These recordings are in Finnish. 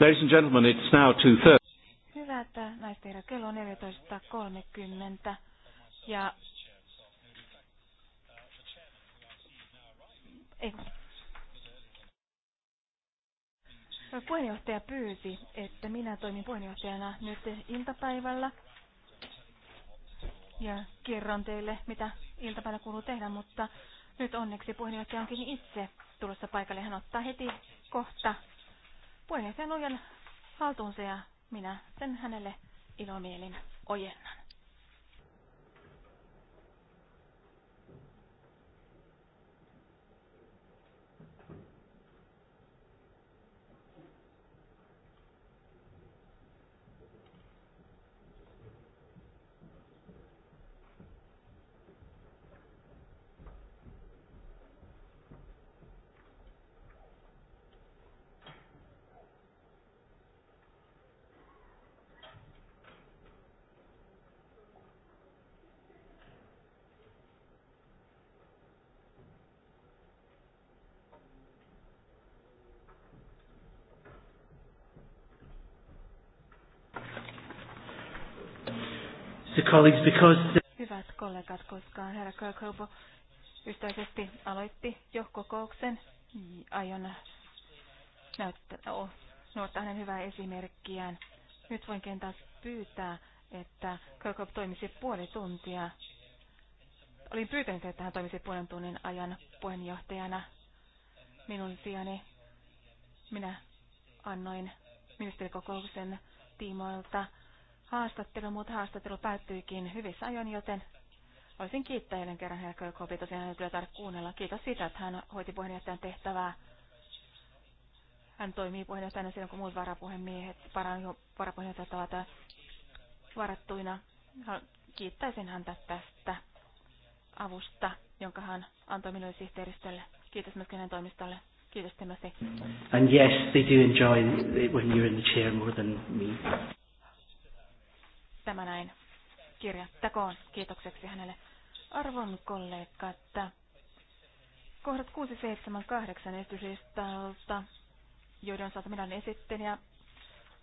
Ladies and gentlemen, it's now 2.30. Hyvä, että näistä herra kello on 14.30 ja Ei. Puheenjohtaja pyysi, että minä toimin puheenjohtajana nyt iltapäivällä ja kerron teille, mitä iltapäivällä kuuluu tehdä, mutta nyt onneksi puheenjohtaja onkin itse tulossa paikalle. Hän ottaa heti kohta puheenjohtajan ojan haltuunsa ja minä sen hänelle ilomielin ojennan. colleagues, because... Hyvät kollegat, koska herra Kirkhope ystävällisesti aloitti jo kokouksen, aion näyttää, oh, noudattaa hänen hyvää esimerkkiään. Nyt voin kenties pyytää, että Kirkhope toimisi puoli tuntia. Olin pyytänyt, että hän toimisi puolen tunnin ajan puheenjohtajana minun sijani. Minä annoin ministerikokouksen tiimoilta haastattelu, mutta haastattelu päättyikin hyvissä ajoin, joten Voisin kiittää eilen kerran Helkö Kopi, tosiaan hänellä tarvitse kuunnella. Kiitos siitä, että hän hoiti puheenjohtajan tehtävää. Hän toimii puheenjohtajana silloin, kun muut varapuhemiehet, varapuheenjohtajat ovat varattuina. Kiittäisin häntä tästä avusta, jonka hän antoi minulle sihteeristölle. Kiitos myöskin hänen toimistolle. Kiitos Timothy. And yes, they do enjoy it when you're in the chair more than me. Tämä näin kirjattakoon kiitokseksi hänelle. Arvon kollega, että kohdat 6, 7, 8 esityslistalta, joiden osalta minä esitten ja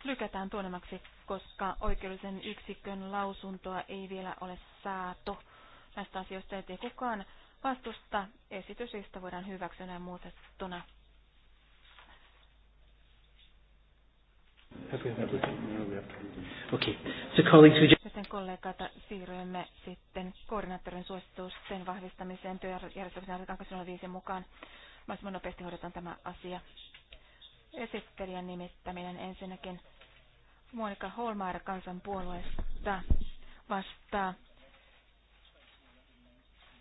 lykätään tuonemmaksi, koska oikeudellisen yksikön lausuntoa ei vielä ole saatu. Näistä asioista ei kukaan vastusta. Esityslista voidaan hyväksyä muutettuna. Okay. So colleagues, we just... Sitten kollegat, siirrymme sitten koordinaattorin suositusten vahvistamiseen työjärjestyksen artikan 25 mukaan. Mahdollisimman nopeasti hoidetaan tämä asia. Esittelijän nimittäminen ensinnäkin. Monika Holmaer kansanpuolueesta vastaa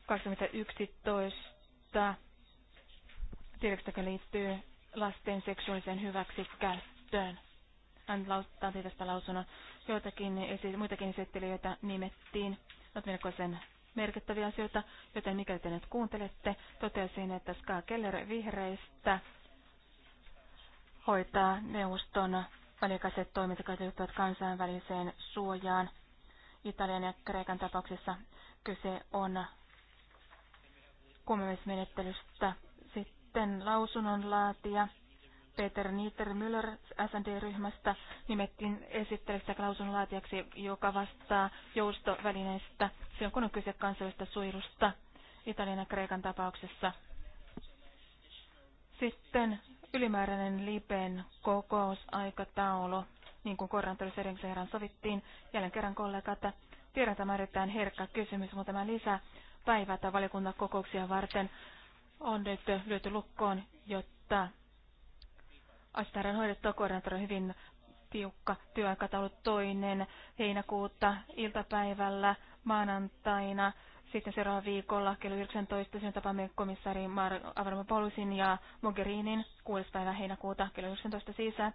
2011 tiedoksi, liittyy lasten seksuaaliseen hyväksikäyttöön. Hän lausuttaa tästä lausunnon. Joitakin esi- muitakin esittelijöitä nimettiin. Ovat melkoisen merkittäviä asioita, joten mikäli te nyt kuuntelette, totesin, että Ska Keller vihreistä hoitaa neuvoston väliaikaiset toimintakäytöt liittyvät kansainväliseen suojaan. Italian ja Kreikan tapauksessa kyse on kummemismenettelystä. Sitten lausunnon laatia. Peter Niedermüller sd ryhmästä nimettiin esittelystä lausunnonlaatijaksi, joka vastaa joustovälineistä on kun on kyse kansallisesta suojelusta Italian ja Kreikan tapauksessa. Sitten ylimääräinen LIPEN kokousaikataulu, niin kuin koordinaattorissa edellisen sovittiin, jälleen kerran kollegat, tiedän tämä erittäin herkkä kysymys, mutta tämä lisää päivää tai valiokunnan kokouksia varten on nyt lyöty lukkoon, jotta Asitarjan hoidettua koordinaattori hyvin tiukka työaikataulu toinen heinäkuuta iltapäivällä maanantaina. Sitten seuraavalla viikolla kello 19 sen tapaamme komissaari Avramopoulosin ja Mogherinin 6. päivä heinäkuuta kello 19 sisään.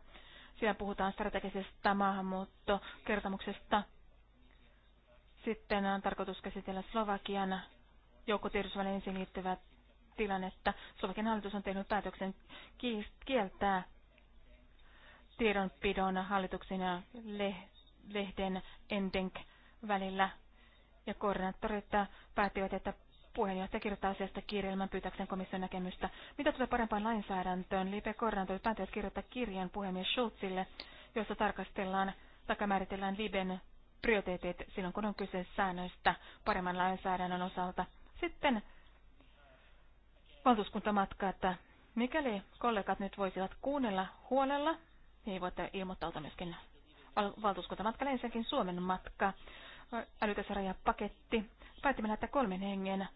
Siellä puhutaan strategisesta maahanmuuttokertomuksesta. Sitten on tarkoitus käsitellä Slovakian joukkotiedotusvälineisiin liittyvää tilannetta. Slovakian hallitus on tehnyt päätöksen kieltää tiedonpidon hallituksen ja lehden Endenk välillä. Ja koordinaattorit päättivät, että puheenjohtaja kirjoittaa asiasta kirjelmän pyytäkseen komission näkemystä. Mitä tulee parempaan lainsäädäntöön, Liipe koordinaattorit päättivät kirjoittaa kirjeen puhemies Schulzille, jossa tarkastellaan tai määritellään Liben prioriteetit silloin, kun on kyse säännöistä paremman lainsäädännön osalta. Sitten matkaa, että mikäli kollegat nyt voisivat kuunnella huolella niin voitte ilmoittautua myöskin valtuuskuntamatkalle ensinnäkin Suomen matka, älykäs paketti Päätimme lähettää kolmen hengen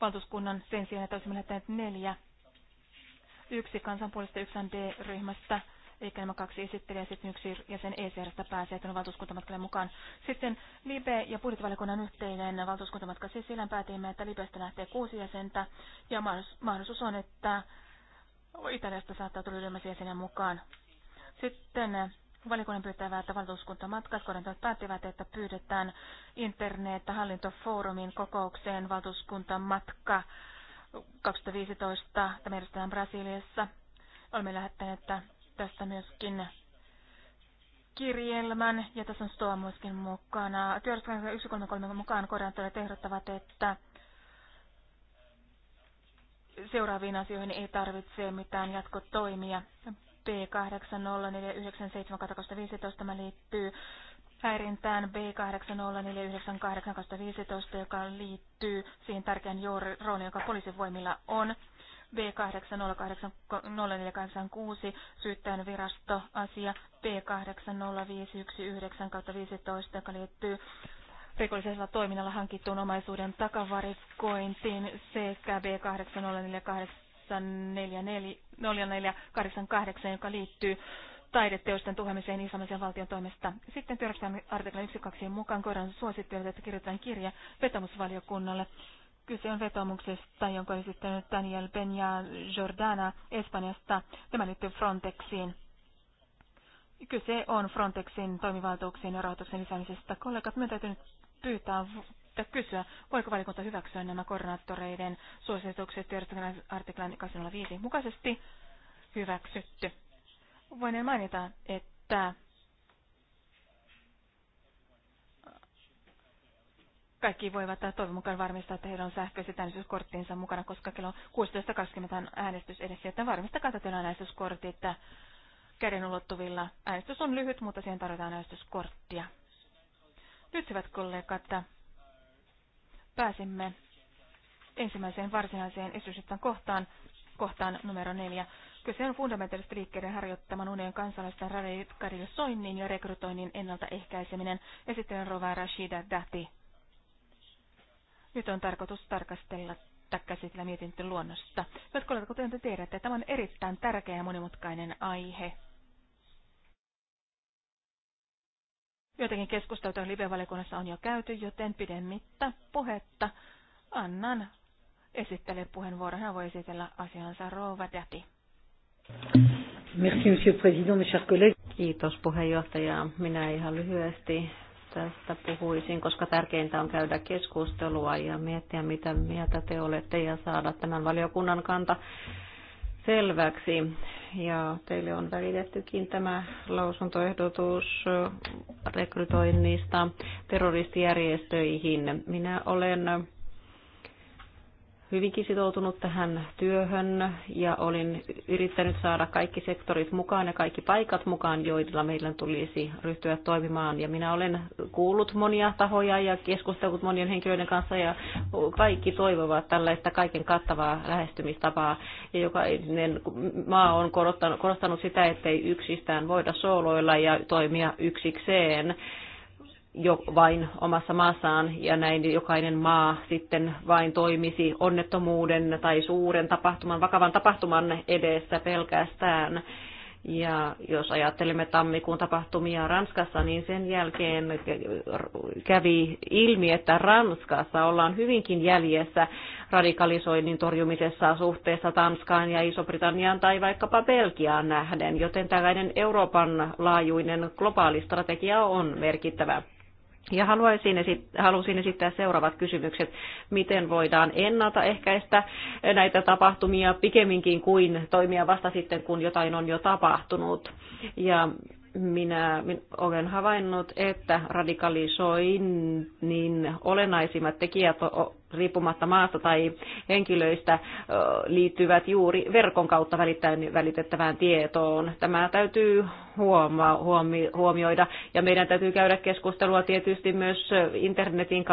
valtuuskunnan sen sijaan, että olisimme lähettäneet neljä. Yksi kansanpuolista, yksi D-ryhmästä, eli nämä kaksi esittelijä, sitten yksi jäsen ECRstä pääsee tuonne valtuuskuntamatkalle mukaan. Sitten Libe ja budjettivaliokunnan yhteinen valtuuskuntamatka. Siis päätimme, että Libestä lähtee kuusi jäsentä, ja mahdollisuus on, että Italiasta saattaa tulla ylimmäisiä sinne mukaan. Sitten eh, Valikunnan pyytävä, että valtuuskuntamatkaskohdentajat päättivät, että pyydetään internet-hallintofoorumin kokoukseen valtuuskunta matka 2015. Tämä järjestetään Brasiliassa. Olemme lähettäneet tästä myöskin kirjelmän, ja tässä on STOA myöskin mukana. Työryhmä 133 mukaan koordinaattorit ehdottavat, että seuraaviin asioihin ei tarvitse mitään jatkotoimia. B80497215 tämä liittyy häirintään B80498815, joka liittyy siihen tärkeän rooliin, joka poliisivoimilla on. B800486 syyttäjän virastoasia B80519-15, joka liittyy rikollisella toiminnalla hankittuun omaisuuden takavarikointiin CKB b joka liittyy taideteosten tuhoamiseen Islamisen valtion toimesta. Sitten työjärjestelmän artiklan 1.2 mukaan koiran suosittelut, että kirjoitetaan kirja vetomusvaliokunnalle. Kyse on vetomuksesta, jonka on esittänyt Daniel Benja Jordana Espanjasta. Tämä liittyy Frontexiin. Kyse on Frontexin toimivaltuuksien ja rahoituksen lisäämisestä. Kollegat, minun täytyy nyt pyytää ja kysyä, voiko valiokunta hyväksyä nämä koordinaattoreiden suositukset artiklan 205 mukaisesti hyväksytty. Voin mainita, että kaikki voivat toivon mukaan varmistaa, että heillä on sähköiset äänestyskorttinsa mukana, koska kello 16.20 on äänestys edessä, että varmistakaa, että käden ulottuvilla. Äänestys on lyhyt, mutta siihen tarvitaan äänestyskorttia. Nyt, hyvät kollegat, pääsimme ensimmäiseen varsinaiseen esitysjärjestelmän kohtaan, kohtaan numero neljä. Kyse on fundamentaalisten liikkeiden harjoittaman unionin kansalaisten radikalisoinnin ja rekrytoinnin ennaltaehkäiseminen. Esittelen Rova Rashida Dati. Nyt on tarkoitus tarkastella tai käsitellä mietintöluonnosta. luonnosta. Hyvät kollegat, kuten te tiedätte, tämä on erittäin tärkeä ja monimutkainen aihe. Joitakin keskusteluita live valikunnassa on jo käyty, joten pidemmittä puhetta annan esittele puheenvuoron. Hän voi esitellä asiansa Rouva Täti. Merci, monsieur le président, mes chers collègues. Kiitos puheenjohtaja. Minä ihan lyhyesti tästä puhuisin, koska tärkeintä on käydä keskustelua ja miettiä, mitä mieltä te olette ja saada tämän valiokunnan kanta selväksi. Ja teille on välitettykin tämä lausuntoehdotus rekrytoinnista terroristijärjestöihin. Minä olen hyvinkin sitoutunut tähän työhön ja olin yrittänyt saada kaikki sektorit mukaan ja kaikki paikat mukaan, joilla meillä tulisi ryhtyä toimimaan. Ja minä olen kuullut monia tahoja ja keskustellut monien henkilöiden kanssa ja kaikki toivovat tällaista kaiken kattavaa lähestymistapaa. Ja jokainen maa on korostanut, korostanut sitä, ettei yksistään voida sooloilla ja toimia yksikseen jo vain omassa maassaan ja näin jokainen maa sitten vain toimisi onnettomuuden tai suuren tapahtuman, vakavan tapahtuman edessä pelkästään. Ja jos ajattelemme tammikuun tapahtumia Ranskassa, niin sen jälkeen kävi ilmi, että Ranskassa ollaan hyvinkin jäljessä radikalisoinnin torjumisessa suhteessa Tanskaan ja Iso-Britanniaan tai vaikkapa Belgiaan nähden, joten tällainen Euroopan laajuinen globaali strategia on merkittävä. Ja haluaisin esit- halusin esittää seuraavat kysymykset. Miten voidaan ennaltaehkäistä näitä tapahtumia pikemminkin kuin toimia vasta sitten, kun jotain on jo tapahtunut? Ja minä olen havainnut, että radikalisoinnin olennaisimmat tekijät riippumatta maasta tai henkilöistä liittyvät juuri verkon kautta välitettävään tietoon. Tämä täytyy huomioida ja meidän täytyy käydä keskustelua tietysti myös internetin,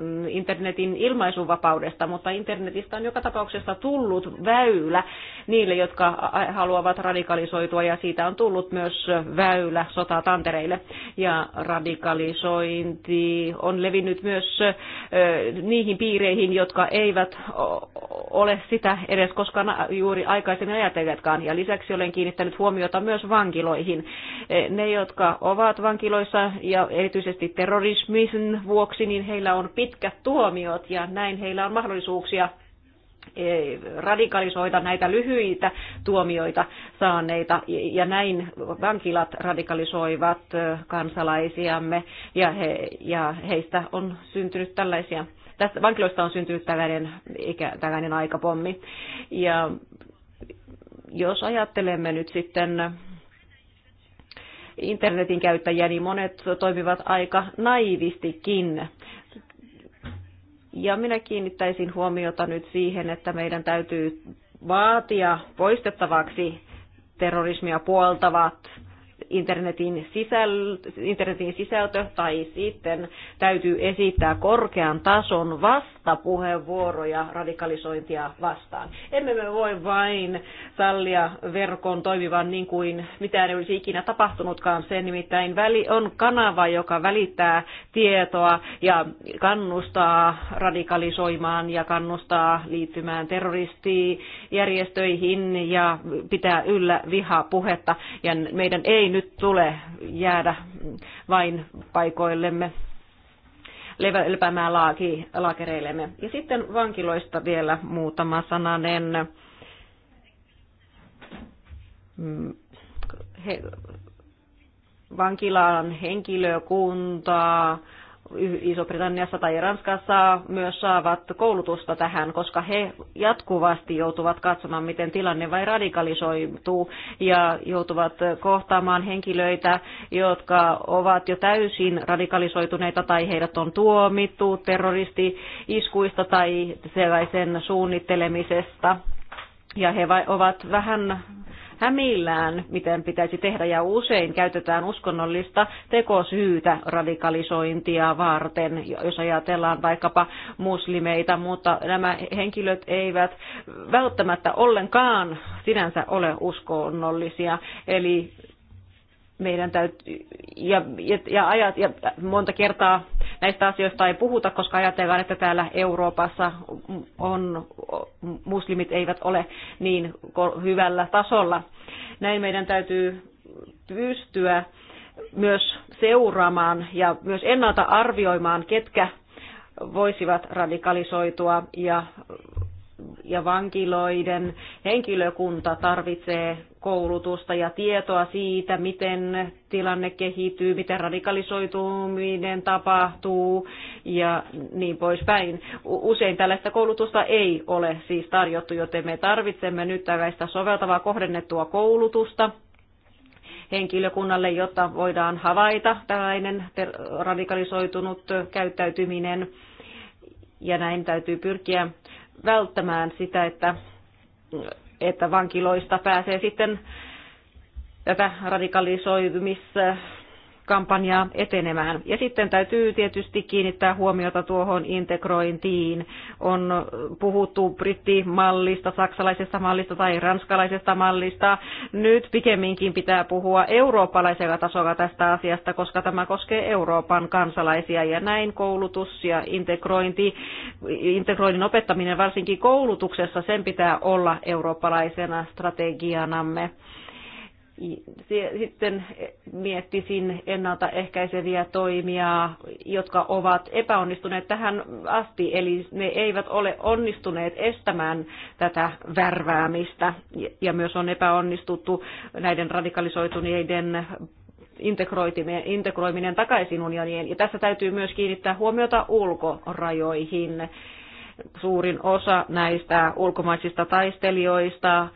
mm, internetin ilmaisuvapaudesta, mutta internetistä on joka tapauksessa tullut väylä niille, jotka haluavat radikalisoitua ja siitä on tullut myös väylä sotatantereille. Ja radikalisointi on levinnyt myös niihin piiriin, piireihin, jotka eivät ole sitä edes koskaan juuri aikaisemmin ajatelleetkaan. Ja lisäksi olen kiinnittänyt huomiota myös vankiloihin. E, ne, jotka ovat vankiloissa ja erityisesti terrorismin vuoksi, niin heillä on pitkät tuomiot ja näin heillä on mahdollisuuksia e, radikalisoida näitä lyhyitä tuomioita saaneita ja näin vankilat radikalisoivat e, kansalaisiamme ja, he, ja heistä on syntynyt tällaisia Tästä vankiloista on syntynyt tällainen, ikä, tällainen aikapommi. Ja jos ajattelemme nyt sitten internetin käyttäjiä, niin monet toimivat aika naivistikin. Ja minä kiinnittäisin huomiota nyt siihen, että meidän täytyy vaatia poistettavaksi terrorismia puoltavat internetin sisäl, internetin sisältö tai sitten täytyy esittää korkean tason vastapuheenvuoroja radikalisointia vastaan. Emme me voi vain sallia verkon toimivan niin kuin mitään ei olisi ikinä tapahtunutkaan. Se nimittäin väli on kanava, joka välittää tietoa ja kannustaa radikalisoimaan ja kannustaa liittymään terroristijärjestöihin ja pitää yllä vihapuhetta. Ja meidän ei nyt nyt tule jäädä vain paikoillemme lepäämään laaki, laakereillemme. Ja sitten vankiloista vielä muutama sananen. Mm, he, vankilaan henkilökuntaa, Iso-Britanniassa tai Ranskassa myös saavat koulutusta tähän, koska he jatkuvasti joutuvat katsomaan, miten tilanne vai radikalisoituu ja joutuvat kohtaamaan henkilöitä, jotka ovat jo täysin radikalisoituneita tai heidät on tuomittu terroristi-iskuista tai sellaisen suunnittelemisesta. Ja he ovat vähän hämillään, miten pitäisi tehdä, ja usein käytetään uskonnollista tekosyytä radikalisointia varten, jos ajatellaan vaikkapa muslimeita, mutta nämä henkilöt eivät välttämättä ollenkaan sinänsä ole uskonnollisia, eli meidän täytyy, ja, ja, ja, ajat, ja monta kertaa näistä asioista ei puhuta, koska ajatellaan, että täällä Euroopassa on, muslimit eivät ole niin hyvällä tasolla. Näin meidän täytyy pystyä myös seuraamaan ja myös ennalta arvioimaan, ketkä voisivat radikalisoitua ja ja vankiloiden henkilökunta tarvitsee koulutusta ja tietoa siitä, miten tilanne kehittyy, miten radikalisoituminen tapahtuu ja niin poispäin. Usein tällaista koulutusta ei ole siis tarjottu, joten me tarvitsemme nyt tällaista soveltavaa kohdennettua koulutusta henkilökunnalle, jotta voidaan havaita tällainen radikalisoitunut käyttäytyminen ja näin täytyy pyrkiä välttämään sitä, että, että vankiloista pääsee sitten tätä radikalisoitumista kampanjaa etenemään. Ja sitten täytyy tietysti kiinnittää huomiota tuohon integrointiin. On puhuttu brittimallista, saksalaisesta mallista tai ranskalaisesta mallista. Nyt pikemminkin pitää puhua eurooppalaisella tasolla tästä asiasta, koska tämä koskee Euroopan kansalaisia ja näin koulutus ja integrointi, integroinnin opettaminen varsinkin koulutuksessa, sen pitää olla eurooppalaisena strategianamme. Sitten miettisin ennaltaehkäiseviä toimia, jotka ovat epäonnistuneet tähän asti, eli ne eivät ole onnistuneet estämään tätä värväämistä, ja myös on epäonnistuttu näiden radikalisoituneiden integroiminen, integroiminen takaisin unioniin. Ja tässä täytyy myös kiinnittää huomiota ulkorajoihin. Suurin osa näistä ulkomaisista taistelijoista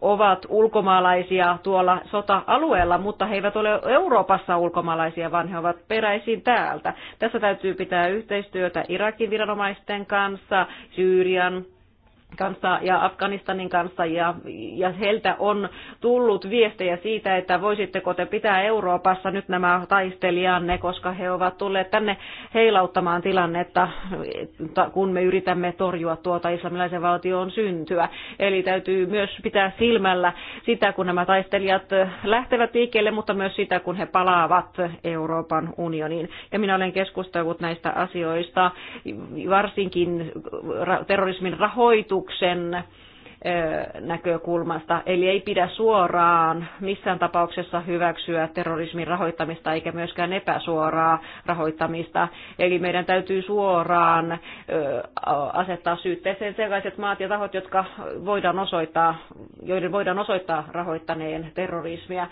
ovat ulkomaalaisia tuolla sota-alueella, mutta he eivät ole Euroopassa ulkomaalaisia, vaan he ovat peräisin täältä. Tässä täytyy pitää yhteistyötä Irakin viranomaisten kanssa, Syyrian kanssa ja Afganistanin kanssa ja, ja heiltä on tullut viestejä siitä, että voisitteko te pitää Euroopassa nyt nämä taistelijanne, koska he ovat tulleet tänne heilauttamaan tilannetta, kun me yritämme torjua tuota islamilaisen valtion syntyä. Eli täytyy myös pitää silmällä sitä, kun nämä taistelijat lähtevät liikkeelle, mutta myös sitä, kun he palaavat Euroopan unioniin. Ja minä olen keskustellut näistä asioista, varsinkin terrorismin rahoitu Jeesuksen näkökulmasta. Eli ei pidä suoraan missään tapauksessa hyväksyä terrorismin rahoittamista eikä myöskään epäsuoraa rahoittamista. Eli meidän täytyy suoraan asettaa syytteeseen sellaiset maat ja tahot, jotka voidaan osoittaa, joiden voidaan osoittaa rahoittaneen terrorismia.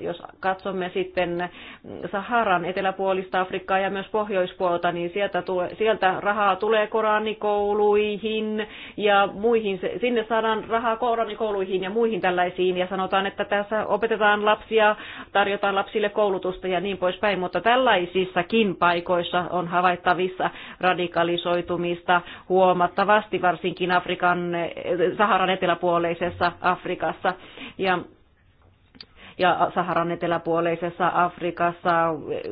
Jos katsomme sitten Saharan eteläpuolista Afrikkaa ja myös pohjoispuolta, niin sieltä, tule, sieltä rahaa tulee koranikouluihin ja muihin, sinne sinne saadaan rahaa kouluihin ja muihin tällaisiin ja sanotaan, että tässä opetetaan lapsia, tarjotaan lapsille koulutusta ja niin poispäin, mutta tällaisissakin paikoissa on havaittavissa radikalisoitumista huomattavasti, varsinkin Afrikan, Saharan eteläpuoleisessa Afrikassa. Ja ja Saharan eteläpuoleisessa Afrikassa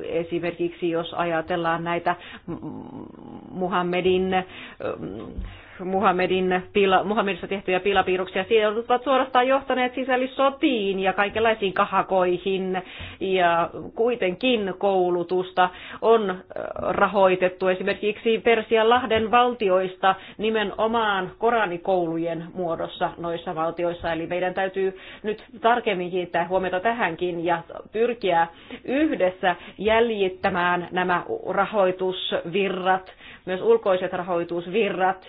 esimerkiksi, jos ajatellaan näitä Muhammedin Muhammedin pila, Muhammedissa tehtyjä pilapiiruksia. Siellä ovat suorastaan johtaneet sisällissotiin ja kaikenlaisiin kahakoihin ja kuitenkin koulutusta on rahoitettu esimerkiksi Lahden valtioista nimenomaan koranikoulujen muodossa noissa valtioissa. Eli meidän täytyy nyt tarkemmin kiinnittää huomiota tähänkin ja pyrkiä yhdessä jäljittämään nämä rahoitusvirrat, myös ulkoiset rahoitusvirrat,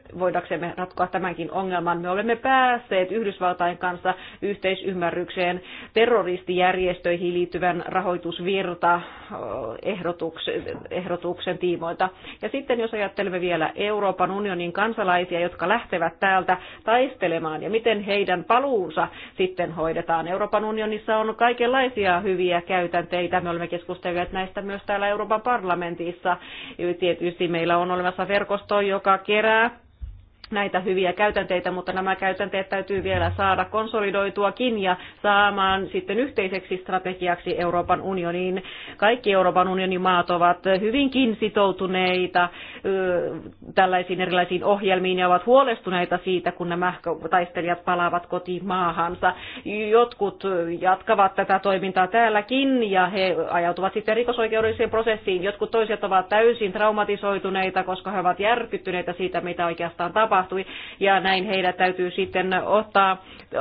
voidaksemme ratkoa tämänkin ongelman. Me olemme päässeet Yhdysvaltain kanssa yhteisymmärrykseen terroristijärjestöihin liittyvän rahoitusvirta ehdotuksen, tiimoilta. Ja sitten jos ajattelemme vielä Euroopan unionin kansalaisia, jotka lähtevät täältä taistelemaan ja miten heidän paluunsa sitten hoidetaan. Euroopan unionissa on kaikenlaisia hyviä käytänteitä. Me olemme keskustelleet näistä myös täällä Euroopan parlamentissa. Tietysti meillä on olemassa verkosto, joka kerää näitä hyviä käytänteitä, mutta nämä käytänteet täytyy vielä saada konsolidoituakin ja saamaan sitten yhteiseksi strategiaksi Euroopan unioniin. Kaikki Euroopan unionin maat ovat hyvinkin sitoutuneita tällaisiin erilaisiin ohjelmiin ja ovat huolestuneita siitä, kun nämä taistelijat palaavat maahansa. Jotkut jatkavat tätä toimintaa täälläkin ja he ajautuvat sitten rikosoikeudelliseen prosessiin. Jotkut toiset ovat täysin traumatisoituneita, koska he ovat järkyttyneitä siitä, mitä oikeastaan tapahtuu tapahtui, ja näin heidät täytyy sitten ottaa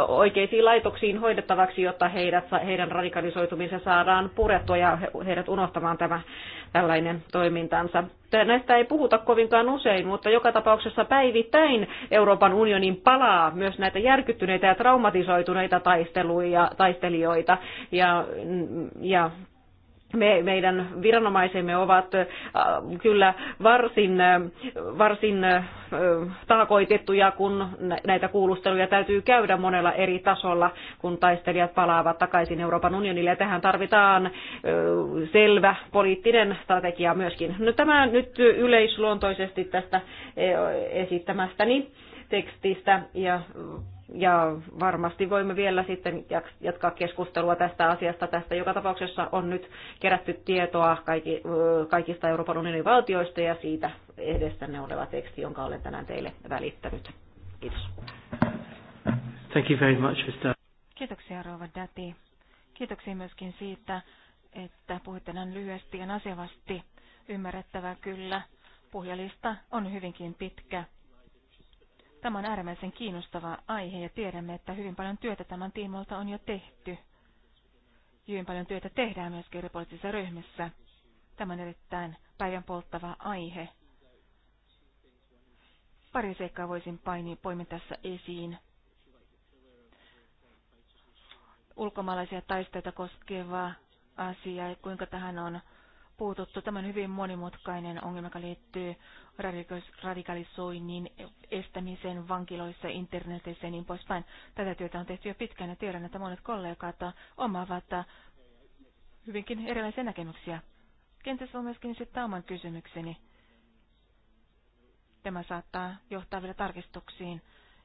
oikeisiin laitoksiin hoidettavaksi, jotta heidät, heidän radikalisoitumisensa saadaan purettua ja heidät unohtamaan tämä tällainen toimintansa. Näistä ei puhuta kovinkaan usein, mutta joka tapauksessa päivittäin Euroopan unionin palaa myös näitä järkyttyneitä ja traumatisoituneita taisteluja, taistelijoita. Ja, ja me, meidän viranomaisemme ovat äh, kyllä varsin, äh, varsin äh, taakoitettuja, kun näitä kuulusteluja täytyy käydä monella eri tasolla, kun taistelijat palaavat takaisin Euroopan unionille. Ja tähän tarvitaan selvä poliittinen strategia myöskin. No, tämä nyt yleisluontoisesti tästä esittämästäni tekstistä ja ja varmasti voimme vielä sitten jatkaa keskustelua tästä asiasta. Tästä joka tapauksessa on nyt kerätty tietoa kaikki, kaikista Euroopan unionin valtioista ja siitä edessänne oleva teksti, jonka olen tänään teille välittänyt. Kiitos. Thank you very much, Mr. Kiitoksia, Rova Dati. Kiitoksia myöskin siitä, että puhuitte näin lyhyesti ja nasevasti. Ymmärrettävä kyllä. Puhjalista on hyvinkin pitkä Tämä on äärimmäisen kiinnostava aihe ja tiedämme, että hyvin paljon työtä tämän tiimolta on jo tehty. Hyvin paljon työtä tehdään myös kirjapoliittisessa ryhmässä. Tämä on erittäin päivän polttava aihe. Pari seikkaa voisin painia poimin tässä esiin. Ulkomaalaisia taisteita koskeva asia ja kuinka tähän on puututtu. Tämä on hyvin monimutkainen ongelma, joka liittyy radikalisoinnin estämiseen vankiloissa, internetissä ja niin poispäin. Tätä työtä on tehty jo pitkään ja tiedän, että monet kollegat omaavat hyvinkin erilaisia näkemyksiä. Kenties on myöskin sitten oman kysymykseni. Tämä saattaa johtaa vielä tarkistuksiin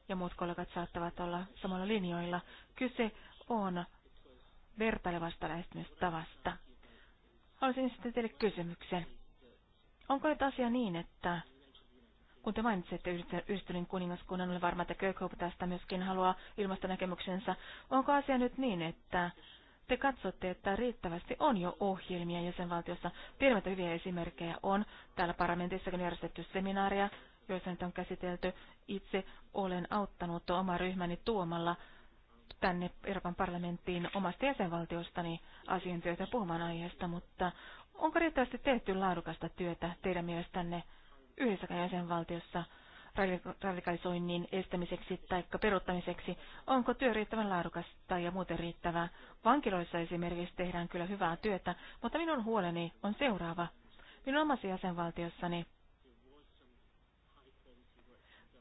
ja muut kollegat saattavat olla samalla linjoilla. Kyse on vertailevasta lähestymistavasta. Haluaisin sitten teille kysymyksen. Onko nyt asia niin, että kun te mainitsitte yhdistyneen kuningaskunnan, olen varma, että Kirkhoop tästä myöskin haluaa ilmaista näkemyksensä. Onko asia nyt niin, että te katsotte, että riittävästi on jo ohjelmia jäsenvaltiossa. Tiedämme, että hyviä esimerkkejä on. Täällä parlamentissakin järjestetty seminaaria, joissa nyt on käsitelty. Itse olen auttanut oma ryhmäni tuomalla tänne Euroopan parlamenttiin omasta jäsenvaltiostani asiantyötä puhumaan aiheesta, mutta onko riittävästi tehty laadukasta työtä teidän mielestänne yhdessäkään jäsenvaltiossa radikalisoinnin estämiseksi tai peruuttamiseksi? Onko työ riittävän laadukasta ja muuten riittävää? Vankiloissa esimerkiksi tehdään kyllä hyvää työtä, mutta minun huoleni on seuraava. Minun omassa jäsenvaltiossani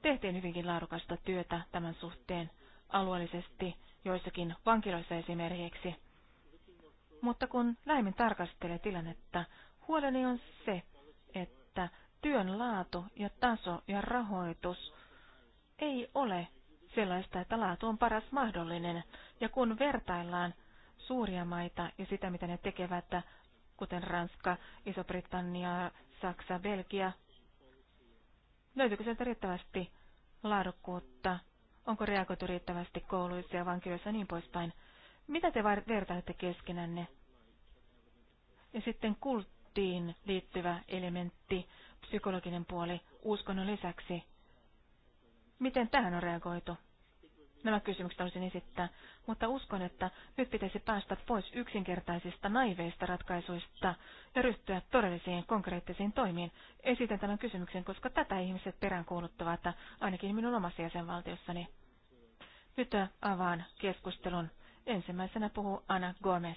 tehtiin hyvinkin laadukasta työtä tämän suhteen alueellisesti joissakin vankiloissa esimerkiksi. Mutta kun lämmin tarkastelee tilannetta, huoleni on se, että työn laatu ja taso ja rahoitus ei ole sellaista, että laatu on paras mahdollinen. Ja kun vertaillaan suuria maita ja sitä, mitä ne tekevät, kuten Ranska, Iso-Britannia, Saksa, Belgia, löytyykö sieltä riittävästi laadukkuutta onko reagoitu riittävästi kouluissa ja vankiloissa niin poispäin. Mitä te vertailette keskenänne? Ja sitten kulttiin liittyvä elementti, psykologinen puoli, uskonnon lisäksi. Miten tähän on reagoitu? Nämä kysymykset haluaisin esittää, mutta uskon, että nyt pitäisi päästä pois yksinkertaisista naiveista ratkaisuista ja ryhtyä todellisiin konkreettisiin toimiin. Esitän tämän kysymyksen, koska tätä ihmiset peräänkuuluttavat, ainakin minun omassa jäsenvaltiossani. Nyt avaan keskustelun. Ensimmäisenä puhuu Ana Gomez.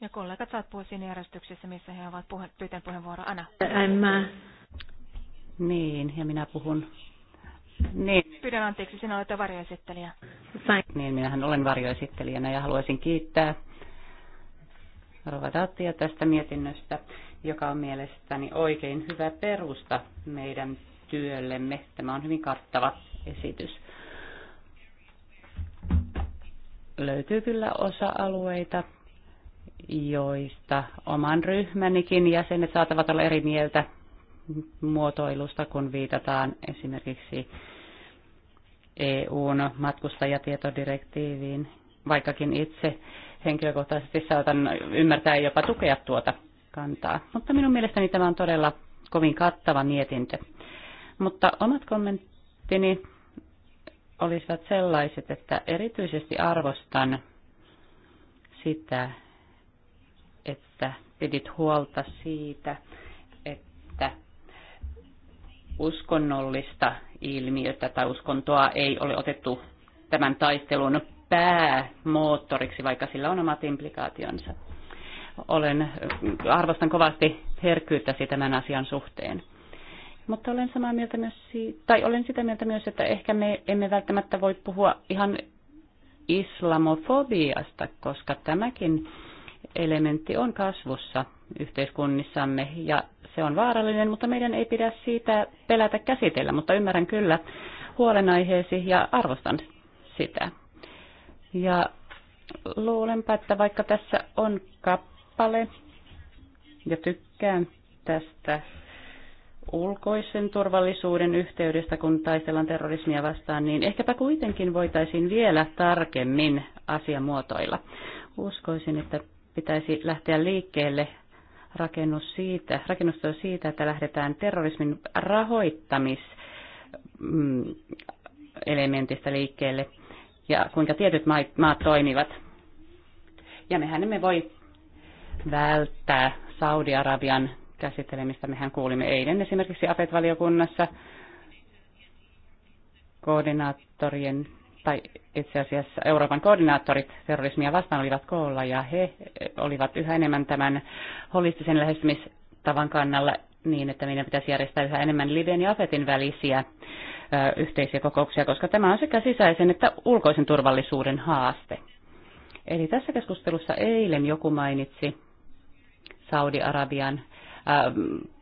Ja kollegat saat puhua siinä järjestyksessä, missä he ovat puhe- pyytäneet puheenvuoroa. Anna. Niin, ja minä puhun niin. Pyydän anteeksi, sinä olet varjoesittelijä. Niin, minähän olen varjoesittelijänä ja haluaisin kiittää Rovatattia tästä mietinnöstä, joka on mielestäni oikein hyvä perusta meidän työllemme. Tämä on hyvin kattava esitys. Löytyy kyllä osa-alueita, joista oman ryhmänikin jäsenet saatavat olla eri mieltä, muotoilusta, kun viitataan esimerkiksi EUn matkustajatietodirektiiviin, vaikkakin itse henkilökohtaisesti saatan ymmärtää jopa tukea tuota kantaa. Mutta minun mielestäni tämä on todella kovin kattava mietintö. Mutta omat kommenttini olisivat sellaiset, että erityisesti arvostan sitä, että pidit huolta siitä, uskonnollista ilmiötä tai uskontoa ei ole otettu tämän taistelun päämoottoriksi, vaikka sillä on omat implikaationsa. Olen, arvostan kovasti herkkyyttäsi tämän asian suhteen. Mutta olen samaa mieltä myös siitä, tai olen sitä mieltä myös, että ehkä me emme välttämättä voi puhua ihan islamofobiasta, koska tämäkin elementti on kasvussa yhteiskunnissamme ja se on vaarallinen, mutta meidän ei pidä siitä pelätä käsitellä, mutta ymmärrän kyllä huolenaiheesi ja arvostan sitä. Ja luulenpa, että vaikka tässä on kappale ja tykkään tästä ulkoisen turvallisuuden yhteydestä, kun taistellaan terrorismia vastaan, niin ehkäpä kuitenkin voitaisiin vielä tarkemmin asiamuotoilla. Uskoisin, että pitäisi lähteä liikkeelle rakennus siitä, rakennus on siitä, että lähdetään terrorismin rahoittamiselementistä mm, liikkeelle ja kuinka tietyt maat toimivat. Ja mehän emme voi välttää Saudi-Arabian käsittelemistä. Mehän kuulimme eilen esimerkiksi afet valiokunnassa koordinaattorien tai itse asiassa Euroopan koordinaattorit terrorismia vastaan olivat koolla ja he eh, olivat yhä enemmän tämän holistisen lähestymistavan kannalla niin, että meidän pitäisi järjestää yhä enemmän Libyan ja Afetin välisiä ö, eh, yhteisiä kokouksia, koska tämä on sekä sisäisen että ulkoisen turvallisuuden haaste. Eli tässä keskustelussa eilen joku mainitsi Saudi-Arabian eh,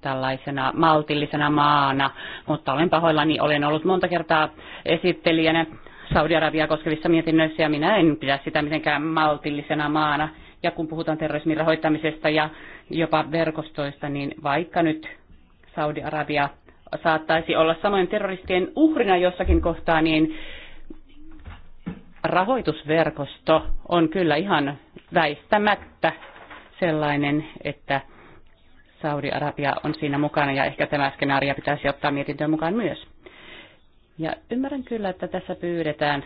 tällaisena maltillisena maana, mutta olen pahoillani, olen ollut monta kertaa esittelijänä Saudi-Arabiaa koskevissa mietinnöissä ja minä en pidä sitä mitenkään maltillisena maana. Ja kun puhutaan terrorismin rahoittamisesta ja jopa verkostoista, niin vaikka nyt Saudi-Arabia saattaisi olla samoin terroristien uhrina jossakin kohtaa, niin rahoitusverkosto on kyllä ihan väistämättä sellainen, että Saudi-Arabia on siinä mukana ja ehkä tämä skenaario pitäisi ottaa mietintöön mukaan myös. Ja ymmärrän kyllä, että tässä pyydetään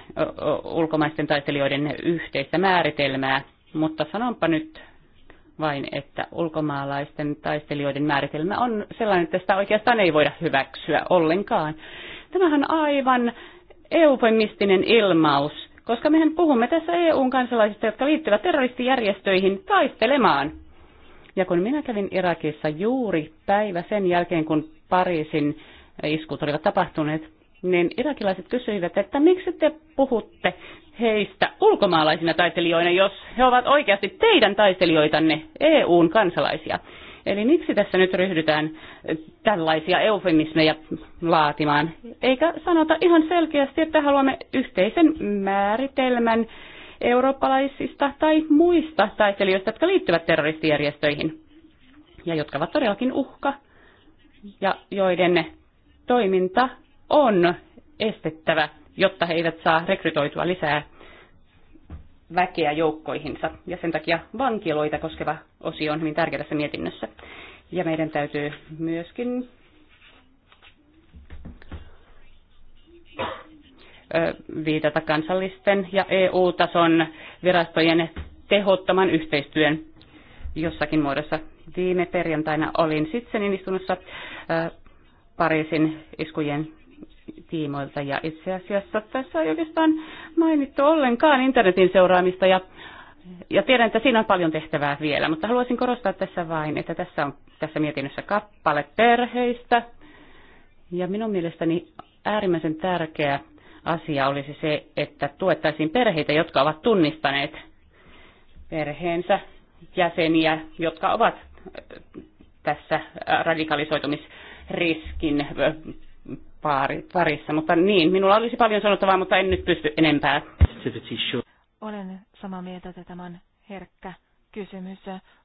ulkomaisten taistelijoiden yhteistä määritelmää, mutta sanonpa nyt vain, että ulkomaalaisten taistelijoiden määritelmä on sellainen, että sitä oikeastaan ei voida hyväksyä ollenkaan. Tämähän on aivan eufemistinen ilmaus, koska mehän puhumme tässä EUn kansalaisista, jotka liittyvät terroristijärjestöihin taistelemaan. Ja kun minä kävin Irakissa juuri päivä sen jälkeen, kun Pariisin iskut olivat tapahtuneet, niin irakilaiset kysyivät, että miksi te puhutte heistä ulkomaalaisina taistelijoina, jos he ovat oikeasti teidän taistelijoitanne, EUn kansalaisia. Eli miksi tässä nyt ryhdytään tällaisia eufemismeja laatimaan, eikä sanota ihan selkeästi, että haluamme yhteisen määritelmän eurooppalaisista tai muista taistelijoista, jotka liittyvät terroristijärjestöihin ja jotka ovat todellakin uhka ja joiden toiminta on estettävä, jotta he eivät saa rekrytoitua lisää väkeä joukkoihinsa. Ja sen takia vankiloita koskeva osio on hyvin tärkeä tässä mietinnössä. Ja meidän täytyy myöskin viitata kansallisten ja EU-tason virastojen tehottoman yhteistyön jossakin muodossa. Viime perjantaina olin Sitsenin istunnossa Pariisin iskujen tiimoilta. Ja itse asiassa tässä ei oikeastaan mainittu ollenkaan internetin seuraamista ja ja tiedän, että siinä on paljon tehtävää vielä, mutta haluaisin korostaa tässä vain, että tässä on tässä mietinnössä kappale perheistä. Ja minun mielestäni äärimmäisen tärkeä asia olisi se, että tuettaisiin perheitä, jotka ovat tunnistaneet perheensä jäseniä, jotka ovat tässä radikalisoitumisriskin parissa. Mutta niin, minulla olisi paljon sanottavaa, mutta en nyt pysty enempää. Olen samaa mieltä, että tämä on herkkä kysymys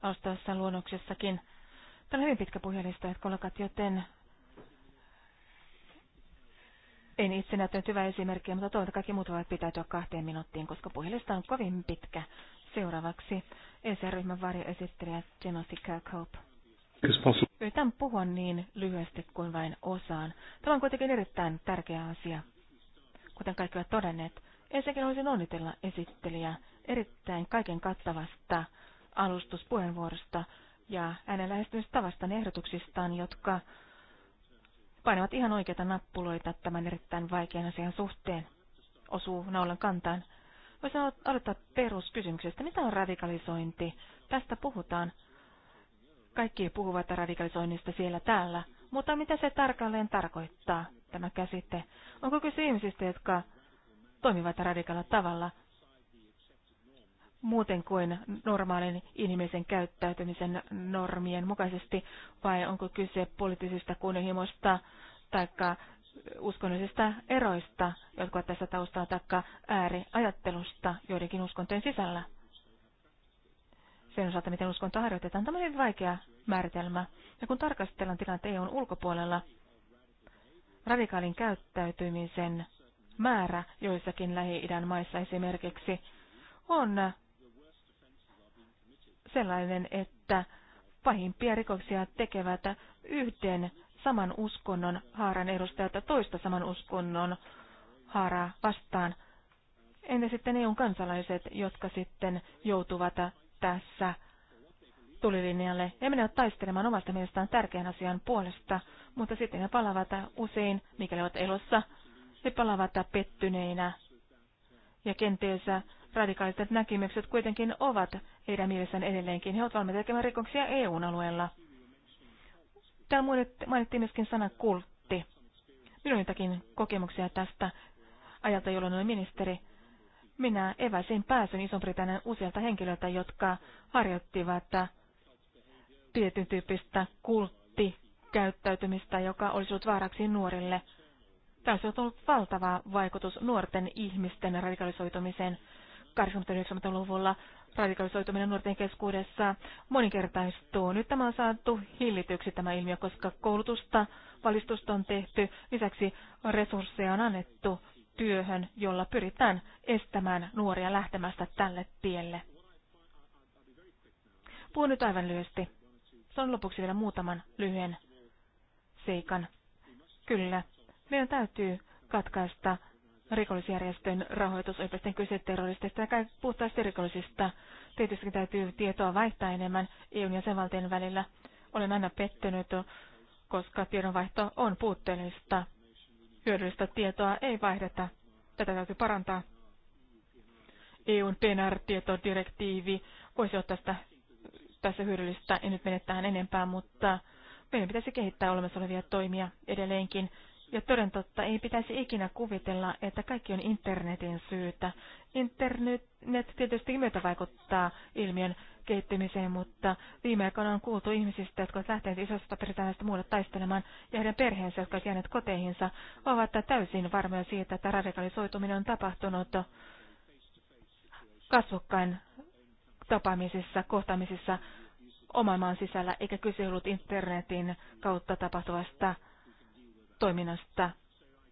alustavassa luonnoksessakin. Tämä on hyvin pitkä puhelista, että kollegat, joten en itse näyttänyt hyvää esimerkkiä, mutta toivon, kaikki muut voivat pitäytyä kahteen minuuttiin, koska puhelista on kovin pitkä. Seuraavaksi ESR-ryhmän varjoesittelijä Genosi Kirkhope. Yritän puhua niin lyhyesti kuin vain osaan. Tämä on kuitenkin erittäin tärkeä asia. Kuten kaikki ovat todenneet, ensinnäkin olisin onnitella esittelijä, erittäin kaiken kattavasta alustuspuheenvuorosta ja hänen lähestymistavastaan ehdotuksistaan, jotka painavat ihan oikeita nappuloita tämän erittäin vaikean asian suhteen. Osuu naulan kantaan. Voisin aloittaa peruskysymyksestä. Mitä on radikalisointi? Tästä puhutaan kaikki puhuvat radikalisoinnista siellä täällä, mutta mitä se tarkalleen tarkoittaa, tämä käsite? Onko kyse ihmisistä, jotka toimivat radikalla tavalla, muuten kuin normaalin ihmisen käyttäytymisen normien mukaisesti, vai onko kyse poliittisista kunnianhimosta tai uskonnollisista eroista, jotka ovat tässä taustalla, tai ääriajattelusta joidenkin uskontojen sisällä? sen osalta, miten uskonto harjoitetaan. Tämä on hyvin vaikea määritelmä. Ja kun tarkastellaan tilannetta EUn ulkopuolella, radikaalin käyttäytymisen määrä joissakin Lähi-idän maissa esimerkiksi on sellainen, että pahimpia rikoksia tekevät yhden saman uskonnon haaran edustajat toista saman uskonnon haaraa vastaan. Entä sitten EUn kansalaiset, jotka sitten joutuvat tässä tulilinjalle He menevät taistelemaan omasta mielestään tärkeän asian puolesta, mutta sitten he palaavat usein, mikäli ovat elossa, he palaavat pettyneinä. Ja kenties radikaaliset näkemykset kuitenkin ovat heidän mielessään edelleenkin. He ovat valmiita tekemään rikoksia EU-alueella. Täällä mainittiin myöskin sana kultti. Minulla on jotakin kokemuksia tästä ajalta, jolloin olin ministeri. Minä eväsin pääsyn Iso-Britannian useilta henkilöiltä, jotka harjoittivat tietyn tyyppistä kulttikäyttäytymistä, joka olisi ollut vaaraksi nuorille. Tässä on ollut valtava vaikutus nuorten ihmisten radikalisoitumiseen. 80-90-luvulla radikalisoituminen nuorten keskuudessa moninkertaistuu. Nyt tämä on saatu hillityksi tämä ilmiö, koska koulutusta, valistusta on tehty, lisäksi resursseja on annettu työhön, jolla pyritään estämään nuoria lähtemästä tälle tielle. Puhun nyt aivan lyhyesti. on lopuksi vielä muutaman lyhyen seikan. Kyllä, meidän täytyy katkaista rikollisjärjestön rahoitus, oikeastaan kyse terroristeista ja puhtaasti rikollisista. Tietysti täytyy tietoa vaihtaa enemmän EUn ja sen välillä. Olen aina pettynyt, koska tiedonvaihto on puutteellista hyödyllistä tietoa ei vaihdeta. Tätä täytyy parantaa. EUn PNR-tietodirektiivi voisi olla tästä, tässä hyödyllistä. En nyt mene tähän enempää, mutta meidän pitäisi kehittää olemassa olevia toimia edelleenkin ja toden totta, ei pitäisi ikinä kuvitella, että kaikki on internetin syytä. Internet tietysti myötä vaikuttaa ilmiön kehittymiseen, mutta viime aikoina on kuultu ihmisistä, jotka ovat lähteneet isosta Britanniasta muualle taistelemaan, ja heidän perheensä, jotka ovat jääneet koteihinsa, ovat täysin varmoja siitä, että radikalisoituminen on tapahtunut kasvokkain tapaamisissa, kohtaamisissa oman maan sisällä, eikä kyse ollut internetin kautta tapahtuvasta toiminnasta.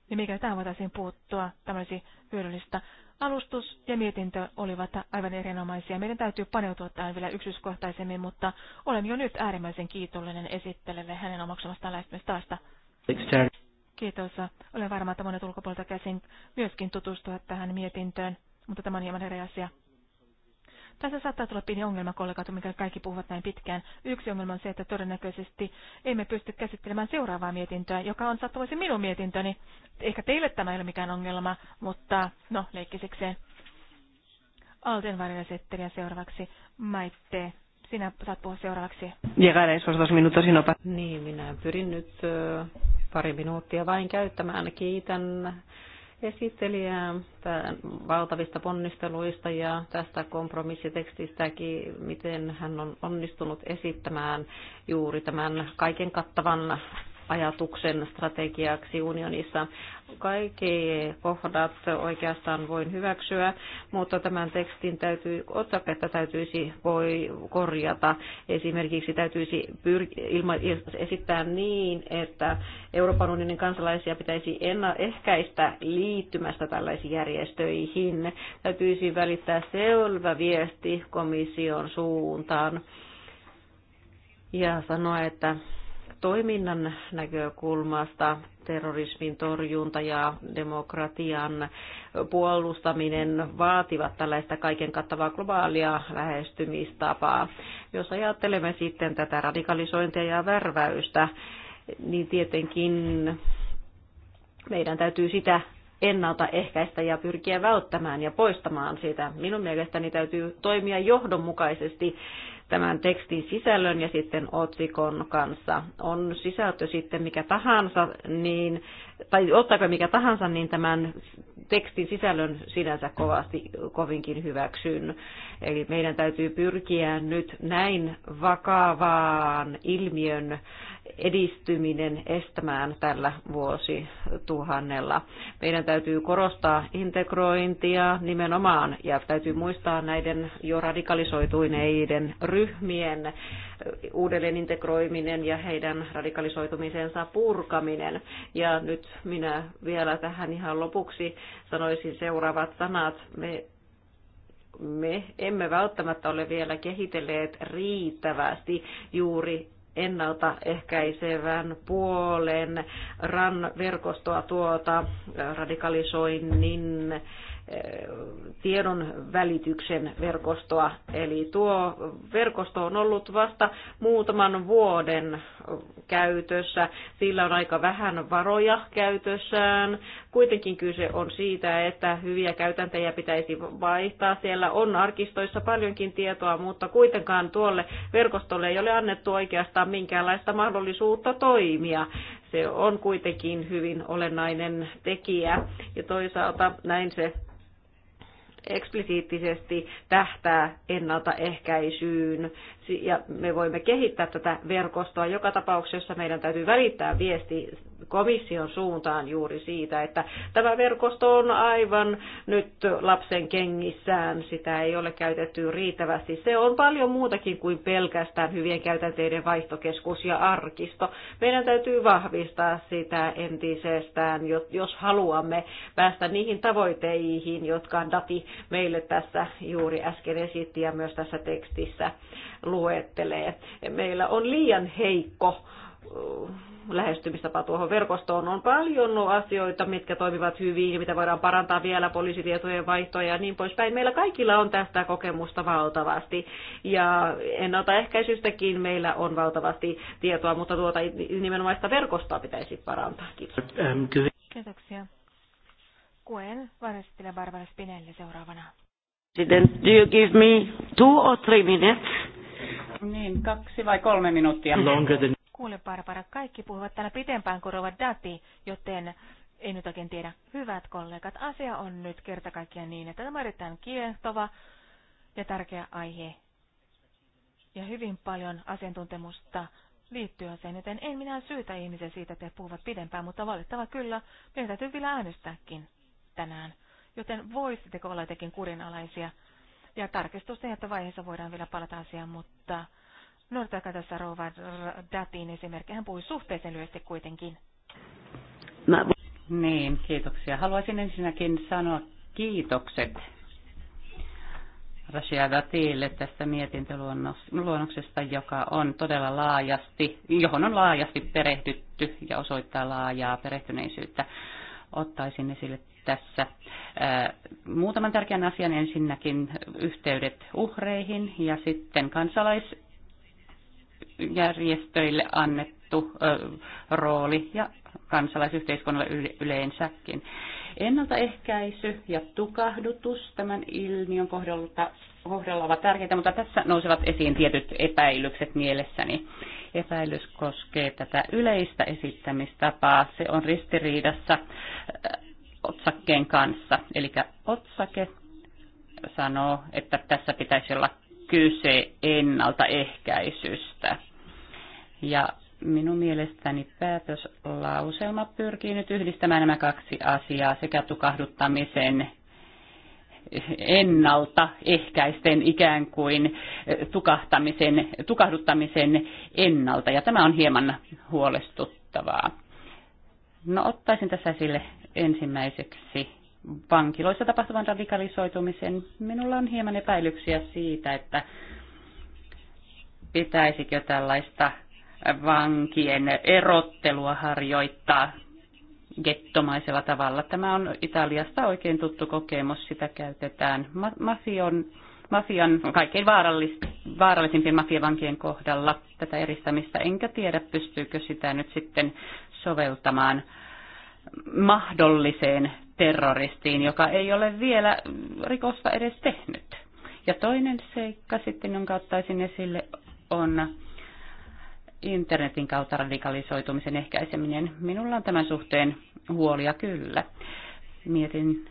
Ja mikä tähän voitaisiin puuttua, tämä olisi hyödyllistä. Alustus ja mietintö olivat aivan erinomaisia. Meidän täytyy paneutua tähän vielä yksityiskohtaisemmin, mutta olen jo nyt äärimmäisen kiitollinen esittelijälle hänen omaksumastaan lähestymistavasta. Kiitos. Olen varma, että monet ulkopuolelta käsin myöskin tutustua tähän mietintöön, mutta tämä on hieman eri asia. Tässä saattaa tulla pieni ongelma, kollegat, mikä kaikki puhuvat näin pitkään. Yksi ongelma on se, että todennäköisesti emme pysty käsittelemään seuraavaa mietintöä, joka on sattumoisin minun mietintöni. Ehkä teille tämä ei ole mikään ongelma, mutta no, leikkisikseen. Alten ja seuraavaksi. Maitte, sinä saat puhua seuraavaksi. Llegar esos dos Niin, minä pyrin nyt pari minuuttia vain käyttämään. Kiitän esittelijää valtavista ponnisteluista ja tästä kompromissitekstistäkin, miten hän on onnistunut esittämään juuri tämän kaiken kattavan ajatuksen strategiaksi unionissa. Kaikki kohdat oikeastaan voin hyväksyä, mutta tämän tekstin täytyy, otsaketta täytyisi voi korjata. Esimerkiksi täytyisi pyr- ilma- esittää niin, että Euroopan unionin kansalaisia pitäisi ehkäistä liittymästä tällaisiin järjestöihin. Täytyisi välittää selvä viesti komission suuntaan ja sanoa, että toiminnan näkökulmasta terrorismin torjunta ja demokratian puolustaminen vaativat tällaista kaiken kattavaa globaalia lähestymistapaa. Jos ajattelemme sitten tätä radikalisointia ja värväystä, niin tietenkin meidän täytyy sitä ennaltaehkäistä ja pyrkiä välttämään ja poistamaan sitä. Minun mielestäni täytyy toimia johdonmukaisesti tämän tekstin sisällön ja sitten otsikon kanssa. On sisältö sitten mikä tahansa, niin, tai ottaako mikä tahansa, niin tämän tekstin sisällön sinänsä kovasti, kovinkin hyväksyn. Eli meidän täytyy pyrkiä nyt näin vakavaan ilmiön edistyminen estämään tällä vuosituhannella. Meidän täytyy korostaa integrointia nimenomaan ja täytyy muistaa näiden jo radikalisoituneiden ryhmien uudelleen integroiminen ja heidän radikalisoitumisensa purkaminen. Ja nyt minä vielä tähän ihan lopuksi sanoisin seuraavat sanat. Me me emme välttämättä ole vielä kehitelleet riittävästi juuri ennaltaehkäisevän puolen RAN verkostoa tuota äh, radikalisoinnin äh, tiedon välityksen verkostoa. Eli tuo verkosto on ollut vasta muutaman vuoden käytössä. Sillä on aika vähän varoja käytössään. Kuitenkin kyse on siitä, että hyviä käytäntöjä pitäisi vaihtaa. Siellä on arkistoissa paljonkin tietoa, mutta kuitenkaan tuolle verkostolle ei ole annettu oikeastaan minkäänlaista mahdollisuutta toimia se on kuitenkin hyvin olennainen tekijä. Ja toisaalta näin se eksplisiittisesti tähtää ennaltaehkäisyyn ja me voimme kehittää tätä verkostoa. Joka tapauksessa meidän täytyy välittää viesti komission suuntaan juuri siitä, että tämä verkosto on aivan nyt lapsen kengissään, sitä ei ole käytetty riittävästi. Se on paljon muutakin kuin pelkästään hyvien käytänteiden vaihtokeskus ja arkisto. Meidän täytyy vahvistaa sitä entisestään, jos haluamme päästä niihin tavoiteihin, jotka Dati meille tässä juuri äsken esitti ja myös tässä tekstissä luettelee. Meillä on liian heikko lähestymistapa tuohon verkostoon. On paljon asioita, mitkä toimivat hyvin ja mitä voidaan parantaa vielä, poliisitietojen vaihtoja ja niin poispäin. Meillä kaikilla on tästä kokemusta valtavasti ja ennaltaehkäisystäkin meillä on valtavasti tietoa, mutta tuota nimenomaista verkostoa pitäisi parantaa. Kiitos. Ähm, Kiitoksia. Kuen varastille Barbara Spinelli seuraavana. President, do you give me two or three minutes? Niin, kaksi vai kolme minuuttia. Kuule Barbara, kaikki puhuvat täällä pitempään kuin Rova Dati, joten ei nyt oikein tiedä. Hyvät kollegat, asia on nyt kerta kaikkiaan niin, että tämä on erittäin kiehtova ja tärkeä aihe. Ja hyvin paljon asiantuntemusta liittyy sen, joten en minä syytä ihmisiä siitä, että he puhuvat pidempään, mutta valittava kyllä, meidän täytyy vielä äänestääkin tänään. Joten voisitteko olla jotenkin kurinalaisia? Ja tarkistusten vaiheessa voidaan vielä palata asiaan, mutta Nortaka tässä Rova Datin esimerkki. Hän puhui suhteellisen lyhyesti kuitenkin. Mä... Niin, kiitoksia. Haluaisin ensinnäkin sanoa kiitokset Rashia Datille tästä mietintöluonnoksesta, joka on todella laajasti, johon on laajasti perehdytty ja osoittaa laajaa perehtyneisyyttä. Ottaisin esille tässä äh, muutaman tärkeän asian. Ensinnäkin yhteydet uhreihin ja sitten kansalaisjärjestöille annettu äh, rooli ja kansalaisyhteiskunnalle yleensäkin. Ennaltaehkäisy ja tukahdutus tämän ilmiön kohdalta, kohdalla ovat tärkeitä, mutta tässä nousevat esiin tietyt epäilykset mielessäni. Epäilys koskee tätä yleistä esittämistapaa. Se on ristiriidassa äh, otsakkeen kanssa. Eli otsake sanoo, että tässä pitäisi olla kyse ennaltaehkäisystä. Ja minun mielestäni päätöslauselma pyrkii nyt yhdistämään nämä kaksi asiaa, sekä tukahduttamisen ennaltaehkäisten ikään kuin tukahtamisen, tukahduttamisen ennalta. Ja tämä on hieman huolestuttavaa. No ottaisin tässä esille ensimmäiseksi vankiloissa tapahtuvan radikalisoitumisen. Minulla on hieman epäilyksiä siitä, että pitäisikö tällaista vankien erottelua harjoittaa gettomaisella tavalla. Tämä on Italiasta oikein tuttu kokemus, sitä käytetään mafion, mafian, kaikkein vaarallisimpien mafiavankien kohdalla tätä eristämistä, enkä tiedä pystyykö sitä nyt sitten soveltamaan mahdolliseen terroristiin, joka ei ole vielä rikosta edes tehnyt. Ja toinen seikka sitten, jonka ottaisin esille, on internetin kautta radikalisoitumisen ehkäiseminen. Minulla on tämän suhteen huolia kyllä. Mietin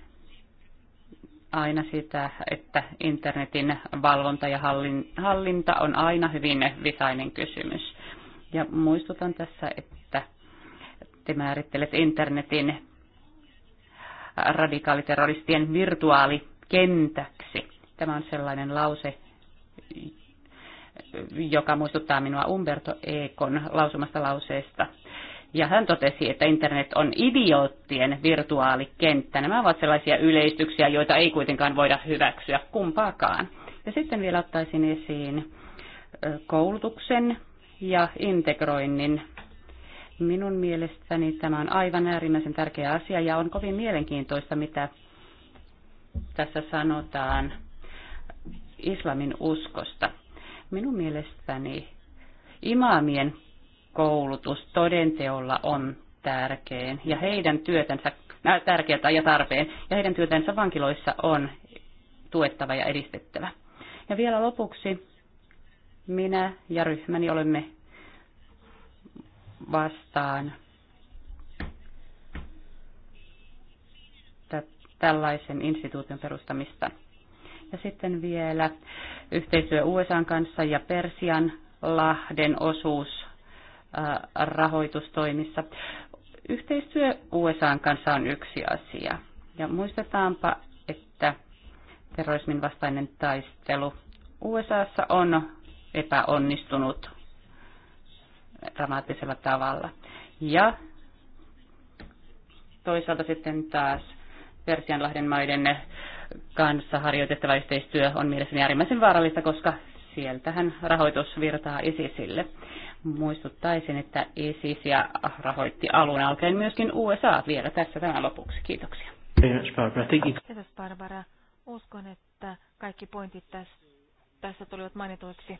aina sitä, että internetin valvonta ja hallinta on aina hyvin visainen kysymys. Ja muistutan tässä, että te määrittelet internetin radikaaliterroristien virtuaalikentäksi. Tämä on sellainen lause, joka muistuttaa minua Umberto Ekon lausumasta lauseesta. Ja hän totesi, että internet on idioottien virtuaalikenttä. Nämä ovat sellaisia yleistyksiä, joita ei kuitenkaan voida hyväksyä kumpaakaan. Ja sitten vielä ottaisin esiin koulutuksen ja integroinnin Minun mielestäni tämä on aivan äärimmäisen tärkeä asia ja on kovin mielenkiintoista, mitä tässä sanotaan islamin uskosta. Minun mielestäni imaamien koulutus todenteolla on tärkein ja heidän työtänsä äh, tärkeää ja tarpeen ja heidän työtänsä vankiloissa on tuettava ja edistettävä. Ja vielä lopuksi minä ja ryhmäni olemme vastaan tällaisen instituutin perustamista. Ja sitten vielä yhteistyö USA kanssa ja Persian lahden osuus rahoitustoimissa. Yhteistyö USA kanssa on yksi asia. Ja muistetaanpa, että terrorismin vastainen taistelu USAssa on epäonnistunut dramaattisella tavalla. Ja toisaalta sitten taas Persianlahden maiden kanssa harjoitettava yhteistyö on mielestäni äärimmäisen vaarallista, koska sieltähän rahoitus virtaa ISISille. Muistuttaisin, että ja rahoitti alun alkaen myöskin USA vielä tässä tämän lopuksi. Kiitoksia. Kiitos Barbara. Uskon, että kaikki pointit tässä, tässä tulivat mainituiksi.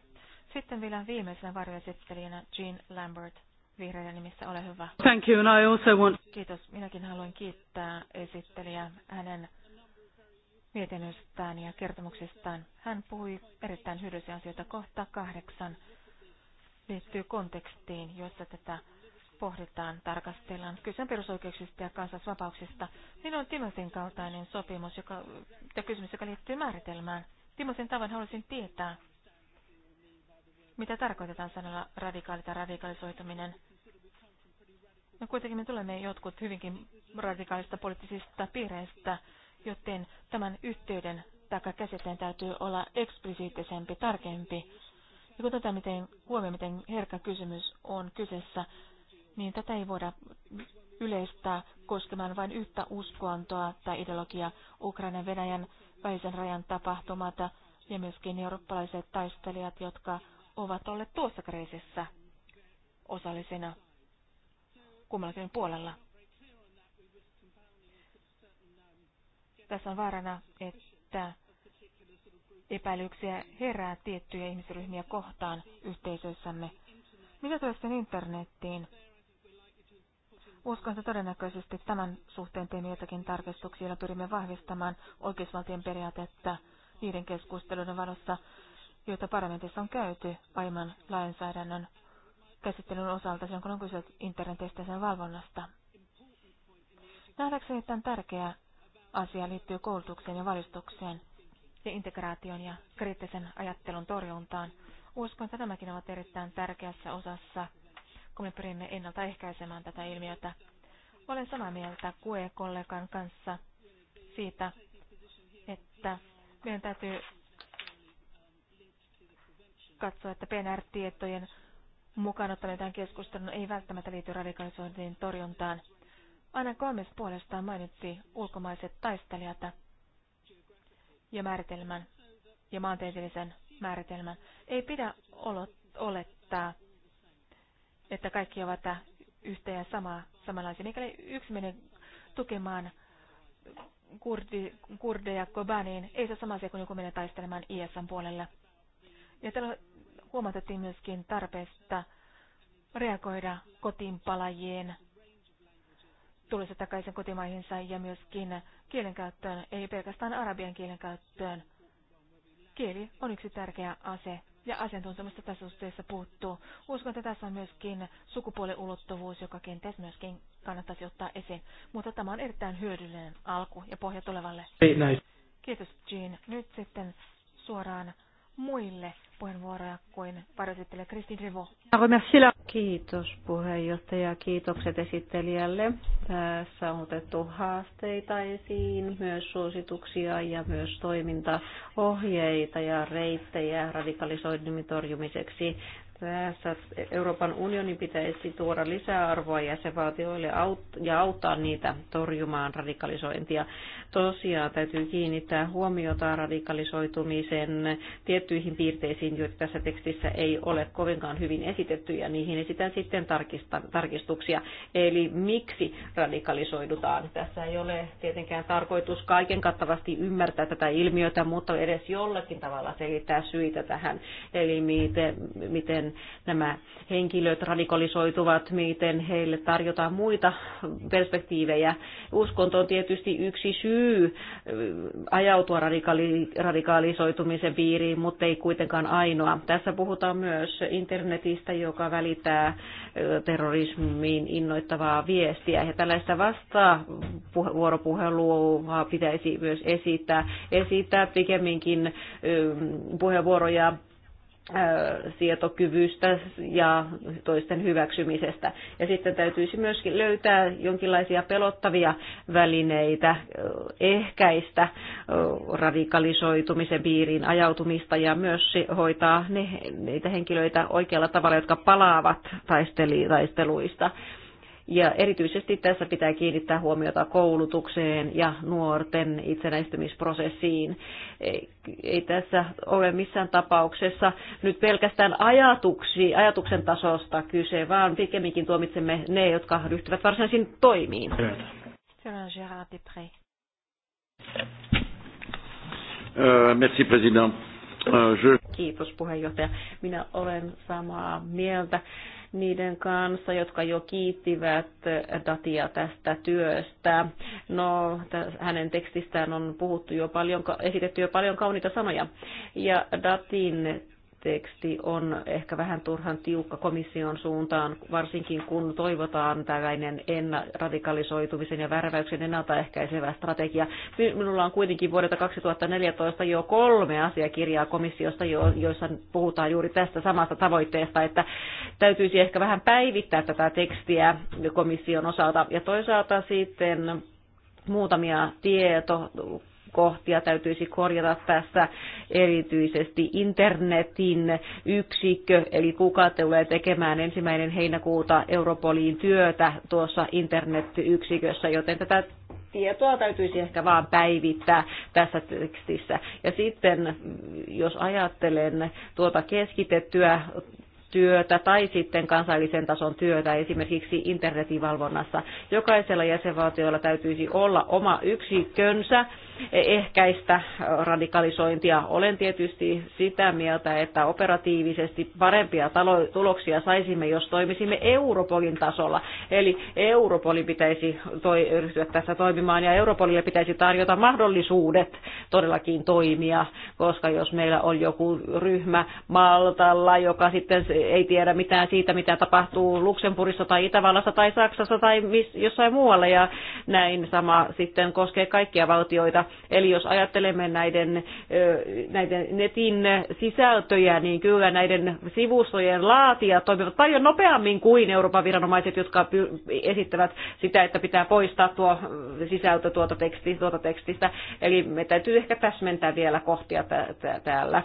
Sitten vielä viimeisenä varjoesittelijänä Jean Lambert. Vihreiden nimissä ole hyvä. Thank you, and I also want... Kiitos. Minäkin haluan kiittää esittelijää hänen mietinnöstään ja kertomuksestaan. Hän puhui erittäin hyödyllisiä asioita kohta kahdeksan. Liittyy kontekstiin, jossa tätä pohditaan, tarkastellaan. Kyse on perusoikeuksista ja kansallisvapauksista. Minulla on Timotin kaltainen sopimus, joka, ja kysymys, joka liittyy määritelmään. Timotin tavoin haluaisin tietää, mitä tarkoitetaan sanalla radikaali tai radikalisoituminen? No kuitenkin me tulemme jotkut hyvinkin radikaalista poliittisista piireistä, joten tämän yhteyden taka käsitteen täytyy olla eksplisiittisempi, tarkempi. Ja kun tätä miten, huomioon, miten herkkä kysymys on kyseessä, niin tätä ei voida yleistää koskemaan vain yhtä uskontoa tai ideologiaa. Ukrainan Venäjän väisen rajan tapahtumata, ja myöskin eurooppalaiset taistelijat, jotka ovat olleet tuossa kriisissä osallisena kummallakin puolella. Tässä on vaarana, että epäilyksiä herää tiettyjä ihmisryhmiä kohtaan yhteisöissämme. Mitä tulee sitten internettiin? Uskon, että todennäköisesti tämän suhteen teemme jotakin tarkistuksia, joilla pyrimme vahvistamaan oikeusvaltion periaatetta niiden keskusteluiden valossa, joita parlamentissa on käyty aiemman lainsäädännön käsittelyn osalta, sen on kyse internetistä sen valvonnasta. Nähdäkseni tämän tärkeä asia liittyy koulutukseen ja valistukseen ja integraation ja kriittisen ajattelun torjuntaan. Uskon, että nämäkin ovat erittäin tärkeässä osassa, kun me pyrimme ennaltaehkäisemään tätä ilmiötä. Olen samaa mieltä QE-kollegan kanssa siitä, että meidän täytyy katsoa, että PNR-tietojen mukaan ottaminen tämän keskustelun ei välttämättä liity radikalisointiin torjuntaan. Aina kolmes puolestaan mainitsi ulkomaiset taistelijat ja määritelmän ja maantieteellisen määritelmän. Ei pidä olettaa, että kaikki ovat yhtä ja samaa, samanlaisia. Mikäli yksi menee tukemaan kurdi, kurdeja Kobaniin, ei se sama asia kuin joku menee taistelemaan ISN puolella. Ja täällä huomatettiin myöskin tarpeesta reagoida kotiin palajien tulisi takaisin kotimaihinsa ja myöskin kielenkäyttöön, ei pelkästään arabian kielenkäyttöön. Kieli on yksi tärkeä ase ja asiantuntemusta tässä suhteessa puuttuu. Uskon, että tässä on myöskin sukupuoliulottuvuus, joka kenties myöskin kannattaisi ottaa esiin, mutta tämä on erittäin hyödyllinen alku ja pohja tulevalle. Kiitos Jean. Nyt sitten suoraan muille puheenvuoroja kuin varjoesittelijä Kristin Rivo. Kiitos puheenjohtaja, kiitokset esittelijälle. Tässä on otettu haasteita esiin, myös suosituksia ja myös toimintaohjeita ja reittejä radikalisoinnin torjumiseksi. Tässä Euroopan unionin pitäisi tuoda lisäarvoa jäsenvaltioille ja auttaa niitä torjumaan radikalisointia. Tosiaan täytyy kiinnittää huomiota radikalisoitumisen tiettyihin piirteisiin, joita tässä tekstissä ei ole kovinkaan hyvin esitetty, ja niihin esitän sitten tarkistuksia. Eli miksi radikalisoidutaan? Tässä ei ole tietenkään tarkoitus kaiken kattavasti ymmärtää tätä ilmiötä, mutta edes jollakin tavalla selittää syitä tähän, eli miten, miten miten nämä henkilöt radikalisoituvat, miten heille tarjotaan muita perspektiivejä. Uskonto on tietysti yksi syy ajautua radikali- radikalisoitumisen piiriin, mutta ei kuitenkaan ainoa. Tässä puhutaan myös internetistä, joka välittää terrorismiin innoittavaa viestiä. Ja tällaista vastaa vuoropuhelua pitäisi myös esittää. Esittää pikemminkin puheenvuoroja sietokyvystä ja toisten hyväksymisestä. Ja sitten täytyisi myöskin löytää jonkinlaisia pelottavia välineitä ehkäistä radikalisoitumisen piiriin ajautumista ja myös hoitaa ne, niitä henkilöitä oikealla tavalla, jotka palaavat taisteli, taisteluista. Ja erityisesti tässä pitää kiinnittää huomiota koulutukseen ja nuorten itsenäistymisprosessiin. Ei, ei tässä ole missään tapauksessa nyt pelkästään ajatuksi, ajatuksen tasosta kyse, vaan pikemminkin tuomitsemme ne, jotka ryhtyvät varsinaisiin toimiin. Euh, merci, Président. Kiitos puheenjohtaja. Minä olen samaa mieltä niiden kanssa, jotka jo kiittivät Datia tästä työstä. No, hänen tekstistään on puhuttu jo paljon, esitetty jo paljon kauniita sanoja. Ja Datin teksti on ehkä vähän turhan tiukka komission suuntaan, varsinkin kun toivotaan tällainen radikalisoitumisen ja värväyksen ennaltaehkäisevä strategia. Minulla on kuitenkin vuodelta 2014 jo kolme asiakirjaa komissiosta, joissa puhutaan juuri tästä samasta tavoitteesta, että täytyisi ehkä vähän päivittää tätä tekstiä komission osalta. Ja toisaalta sitten muutamia tieto kohtia täytyisi korjata tässä erityisesti internetin yksikkö, eli kuka tulee tekemään ensimmäinen heinäkuuta Europoliin työtä tuossa internetyksikössä, joten tätä tietoa täytyisi ehkä vaan päivittää tässä tekstissä. Ja sitten, jos ajattelen tuota keskitettyä työtä tai sitten kansallisen tason työtä esimerkiksi internetin valvonnassa. Jokaisella jäsenvaltiolla täytyisi olla oma yksikkönsä, ehkäistä radikalisointia. Olen tietysti sitä mieltä, että operatiivisesti parempia tuloksia saisimme, jos toimisimme Europolin tasolla. Eli Europoli pitäisi toi, ryhtyä tässä toimimaan ja Europolille pitäisi tarjota mahdollisuudet todellakin toimia, koska jos meillä on joku ryhmä Maltalla, joka sitten ei tiedä mitään siitä, mitä tapahtuu Luxemburgissa tai Itävallassa tai Saksassa tai miss, jossain muualla ja näin sama sitten koskee kaikkia valtioita, Eli jos ajattelemme näiden, näiden netin sisältöjä, niin kyllä näiden sivustojen laatijat toimivat paljon nopeammin kuin Euroopan viranomaiset, jotka esittävät sitä, että pitää poistaa tuo sisältö tuota, teksti, tuota tekstistä. Eli me täytyy ehkä täsmentää vielä kohtia täällä.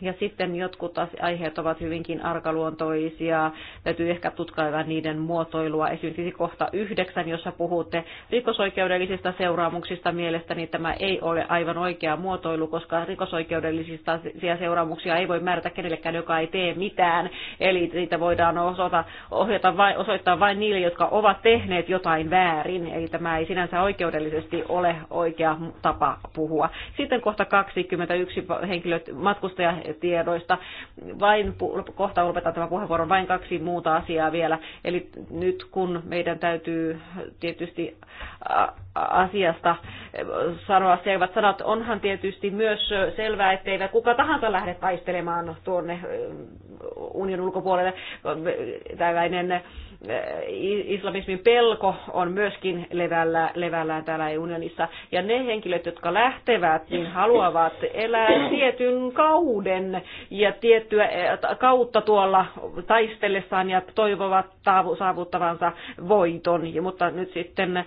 Ja sitten jotkut aiheet ovat hyvinkin arkaluontoisia. Täytyy ehkä tutkailla niiden muotoilua. Esimerkiksi kohta yhdeksän, jossa puhutte rikosoikeudellisista seuraamuksista. Mielestäni tämä ei ole aivan oikea muotoilu, koska rikosoikeudellisista seuraamuksia ei voi määrätä kenellekään, joka ei tee mitään. Eli niitä voidaan osoita, ohjata vai, osoittaa vain niille, jotka ovat tehneet jotain väärin. Eli tämä ei sinänsä oikeudellisesti ole oikea tapa puhua. Sitten kohta 21 henkilöt, matkustaja tiedoista. Vain, kohta lopetan tämän puheenvuoron, vain kaksi muuta asiaa vielä. Eli nyt kun meidän täytyy tietysti asiasta sanoa selvät sanat, onhan tietysti myös selvää, ettei kuka tahansa lähde taistelemaan tuonne unionin ulkopuolelle. Tällainen Eh, islamismin pelko on myöskin levällä, levällään täällä unionissa. Ja ne henkilöt, jotka lähtevät, niin haluavat elää tietyn kauden ja tiettyä eh, kautta tuolla taistellessaan ja toivovat saavuttavansa voiton. Mutta nyt sitten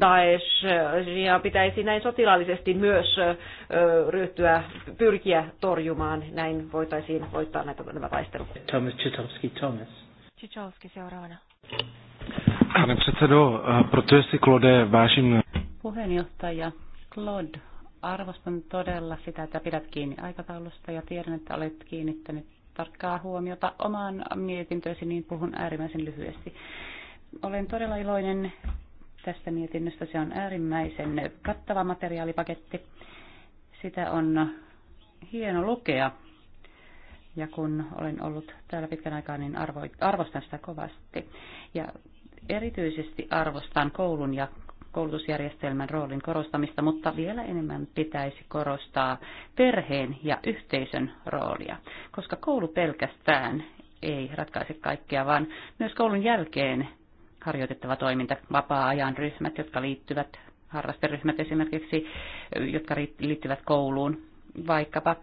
Daesh ja pitäisi näin sotilaallisesti myös ryhtyä pyrkiä torjumaan. Näin voitaisiin voittaa näitä, nämä taistelut. Thomas Chitowski, Thomas. Čičalsky seuraavana. Pane předsedo, eh, protože si Klode vážím... Puheenjohtaja Claude, arvostan todella sitä, että pidät kiinni aikataulusta ja tiedän, että olet kiinnittänyt tarkkaa huomiota omaan mietintöösi, niin puhun äärimmäisen lyhyesti. Olen todella iloinen tästä mietinnöstä. Se on äärimmäisen kattava materiaalipaketti. Sitä on hieno lukea ja kun olen ollut täällä pitkän aikaa, niin arvostan sitä kovasti. Ja erityisesti arvostan koulun ja koulutusjärjestelmän roolin korostamista, mutta vielä enemmän pitäisi korostaa perheen ja yhteisön roolia, koska koulu pelkästään ei ratkaise kaikkea, vaan myös koulun jälkeen harjoitettava toiminta, vapaa-ajan ryhmät, jotka liittyvät, harrasteryhmät esimerkiksi, jotka liittyvät kouluun, vaikkapa,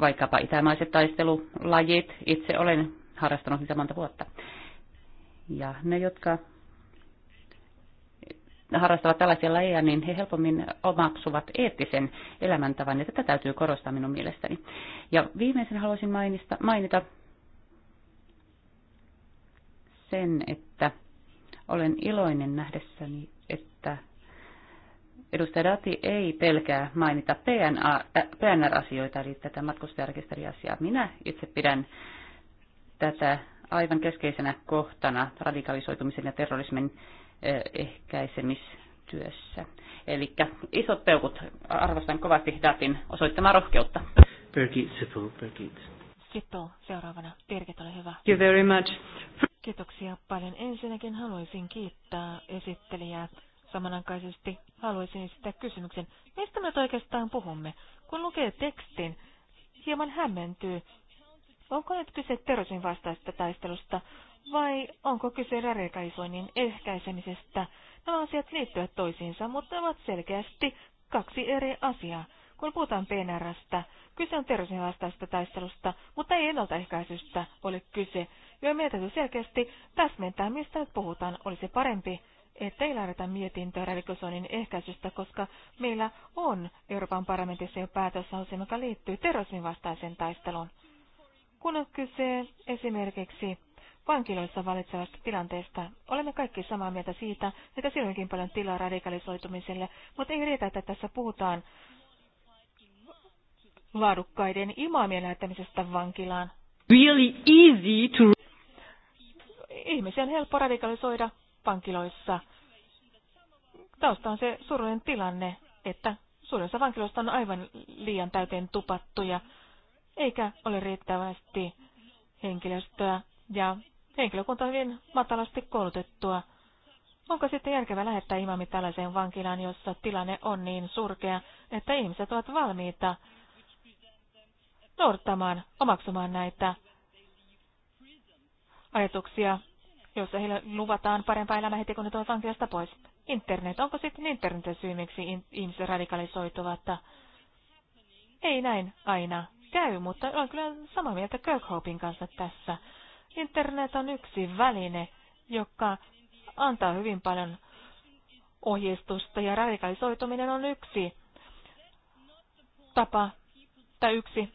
vaikkapa itämaiset taistelulajit. Itse olen harrastanut niitä monta vuotta. Ja ne, jotka harrastavat tällaisia lajeja, niin he helpommin omaksuvat eettisen elämäntavan, ja tätä täytyy korostaa minun mielestäni. Ja viimeisen haluaisin mainista, mainita sen, että olen iloinen nähdessäni edustaja Dati ei pelkää mainita PNA, PNR-asioita, eli tätä matkustajarekisteriasiaa. Minä itse pidän tätä aivan keskeisenä kohtana radikalisoitumisen ja terrorismin ehkäisemistyössä. Eli isot peukut. Arvostan kovasti Datin osoittamaa rohkeutta. Birgit seuraavana. Birgit, ole hyvä. Thank you very much. Kiitoksia paljon. Ensinnäkin haluaisin kiittää esittelijää samanaikaisesti haluaisin esittää kysymyksen, mistä me oikeastaan puhumme? Kun lukee tekstin, hieman hämmentyy. Onko nyt kyse terrorismin vastaisesta taistelusta vai onko kyse radikalisoinnin ehkäisemisestä? Nämä asiat liittyvät toisiinsa, mutta ovat selkeästi kaksi eri asiaa. Kun puhutaan PNRstä, kyse on terrorismin vastaisesta taistelusta, mutta ei ennaltaehkäisystä ole kyse. Ja meidän täytyy selkeästi täsmentää, mistä nyt puhutaan, olisi parempi, ettei laadita mietintöä radikalisoinnin ehkäisystä, koska meillä on Euroopan parlamentissa jo päätöslause, joka liittyy terrorismin vastaiseen taisteluun. Kun on kyse esimerkiksi vankiloissa valitsevasta tilanteesta, olemme kaikki samaa mieltä siitä, että silloinkin paljon tilaa radikalisoitumiselle, mutta ei riitä, että tässä puhutaan laadukkaiden imaamien lähettämisestä vankilaan. Really easy to... Ihmisiä on helppo radikalisoida vankiloissa. Tausta on se surullinen tilanne, että suurin osa vankiloista on aivan liian täyteen tupattuja, eikä ole riittävästi henkilöstöä ja henkilökunta on hyvin matalasti koulutettua. Onko sitten järkevää lähettää imami tällaiseen vankilaan, jossa tilanne on niin surkea, että ihmiset ovat valmiita noudattamaan, omaksumaan näitä ajatuksia jossa heille luvataan parempaa elämää heti, kun ne tulevat vankilasta pois. Internet, onko sitten niin internetin syy, miksi ihmiset radikalisoituvat? Ei näin aina käy, mutta olen kyllä samaa mieltä Kirkhopin kanssa tässä. Internet on yksi väline, joka antaa hyvin paljon ohjeistusta ja radikalisoituminen on yksi tapa tai yksi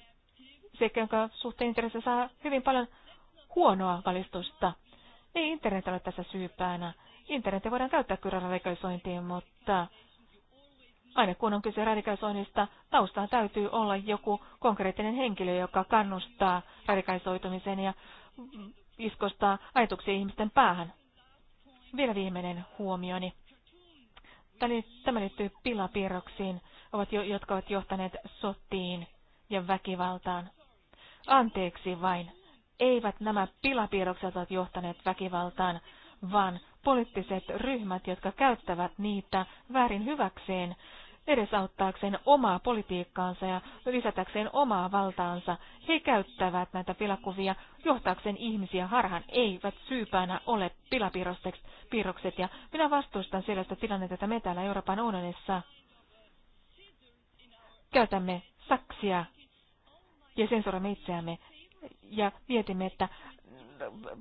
sekä jonka suhteen internetissä saa hyvin paljon huonoa valistusta. Niin, ei internet ole tässä syypäänä. Internet voidaan käyttää kyllä radikalisointiin, mutta aina kun on kyse radikalisoinnista, taustaan täytyy olla joku konkreettinen henkilö, joka kannustaa radikalisoitumisen ja iskostaa ajatuksia ihmisten päähän. Vielä viimeinen huomioni. Tämä liittyy pilapiirroksiin, ovat jo, jotka ovat johtaneet sotiin ja väkivaltaan. Anteeksi vain eivät nämä pilapiirrokset ole johtaneet väkivaltaan, vaan poliittiset ryhmät, jotka käyttävät niitä väärin hyväkseen, edesauttaakseen omaa politiikkaansa ja lisätäkseen omaa valtaansa. He käyttävät näitä pilakuvia johtaakseen ihmisiä harhan, eivät syypäänä ole pilapiirrokset. Ja minä vastustan sellaista tilannetta, että me täällä Euroopan unionissa käytämme saksia ja sensuroimme itseämme ja mietimme, että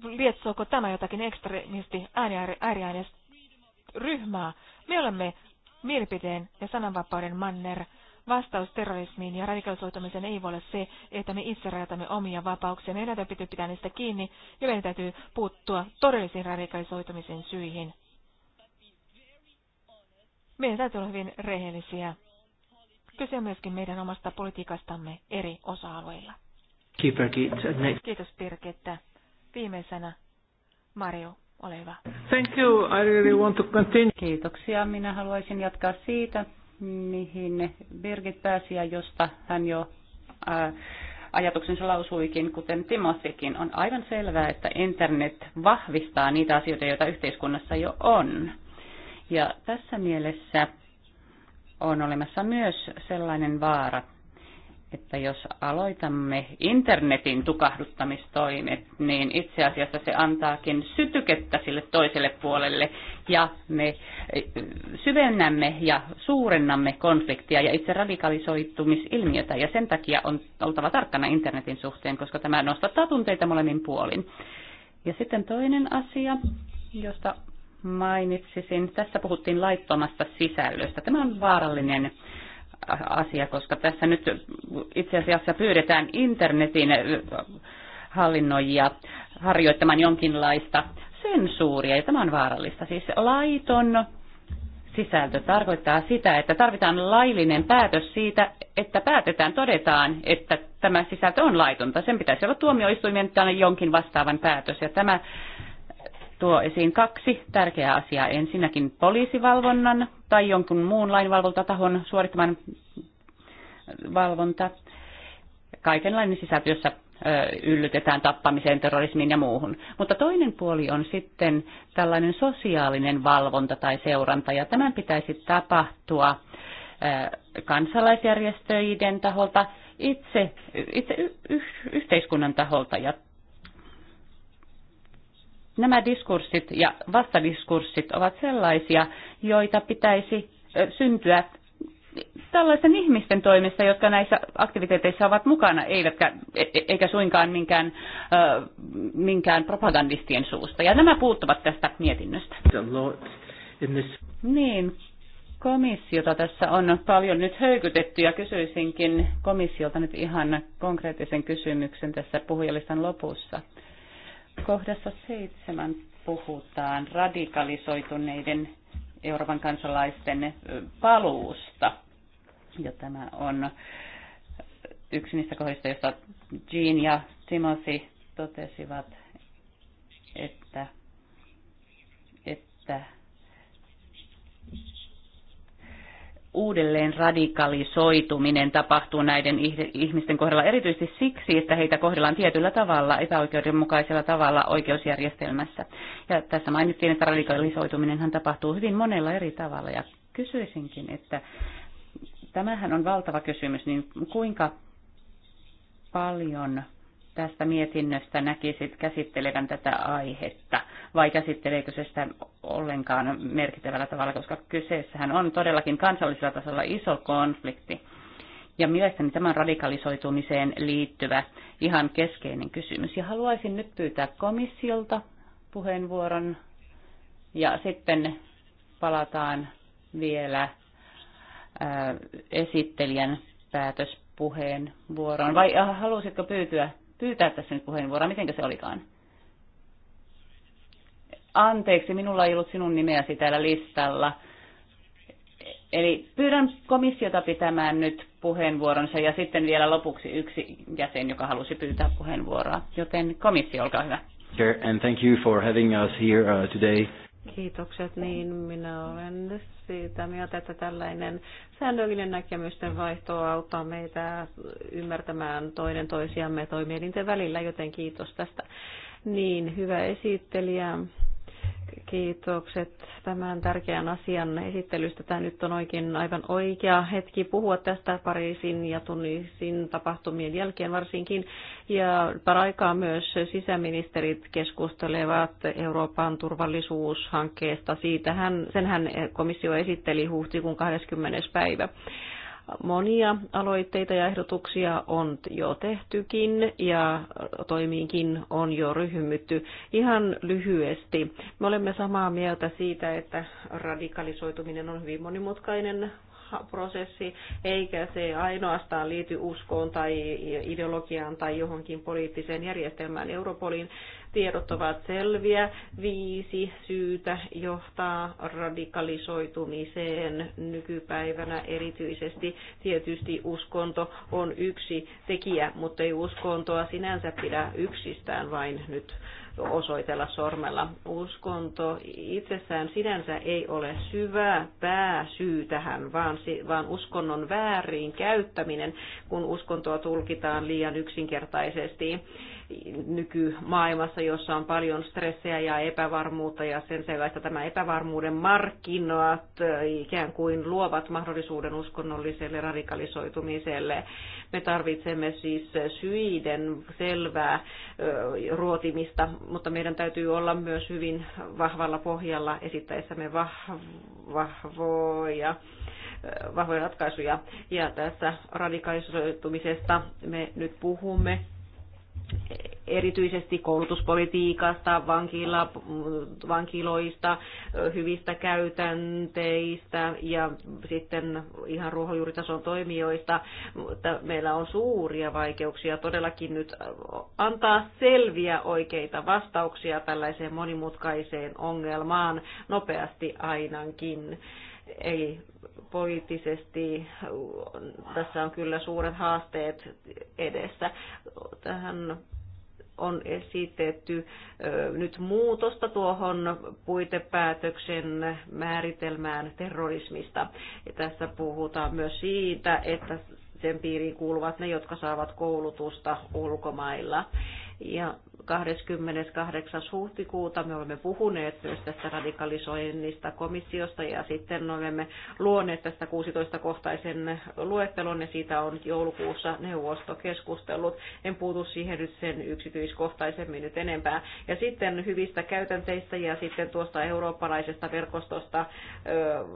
lietsoako tämä jotakin ekstremisti ääriaineisryhmää. Me olemme mielipiteen ja sananvapauden manner. Vastaus terrorismiin ja radikalisoitumiseen ei voi olla se, että me itse rajoitamme omia vapauksia. Meidän täytyy pitää niistä kiinni ja meidän täytyy puuttua todellisiin radikalisoitumisen syihin. Meidän täytyy olla hyvin rehellisiä. Kyse on myöskin meidän omasta politiikastamme eri osa-alueilla. Kiitos Birgitta. Viimeisenä Mario, ole hyvä. Thank you. I really want to continue. Kiitoksia. Minä haluaisin jatkaa siitä, mihin Birgit pääsi ja josta hän jo ää, äh, ajatuksensa lausuikin, kuten Timothykin. On aivan selvää, että internet vahvistaa niitä asioita, joita yhteiskunnassa jo on. Ja tässä mielessä on olemassa myös sellainen vaara, että jos aloitamme internetin tukahduttamistoimet, niin itse asiassa se antaakin sytykettä sille toiselle puolelle ja me eh, syvennämme ja suurennamme konfliktia ja itse radikalisoitumisilmiötä ja sen takia on oltava tarkkana internetin suhteen, koska tämä nostattaa tunteita molemmin puolin. Ja sitten toinen asia, josta mainitsisin. Tässä puhuttiin laittomasta sisällöstä. Tämä on vaarallinen asia, koska tässä nyt itse asiassa pyydetään internetin hallinnoijia harjoittamaan jonkinlaista sensuuria, ja tämä on vaarallista. Siis laiton sisältö tarkoittaa sitä, että tarvitaan laillinen päätös siitä, että päätetään, todetaan, että tämä sisältö on laitonta. Sen pitäisi olla tuomioistuimen jonkin vastaavan päätös, ja tämä tuo esiin kaksi tärkeää asiaa. Ensinnäkin poliisivalvonnan tai jonkun muun lainvalvontatahon suorittaman valvonta. Kaikenlainen sisältö, jossa yllytetään tappamiseen, terrorismiin ja muuhun. Mutta toinen puoli on sitten tällainen sosiaalinen valvonta tai seuranta, ja tämän pitäisi tapahtua kansalaisjärjestöiden taholta, itse, itse y- y- yhteiskunnan taholta. Ja Nämä diskurssit ja vastadiskurssit ovat sellaisia, joita pitäisi syntyä tällaisen ihmisten toimesta, jotka näissä aktiviteeteissa ovat mukana, eivätkä, e, e, eikä suinkaan minkään, ö, minkään propagandistien suusta. Ja nämä puuttuvat tästä mietinnöstä. Niin, komissiota tässä on paljon nyt höykytetty ja kysyisinkin komissiolta nyt ihan konkreettisen kysymyksen tässä puhujalistan lopussa. Kohdassa seitsemän puhutaan radikalisoituneiden Euroopan kansalaisten paluusta. Ja tämä on yksi niistä kohdista, joista Jean ja Timothy totesivat, että, että uudelleen radikalisoituminen tapahtuu näiden ihmisten kohdalla erityisesti siksi, että heitä kohdellaan tietyllä tavalla, epäoikeudenmukaisella tavalla oikeusjärjestelmässä. Ja tässä mainittiin, että radikalisoituminenhan tapahtuu hyvin monella eri tavalla. Ja kysyisinkin, että tämähän on valtava kysymys, niin kuinka paljon tästä mietinnöstä näkisit käsittelevän tätä aihetta, vai käsitteleekö se sitä ollenkaan merkittävällä tavalla, koska kyseessähän on todellakin kansallisella tasolla iso konflikti. Ja mielestäni tämän radikalisoitumiseen liittyvä ihan keskeinen kysymys. Ja haluaisin nyt pyytää komissiolta puheenvuoron, ja sitten palataan vielä äh, esittelijän päätöspuheenvuoroon Vai äh, halusitko pyytyä pyytää tässä nyt puheenvuoroa, miten se olikaan? Anteeksi, minulla ei ollut sinun nimeäsi täällä listalla. Eli pyydän komissiota pitämään nyt puheenvuoronsa ja sitten vielä lopuksi yksi jäsen, joka halusi pyytää puheenvuoroa. Joten komissio, olkaa hyvä. And thank you for having us here uh, today. Kiitokset, niin minä olen siitä mieltä, että tällainen säännöllinen näkemysten vaihto auttaa meitä ymmärtämään toinen toisiamme toimielinten välillä, joten kiitos tästä. Niin, hyvä esittelijä. Kiitokset tämän tärkeän asian esittelystä. Tämä nyt on oikein aivan oikea hetki puhua tästä Pariisin ja Tunisin tapahtumien jälkeen varsinkin. Ja paraikaa myös sisäministerit keskustelevat Euroopan turvallisuushankkeesta. Siitähän, senhän komissio esitteli huhtikuun 20. päivä. Monia aloitteita ja ehdotuksia on jo tehtykin ja toimiinkin on jo ryhmytty. Ihan lyhyesti. Me olemme samaa mieltä siitä, että radikalisoituminen on hyvin monimutkainen prosessi, eikä se ainoastaan liity uskoon tai ideologiaan tai johonkin poliittiseen järjestelmään. Europolin tiedot ovat selviä. Viisi syytä johtaa radikalisoitumiseen nykypäivänä erityisesti. Tietysti uskonto on yksi tekijä, mutta ei uskontoa sinänsä pidä yksistään vain nyt osoitella sormella. Uskonto itsessään sinänsä ei ole syvä pääsyy tähän, vaan, vaan uskonnon väärin käyttäminen, kun uskontoa tulkitaan liian yksinkertaisesti nykymaailmassa, jossa on paljon stressejä ja epävarmuutta ja sen sellaista tämä epävarmuuden markkinat ikään kuin luovat mahdollisuuden uskonnolliselle radikalisoitumiselle. Me tarvitsemme siis syiden selvää ruotimista, mutta meidän täytyy olla myös hyvin vahvalla pohjalla esittäessämme vahvoja vahvoja ratkaisuja. Ja tässä radikalisoitumisesta me nyt puhumme erityisesti koulutuspolitiikasta, vankila, vankiloista, hyvistä käytänteistä ja sitten ihan ruohonjuuritason toimijoista. Mutta meillä on suuria vaikeuksia todellakin nyt antaa selviä oikeita vastauksia tällaiseen monimutkaiseen ongelmaan nopeasti ainakin. Ei poliittisesti tässä on kyllä suuret haasteet edessä. Tähän on esitetty nyt muutosta tuohon puitepäätöksen määritelmään terrorismista. Ja tässä puhutaan myös siitä, että sen piiriin kuuluvat ne, jotka saavat koulutusta ulkomailla. Ja 28. huhtikuuta me olemme puhuneet myös tästä radikalisoinnista komissiosta ja sitten olemme luoneet tästä 16-kohtaisen luettelon ja siitä on joulukuussa neuvosto keskustellut. En puutu siihen nyt sen yksityiskohtaisemmin nyt enempää. Ja sitten hyvistä käytänteistä ja sitten tuosta eurooppalaisesta verkostosta,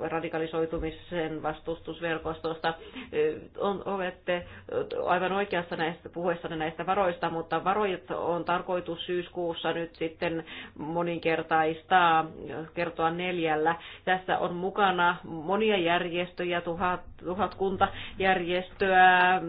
radikalisoitumisen vastustusverkostosta. On, olette aivan oikeassa näistä puheissanne näistä varoista, mutta varoit on tarkoitus syyskuussa nyt sitten moninkertaistaa, kertoa neljällä. Tässä on mukana monia järjestöjä, tuhat, tuhat kuntajärjestöä,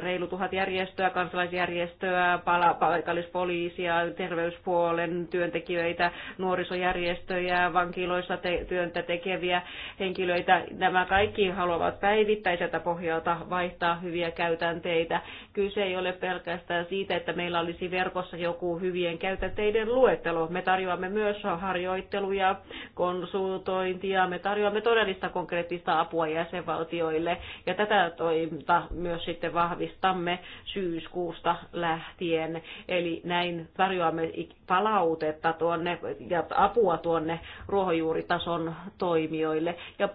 reilu tuhat järjestöä, kansalaisjärjestöä, pala, paikallispoliisia, terveyspuolen työntekijöitä, nuorisojärjestöjä, vankiloissa te, työntä tekeviä henkilöitä. Nämä kaikki haluavat päivittäiseltä pohjalta vaihtaa hyviä käytänteitä. Kyse ei ole pelkästään siitä, että meillä olisi esimerkiksi verkossa joku hyvien käytänteiden luettelo. Me tarjoamme myös harjoitteluja, konsultointia, me tarjoamme todellista konkreettista apua jäsenvaltioille ja tätä toimta myös sitten vahvistamme syyskuusta lähtien. Eli näin tarjoamme palautetta tuonne ja apua tuonne ruohonjuuritason toimijoille ja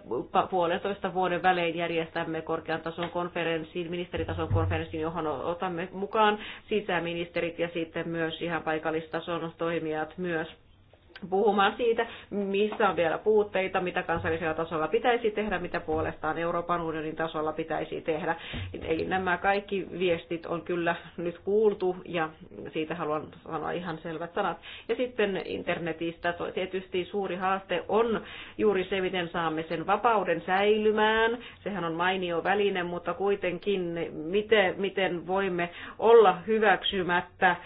puolentoista vuoden välein järjestämme korkean tason konferenssin, ministeritason konferenssin, johon otamme mukaan sisäministerit ja sitten myös ihan paikallistason toimijat myös puhumaan siitä, missä on vielä puutteita, mitä kansallisella tasolla pitäisi tehdä, mitä puolestaan Euroopan unionin tasolla pitäisi tehdä. Eli nämä kaikki viestit on kyllä nyt kuultu ja siitä haluan sanoa ihan selvät sanat. Ja sitten internetistä tietysti suuri haaste on juuri se, miten saamme sen vapauden säilymään. Sehän on mainio väline, mutta kuitenkin miten, miten voimme olla hyväksymättä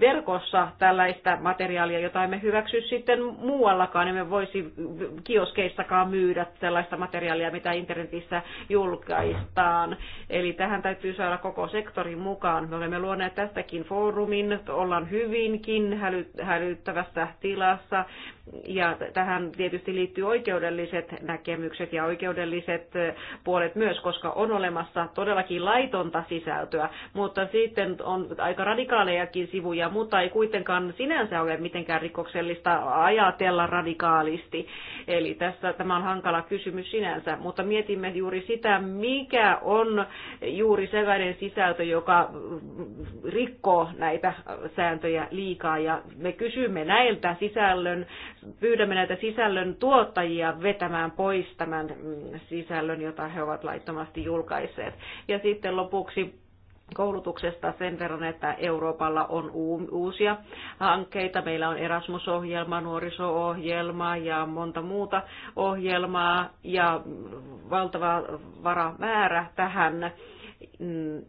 verkossa tällaista materiaalia, jota emme hyväksy sitten muuallakaan emme niin voisi kioskeissakaan myydä sellaista materiaalia, mitä internetissä julkaistaan. Eli tähän täytyy saada koko sektorin mukaan. Me olemme luoneet tästäkin foorumin, ollaan hyvinkin hälyttävässä tilassa ja tähän tietysti liittyy oikeudelliset näkemykset ja oikeudelliset puolet myös, koska on olemassa todellakin laitonta sisältöä, mutta sitten on aika radikaalejakin sivuja, mutta ei kuitenkaan sinänsä ole mitenkään rikoksellista ajatella radikaalisti. Eli tässä tämä on hankala kysymys sinänsä, mutta mietimme juuri sitä, mikä on juuri sellainen sisältö, joka rikkoo näitä sääntöjä liikaa ja me kysymme näiltä sisällön pyydämme näitä sisällön tuottajia vetämään pois tämän mm, sisällön, jota he ovat laittomasti julkaisseet. Ja sitten lopuksi koulutuksesta sen verran, että Euroopalla on uusia hankkeita. Meillä on Erasmus-ohjelma, nuoriso-ohjelma ja monta muuta ohjelmaa ja valtava varamäärä tähän mm,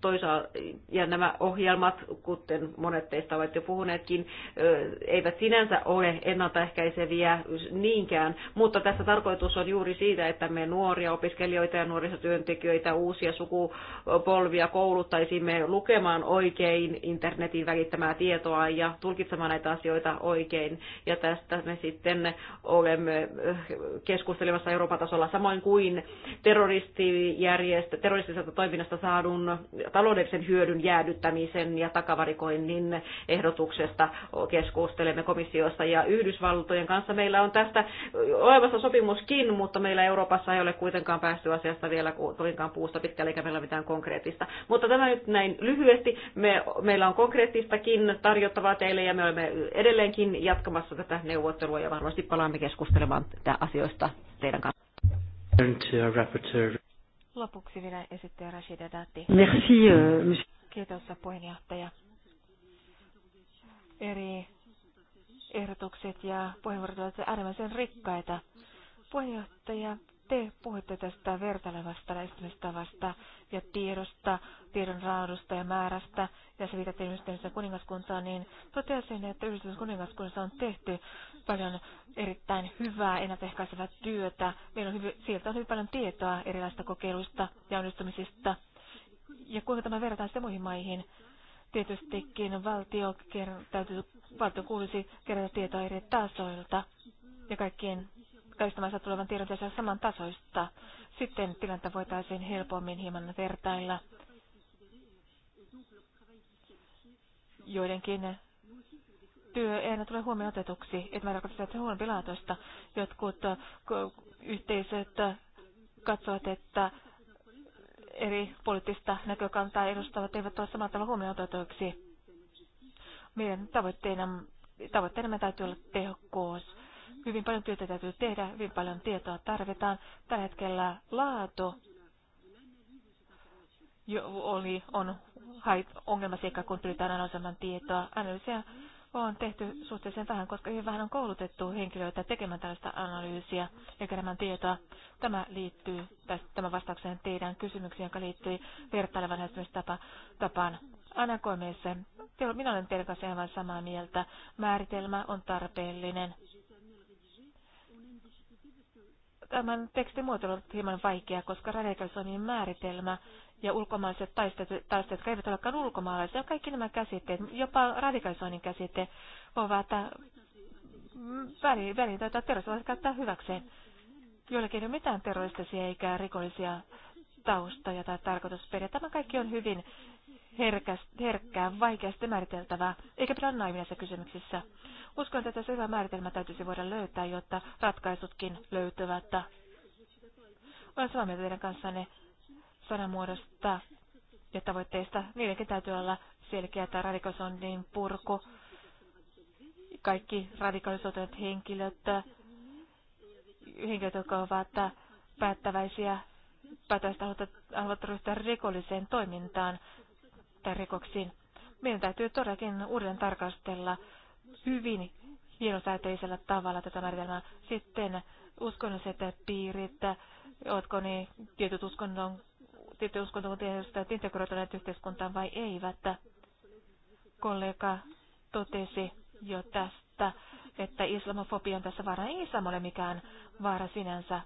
toisaalta, ja nämä ohjelmat, kuten monet teistä ovat jo puhuneetkin, eivät sinänsä ole ennaltaehkäiseviä niinkään, mutta tässä tarkoitus on juuri siitä, että me nuoria opiskelijoita ja nuorisotyöntekijöitä, uusia sukupolvia kouluttaisimme lukemaan oikein internetin välittämää tietoa ja tulkitsemaan näitä asioita oikein. Ja tästä me sitten olemme keskustelemassa Euroopan tasolla samoin kuin terroristijärjestö, terroristisesta toiminnasta saadun taloudellisen hyödyn jäädyttämisen ja takavarikoinnin ehdotuksesta keskustelemme komissiossa ja Yhdysvaltojen kanssa. Meillä on tästä olemassa sopimuskin, mutta meillä Euroopassa ei ole kuitenkaan päästy asiasta vielä kovinkaan puusta pitkälle, eikä meillä mitään konkreettista. Mutta tämä nyt näin lyhyesti. Me, meillä on konkreettistakin tarjottavaa teille ja me olemme edelleenkin jatkamassa tätä neuvottelua ja varmasti palaamme keskustelemaan asioista teidän kanssa. Lopuksi vielä esittää Rashida Datti. Merci, euh, Kiitos puheenjohtaja. Eri ehdotukset ja puheenvuorot ovat äärimmäisen rikkaita. Puheenjohtaja te puhutte tästä vertailevasta lähestymistavasta ja tiedosta, tiedon raadusta ja määrästä, ja se viitatte yhdistyneeseen kuningaskuntaan, niin totesin, että yhdistyneessä kuningaskunnassa on tehty paljon erittäin hyvää ennaltaehkäisevää työtä. Meillä on hyvin, sieltä on hyvin paljon tietoa erilaisista kokeiluista ja onnistumisista. Ja kuinka tämä verrataan sitten muihin maihin? Tietystikin valtio, ker- täytyy, valtio kuulisi kerätä tietoa eri tasoilta ja kaikkien käyttämänsä tulevan tiedon saman olla samantasoista. Sitten tilannetta voitaisiin helpommin hieman vertailla. Joidenkin työ ei aina tule huomioon otetuksi, että mä tarkoitan sitä huonompilaatoista. Jotkut äh, yhteisöt äh, katsovat, että eri poliittista näkökantaa edustavat eivät ole samalla tavalla huomioon otetuksi. Meidän tavoitteena, tavoitteena täytyy olla tehokkuus Hyvin paljon työtä täytyy tehdä, hyvin paljon tietoa tarvitaan. Tällä hetkellä laatu jo oli, on hait, ongelma sekä kun pyritään analysoimaan tietoa. Analyysiä on tehty suhteellisen vähän, koska hyvin vähän on koulutettu henkilöitä tekemään tällaista analyysiä ja keräämään tietoa. Tämä liittyy tämän vastaukseen teidän kysymyksiin, joka liittyy vertailevan tapaan. Anakoimeeseen. Minä olen teidän kanssa aivan samaa mieltä. Määritelmä on tarpeellinen tämän tekstin muotoilu on hieman vaikea, koska radikalisoinnin määritelmä ja ulkomaalaiset taistelut, taistelut jotka eivät olekaan ulkomaalaisia, kaikki nämä käsitteet, jopa radikalisoinnin käsite, ovat äh, väliin, tätä terroristia käyttää hyväkseen. Joillekin ei ole mitään terroristisia eikä rikollisia taustoja tai tarkoitusperiä. Tämä kaikki on hyvin herkkää, vaikeasti määriteltävää, eikä pidä naivinässä kysymyksissä. Uskon, että tässä hyvä määritelmä täytyisi voida löytää, jotta ratkaisutkin löytyvät. Olen samaa mieltä teidän kanssanne sanamuodosta ja tavoitteista. Niidenkin täytyy olla selkeä tämä radikalisoinnin purku, kaikki radikalisoituneet henkilöt, henkilöt, jotka ovat päättäväisiä, päättäväistä haluavat ryhtyä rikolliseen toimintaan syyllistyä rikoksiin. Meidän täytyy todellakin uudelleen tarkastella hyvin hienosäteisellä tavalla tätä määritelmää. Sitten uskonnolliset piirit, Ootko ne tietyt uskonnon, tietyt uskontokuntiedustajat integroituneet yhteiskuntaan vai eivät. Kollega totesi jo tästä, että islamofobia on tässä vaara. Ei islam ole mikään vaara sinänsä.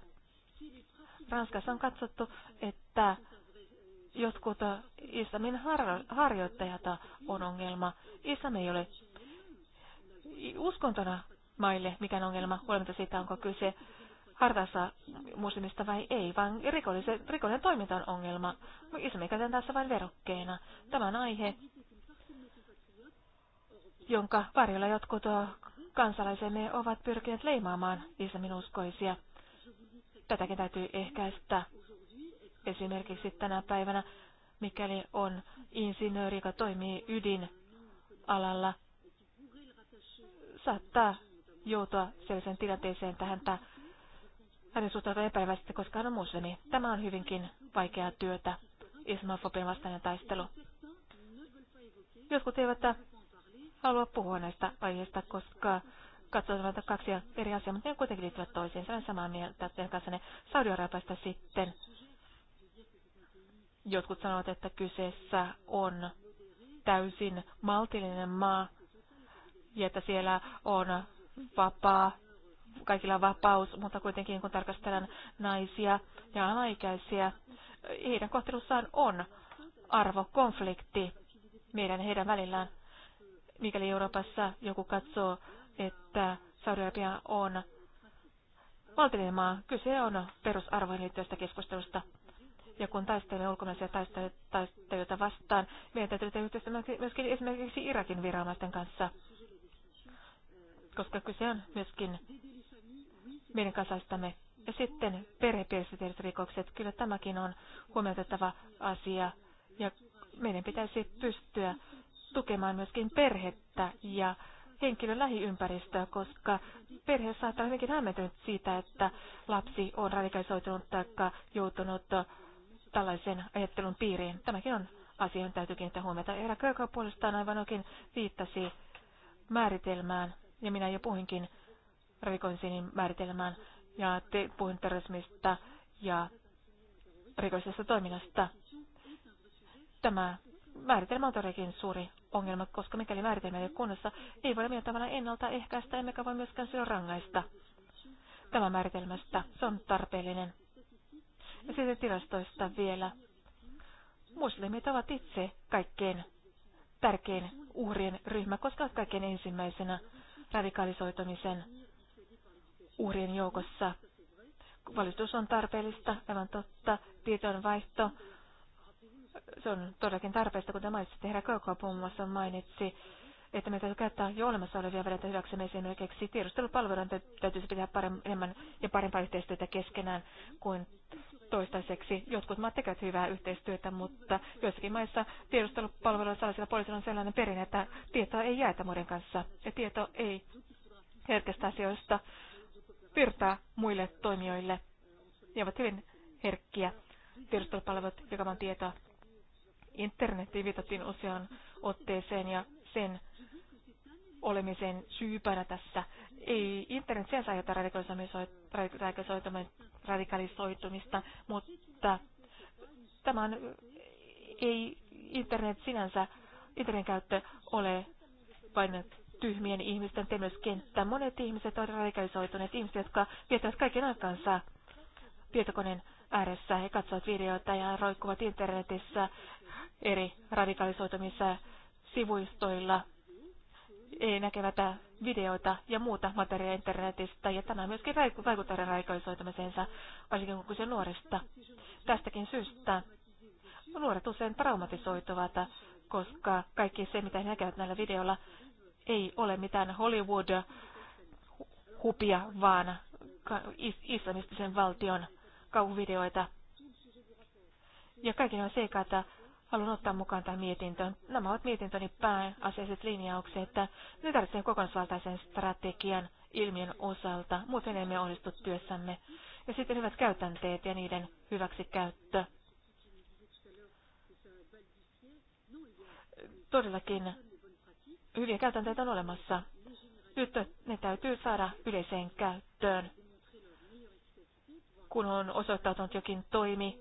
Ranskassa on katsottu, että jotkut islamin harjoittajat on ongelma. Islam ei ole uskontona maille mikään ongelma, huolimatta siitä, onko kyse hartassa muslimista vai ei, vaan rikollisen, rikollinen toiminta on ongelma. Islami käytetään tässä vain verokkeena. Tämä on aihe, jonka varjolla jotkut kansalaisemme ovat pyrkineet leimaamaan islamin uskoisia. Tätäkin täytyy ehkäistä esimerkiksi tänä päivänä, mikäli on insinööri, joka toimii ydinalalla, saattaa joutua sellaiseen tilanteeseen tähän tai hänen suhtautuu epäilevästi, koska hän on muslimi. Tämä on hyvinkin vaikeaa työtä, islamofobian vastainen taistelu. Jotkut eivät halua puhua näistä aiheista, koska katsotaan kaksi eri asiaa, mutta ne kuitenkin liittyvät toisiinsa. Olen samaa mieltä teidän kanssanne saudi sitten. Jotkut sanovat, että kyseessä on täysin maltillinen maa ja että siellä on vapaa, kaikilla vapaus, mutta kuitenkin kun tarkastellaan naisia ja alaikäisiä, heidän kohtelussaan on arvokonflikti meidän heidän välillään. Mikäli Euroopassa joku katsoo, että Saudi-Arabia on valtinen maa, kyse on perusarvoihin liittyvästä keskustelusta ja kun taistelemme ulkomaisia taistelijoita vastaan, meidän täytyy tehdä yhteistä myöskin esimerkiksi Irakin viranomaisten kanssa, koska kyse on myöskin meidän kansallistamme. Ja sitten perhepiirissä tehdyt rikokset, kyllä tämäkin on huomioitettava asia, ja meidän pitäisi pystyä tukemaan myöskin perhettä ja henkilön lähiympäristöä, koska perhe saattaa olla hyvinkin hämmentynyt siitä, että lapsi on radikalisoitunut tai joutunut tällaisen ajattelun piiriin. Tämäkin on johon täytyy kiinnittää huomiota. Eera Kökö puolestaan aivan oikein viittasi määritelmään, ja minä jo puhinkin rikoisinin määritelmään, ja te puhuin terrorismista ja rikoisesta toiminnasta. Tämä määritelmä on todellakin suuri ongelma, koska mikäli määritelmä ei ole kunnossa, ei voida millään tavalla ennaltaehkäistä, emmekä voi myöskään sillä rangaista. Tämä määritelmästä se on tarpeellinen. Sitten tilastoista vielä. Muslimit ovat itse kaikkein tärkein uhrien ryhmä, koska ovat kaikkein ensimmäisenä radikalisoitumisen uhrien joukossa. Valistus on tarpeellista, aivan totta. Tietojenvaihto, se on todellakin tarpeellista, kuten mainitsitte, herra Kaukoa muun muassa mainitsi, että me täytyy käyttää jo olemassa olevia välineitä hyväksemme esimerkiksi tiedustelupalveluiden täytyisi pitää paremmin, enemmän ja parempaa yhteistyötä keskenään kuin toistaiseksi. Jotkut maat tekevät hyvää yhteistyötä, mutta joissakin maissa tiedustelupalveluilla salaisilla poliisilla on sellainen perinne, että tietoa ei jaeta muiden kanssa ja tieto ei herkästä asioista virtaa muille toimijoille. Ne ovat hyvin herkkiä tiedustelupalvelut jakamaan tietoa. internetin viitattiin useaan otteeseen ja sen olemisen syypänä tässä ei internet sinänsä aiheuta radikalisoitumista, mutta tämä on, ei internet sinänsä, internetin käyttö ole vain tyhmien ihmisten temyskenttä. Monet ihmiset ovat radikalisoituneet, ihmiset, jotka viettävät kaiken aikansa tietokoneen ääressä. He katsovat videoita ja roikkuvat internetissä eri radikalisoitumissa sivuistoilla. ei näkevät videoita ja muuta materiaalia internetistä, ja tämä myöskin vaikuttaa radikalisoitumiseensa, varsinkin kun kyse nuorista. Tästäkin syystä nuoret usein traumatisoituvat, koska kaikki se, mitä he näkevät näillä videoilla, ei ole mitään Hollywood-hupia, vaan islamistisen valtion kauhuvideoita. Ja kaikki nämä seikat haluan ottaa mukaan tämän mietintöön. Nämä ovat mietintöni pääasialliset linjaukset, että me tarvitsemme kokonaisvaltaisen strategian ilmiön osalta, muuten emme onnistu työssämme. Ja sitten hyvät käytänteet ja niiden hyväksi käyttö. Todellakin hyviä käytänteitä on olemassa. Nyt ne täytyy saada yleiseen käyttöön. Kun on osoittautunut jokin toimi,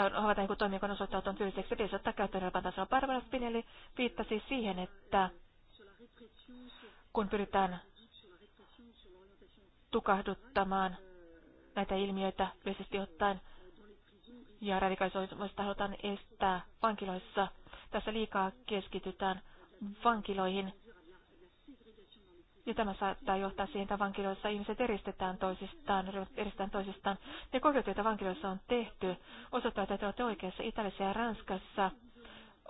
havaita kun toimi, osoittautuu on tyyliseksi syylliseksi, pitäisi ottaa käyttöön Euroopan tasolla. Barbara Spinelli viittasi siihen, että kun pyritään tukahduttamaan näitä ilmiöitä yleisesti ottaen ja radikalisoitumista halutaan estää vankiloissa. Tässä liikaa keskitytään vankiloihin ja tämä saattaa johtaa siihen, että vankiloissa ihmiset eristetään toisistaan, eristetään toisistaan. Ne kokeilut, joita vankiloissa on tehty, osoittavat, että olette oikeassa Italiassa ja Ranskassa.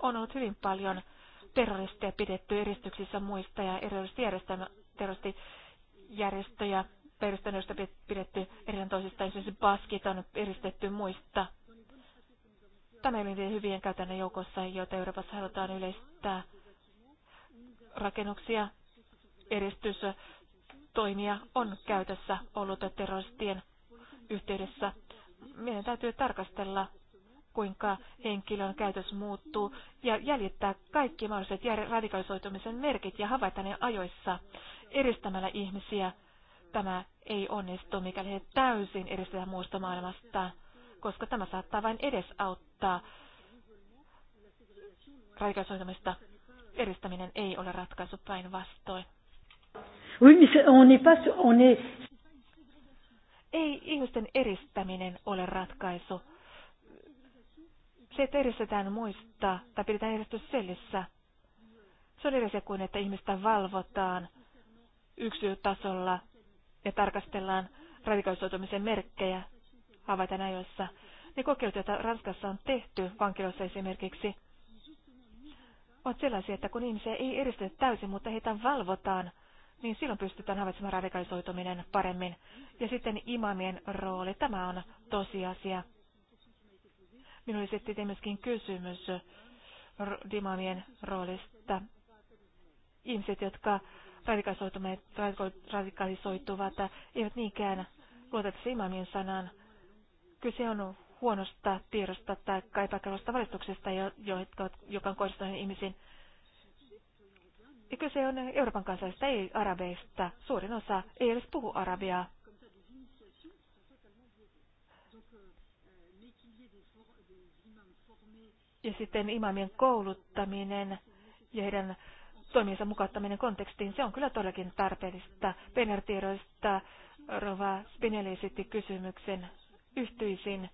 On ollut hyvin paljon terroristeja pidetty eristyksissä muista ja terroristijärjestöjä perustaneista pidetty erillään toisistaan. Esimerkiksi baskit on eristetty muista. Tämä ei ole hyvien käytännön joukossa, joita Euroopassa halutaan yleistää. Rakennuksia eristystoimia on käytössä ollut terroristien yhteydessä. Meidän täytyy tarkastella, kuinka henkilön käytös muuttuu ja jäljittää kaikki mahdolliset radikalisoitumisen merkit ja havaita ne ajoissa eristämällä ihmisiä. Tämä ei onnistu, mikäli he täysin eristetään muusta maailmasta, koska tämä saattaa vain edesauttaa radikalisoitumista eristäminen ei ole ratkaisu päinvastoin. Oui, mais on n'est pas, on est... Ei ihmisten eristäminen ole ratkaisu. Se, että eristetään muista tai pidetään sellissä, se on eri kuin, että ihmistä valvotaan yksilötasolla ja tarkastellaan radikalisoitumisen merkkejä, havaitaan ajoissa. Ne kokeilut, joita Ranskassa on tehty vankiloissa esimerkiksi, ovat sellaisia, että kun ihmisiä ei eristetä täysin, mutta heitä valvotaan – niin silloin pystytään havaitsemaan radikalisoituminen paremmin. Ja sitten imamien rooli, tämä on tosiasia. Minulle esitettiin myöskin kysymys imamien roolista. Ihmiset, jotka radikalisoituvat, eivät niinkään luota imamien sanaan. Kyse on huonosta tiedosta tai epäkelosta valistuksesta, joka on kohdistunut ihmisiin. Ja kyse on Euroopan kansalaisista, ei arabeista. Suurin osa ei edes puhu arabiaa. Ja sitten imamien kouluttaminen ja heidän toimiensa mukauttaminen kontekstiin, se on kyllä todellakin tarpeellista. Penertiedoista Rova Spinelli esitti kysymyksen. Yhtyisin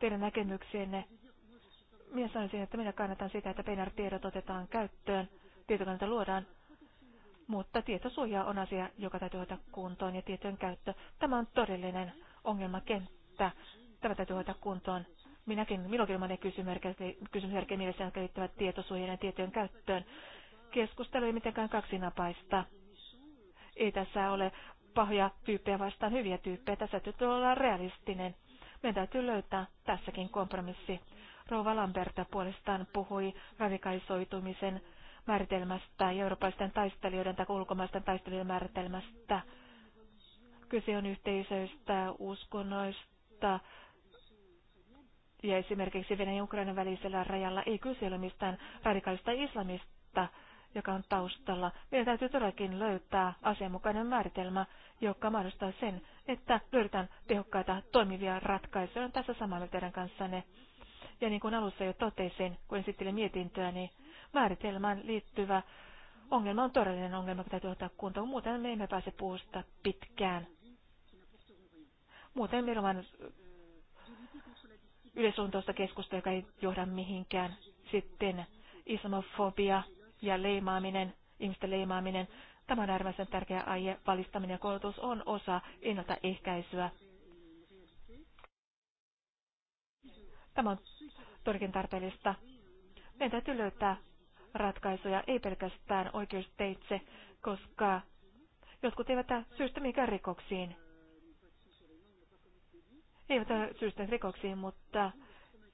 teidän näkemykseenne. Minä sanoisin, että minä kannatan sitä, että pennertiedot otetaan käyttöön tietokoneita luodaan, mutta tietosuoja on asia, joka täytyy hoitaa kuntoon ja tietojen käyttö. Tämä on todellinen ongelmakenttä. Tämä täytyy hoitaa kuntoon. Minäkin, minullakin on ne kysymysmerkkejä mielessä, jotka liittyvät tietosuojaan ja tietojen käyttöön. Keskustelu ei mitenkään kaksinapaista. Ei tässä ole pahoja tyyppejä vastaan hyviä tyyppejä. Tässä täytyy olla realistinen. Meidän täytyy löytää tässäkin kompromissi. Rouva Lamberta puolestaan puhui radikalisoitumisen määritelmästä eurooppalaisten taistelijoiden tai ulkomaisten taistelijoiden määritelmästä. Kyse on yhteisöistä, uskonnoista ja esimerkiksi Venäjän ja Ukrainan välisellä rajalla ei kyse ole mistään radikaalista islamista, joka on taustalla. Meidän täytyy todellakin löytää asianmukainen määritelmä, joka mahdollistaa sen, että löydetään tehokkaita toimivia ratkaisuja. Olen tässä samalla teidän kanssanne. Ja niin kuin alussa jo totesin, kun esittelin mietintöä, niin määritelmään liittyvä ongelma on todellinen ongelma, joka täytyy ottaa kuntoon. Muuten me emme pääse puusta pitkään. Muuten meillä on vain yleisluontoista keskustelua, joka ei johda mihinkään. Sitten islamofobia ja leimaaminen, ihmisten leimaaminen. Tämä on äärimmäisen tärkeä aihe. Valistaminen ja koulutus on osa ennaltaehkäisyä. Tämä on todellakin tarpeellista. Meidän täytyy löytää ratkaisuja, ei pelkästään oikeusteitse, koska jotkut eivät syystä mikään rikoksiin. Eivät syystä rikoksiin, mutta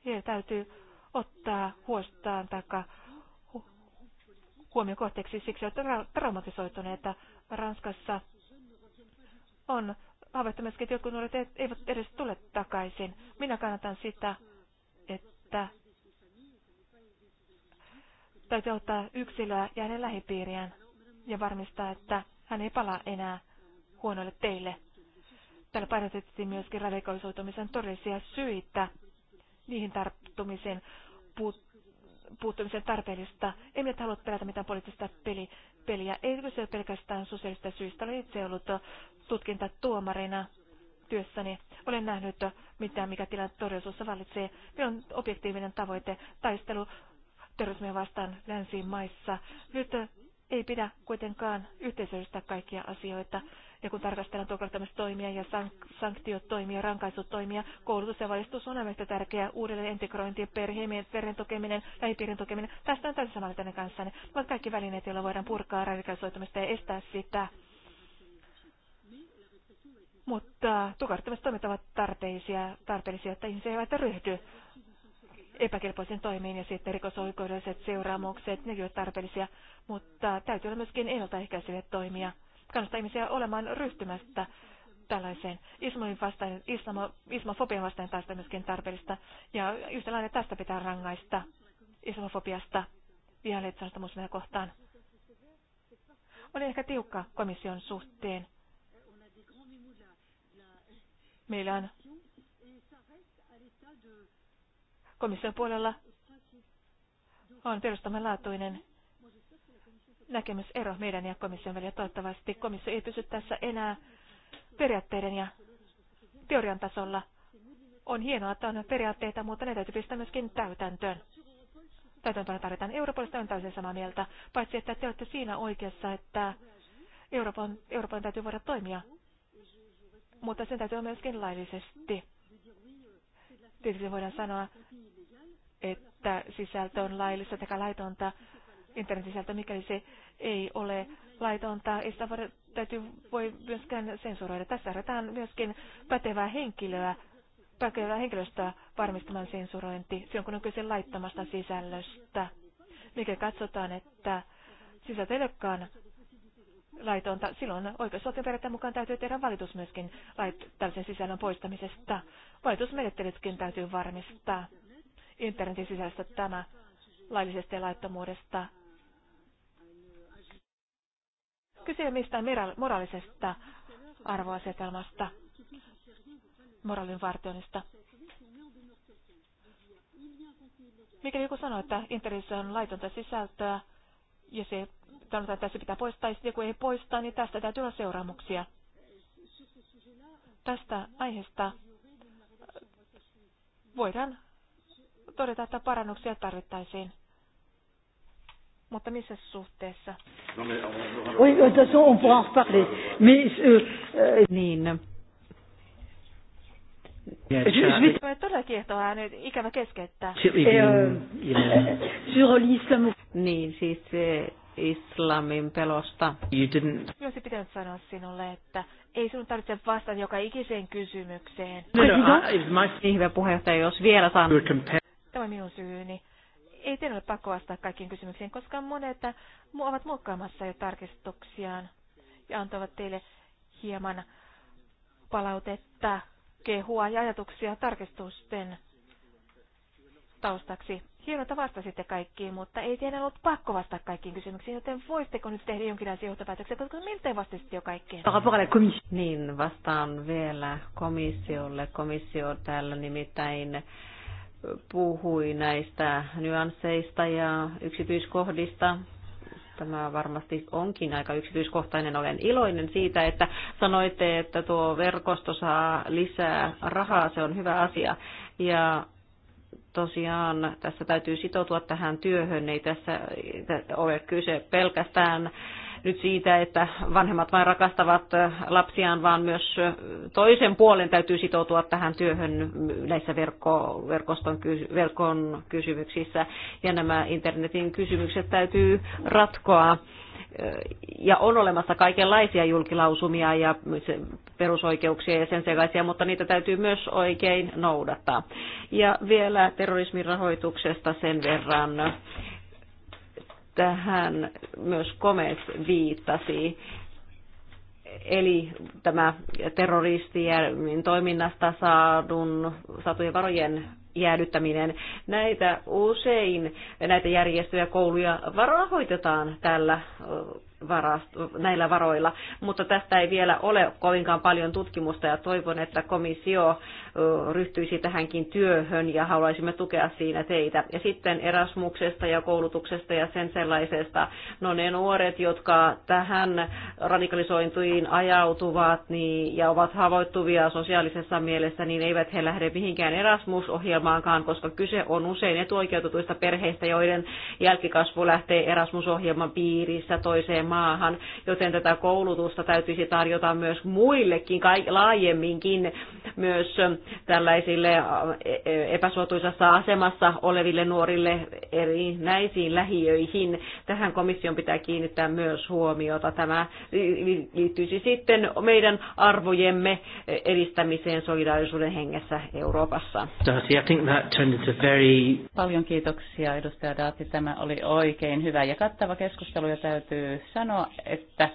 heidän täytyy ottaa huostaan taka huomio kohteeksi siksi, että traumatisoituneita Ranskassa on havaittu myöskin, että jotkut nuoret e-, eivät edes tule takaisin. Minä kannatan sitä, että Täytyy ottaa yksilöä ja hänen lähipiiriään ja varmistaa, että hän ei palaa enää huonoille teille. Täällä painotettiin myöskin radikalisoitumisen todellisia syitä niihin tarttumisen puut- puuttumisen tarpeellista. Ei minä halua pelätä mitään poliittista peli- peliä. Ei kyse pelkästään sosiaalista syistä. Olen itse ollut tutkintatuomarina työssäni. Olen nähnyt, mitä mikä tilanne todellisuudessa valitsee. Minun on objektiivinen tavoite taistelu terrorismia vastaan länsimaissa. Nyt äh, ei pidä kuitenkaan yhteisöllistää kaikkia asioita. Ja kun tarkastellaan toimia ja sank- sanktiotoimia, rankaisutoimia, koulutus ja valistus on aina tärkeää. Uudelleen integrointi, perheen, perheen tukeminen, lähipiirin tukeminen. Tästä on täysin samalla tänne kanssa. Ne ovat kaikki välineet, joilla voidaan purkaa radikalisoitumista ja estää sitä. Mutta tukahduttamistoimet ovat tarpeellisia, tarpeellisia, että ihmiset eivät ryhdy epäkelpoisen toimiin ja sitten rikosoikeudelliset seuraamukset, ne ovat tarpeellisia, mutta täytyy olla myöskin ennaltaehkäiseviä toimia. Kannustaa ihmisiä olemaan ryhtymästä tällaiseen islamofobian vastainen, islamo, vastaan vastainen taistelu myöskin tarpeellista. Ja yhtä lailla tästä pitää rangaista islamofobiasta vihaleitsausta muslimia kohtaan. Oli ehkä tiukka komission suhteen. Meillä on Komission puolella on perustamanlaatuinen näkemysero meidän ja komission välillä. Toivottavasti komissio ei pysy tässä enää periaatteiden ja teorian tasolla. On hienoa, että on periaatteita, mutta ne täytyy pistää myöskin täytäntöön. Täytäntöön tarvitaan Euroopasta, on täysin samaa mieltä, paitsi että te olette siinä oikeassa, että Euroopan, Euroopan täytyy voida toimia, mutta sen täytyy olla myöskin laillisesti. Tietysti voidaan sanoa, että sisältö on laillista tai laitonta, internetisältö, mikäli se ei ole laitonta, ei sitä voida, täytyy, voi myöskään sensuroida. Tässä tarvitaan myöskin pätevää henkilöä, pätevää henkilöstöä varmistamaan sensurointi, silloin kun on kyse laittomasta sisällöstä. Mikä katsotaan, että sisältö ei olekaan laitonta, silloin oikeusvaltion periaatteen mukaan täytyy tehdä valitus myöskin lait, tällaisen sisällön poistamisesta. Valitusmenettelytkin täytyy varmistaa internetin sisällöstä tämä laillisesta ja laittomuudesta. Kyse mistään moraalisesta arvoasetelmasta, moraalin vartioinnista. Mikäli joku sanoo, että internetissä on laitonta sisältöä ja se sanotaan, että se pitää poistaa, ja joku ei poista, niin tästä täytyy olla seuraamuksia. Tästä aiheesta voidaan todeta, että parannuksia tarvittaisiin. Mutta missä suhteessa? Oi, no de se on pourra Mais, euh, euh, niin. Je todella kiehtoa nyt, ikävä keskeyttää. Euh, sur l'islam. Niin, siis eh, islamin pelosta. Minä didn't... pitänyt sanoa sinulle, että ei sinun tarvitse vastata joka ikiseen kysymykseen. No, no, I, my... Niin, hyvä puheenjohtaja, jos vielä saan Tämä on minun syyni. Ei teidän ole pakko vastata kaikkiin kysymyksiin, koska monet ovat muokkaamassa jo tarkistuksiaan ja antavat teille hieman palautetta, kehua ja ajatuksia tarkistusten taustaksi. Hienoa, että vastasitte kaikkiin, mutta ei teidän ollut pakko vastata kaikkiin kysymyksiin, joten voisitteko nyt tehdä jonkinlaisia johtopäätöksiä, koska miltei vastasitte jo kaikkeen? Niin, vastaan vielä komissiolle. Komissio täällä nimittäin puhui näistä nyansseista ja yksityiskohdista. Tämä varmasti onkin aika yksityiskohtainen. Olen iloinen siitä, että sanoitte, että tuo verkosto saa lisää rahaa. Se on hyvä asia. Ja tosiaan tässä täytyy sitoutua tähän työhön. Ei tässä ole kyse pelkästään nyt siitä, että vanhemmat vain rakastavat lapsiaan, vaan myös toisen puolen täytyy sitoutua tähän työhön näissä verkko, verkoston, verkon kysymyksissä. Ja nämä internetin kysymykset täytyy ratkoa ja on olemassa kaikenlaisia julkilausumia ja perusoikeuksia ja sen sekaisia, mutta niitä täytyy myös oikein noudattaa. Ja vielä terrorismin rahoituksesta sen verran tähän myös Komet viittasi. Eli tämä terroristien toiminnasta saadun, satujen varojen jäädyttäminen. Näitä usein, näitä järjestöjä, kouluja rahoitetaan tällä varast, näillä varoilla, mutta tästä ei vielä ole kovinkaan paljon tutkimusta ja toivon, että komissio ryhtyisi tähänkin työhön ja haluaisimme tukea siinä teitä. Ja sitten Erasmuksesta ja koulutuksesta ja sen sellaisesta. No ne nuoret, jotka tähän radikalisointuiin ajautuvat niin, ja ovat havoittuvia sosiaalisessa mielessä, niin eivät he lähde mihinkään Erasmus-ohjelmaankaan, koska kyse on usein etuoikeutetuista perheistä, joiden jälkikasvu lähtee Erasmus-ohjelman piirissä toiseen maahan, joten tätä koulutusta täytyisi tarjota myös muillekin, laajemminkin myös tällaisille epäsuotuisassa asemassa oleville nuorille eri näisiin lähiöihin. Tähän komission pitää kiinnittää myös huomiota. Tämä liittyisi sitten meidän arvojemme edistämiseen solidaarisuuden hengessä Euroopassa. Darcy, I think that turned into very... Paljon kiitoksia edustaja Daati. Tämä oli oikein hyvä ja kattava keskustelu ja täytyy sanoa, että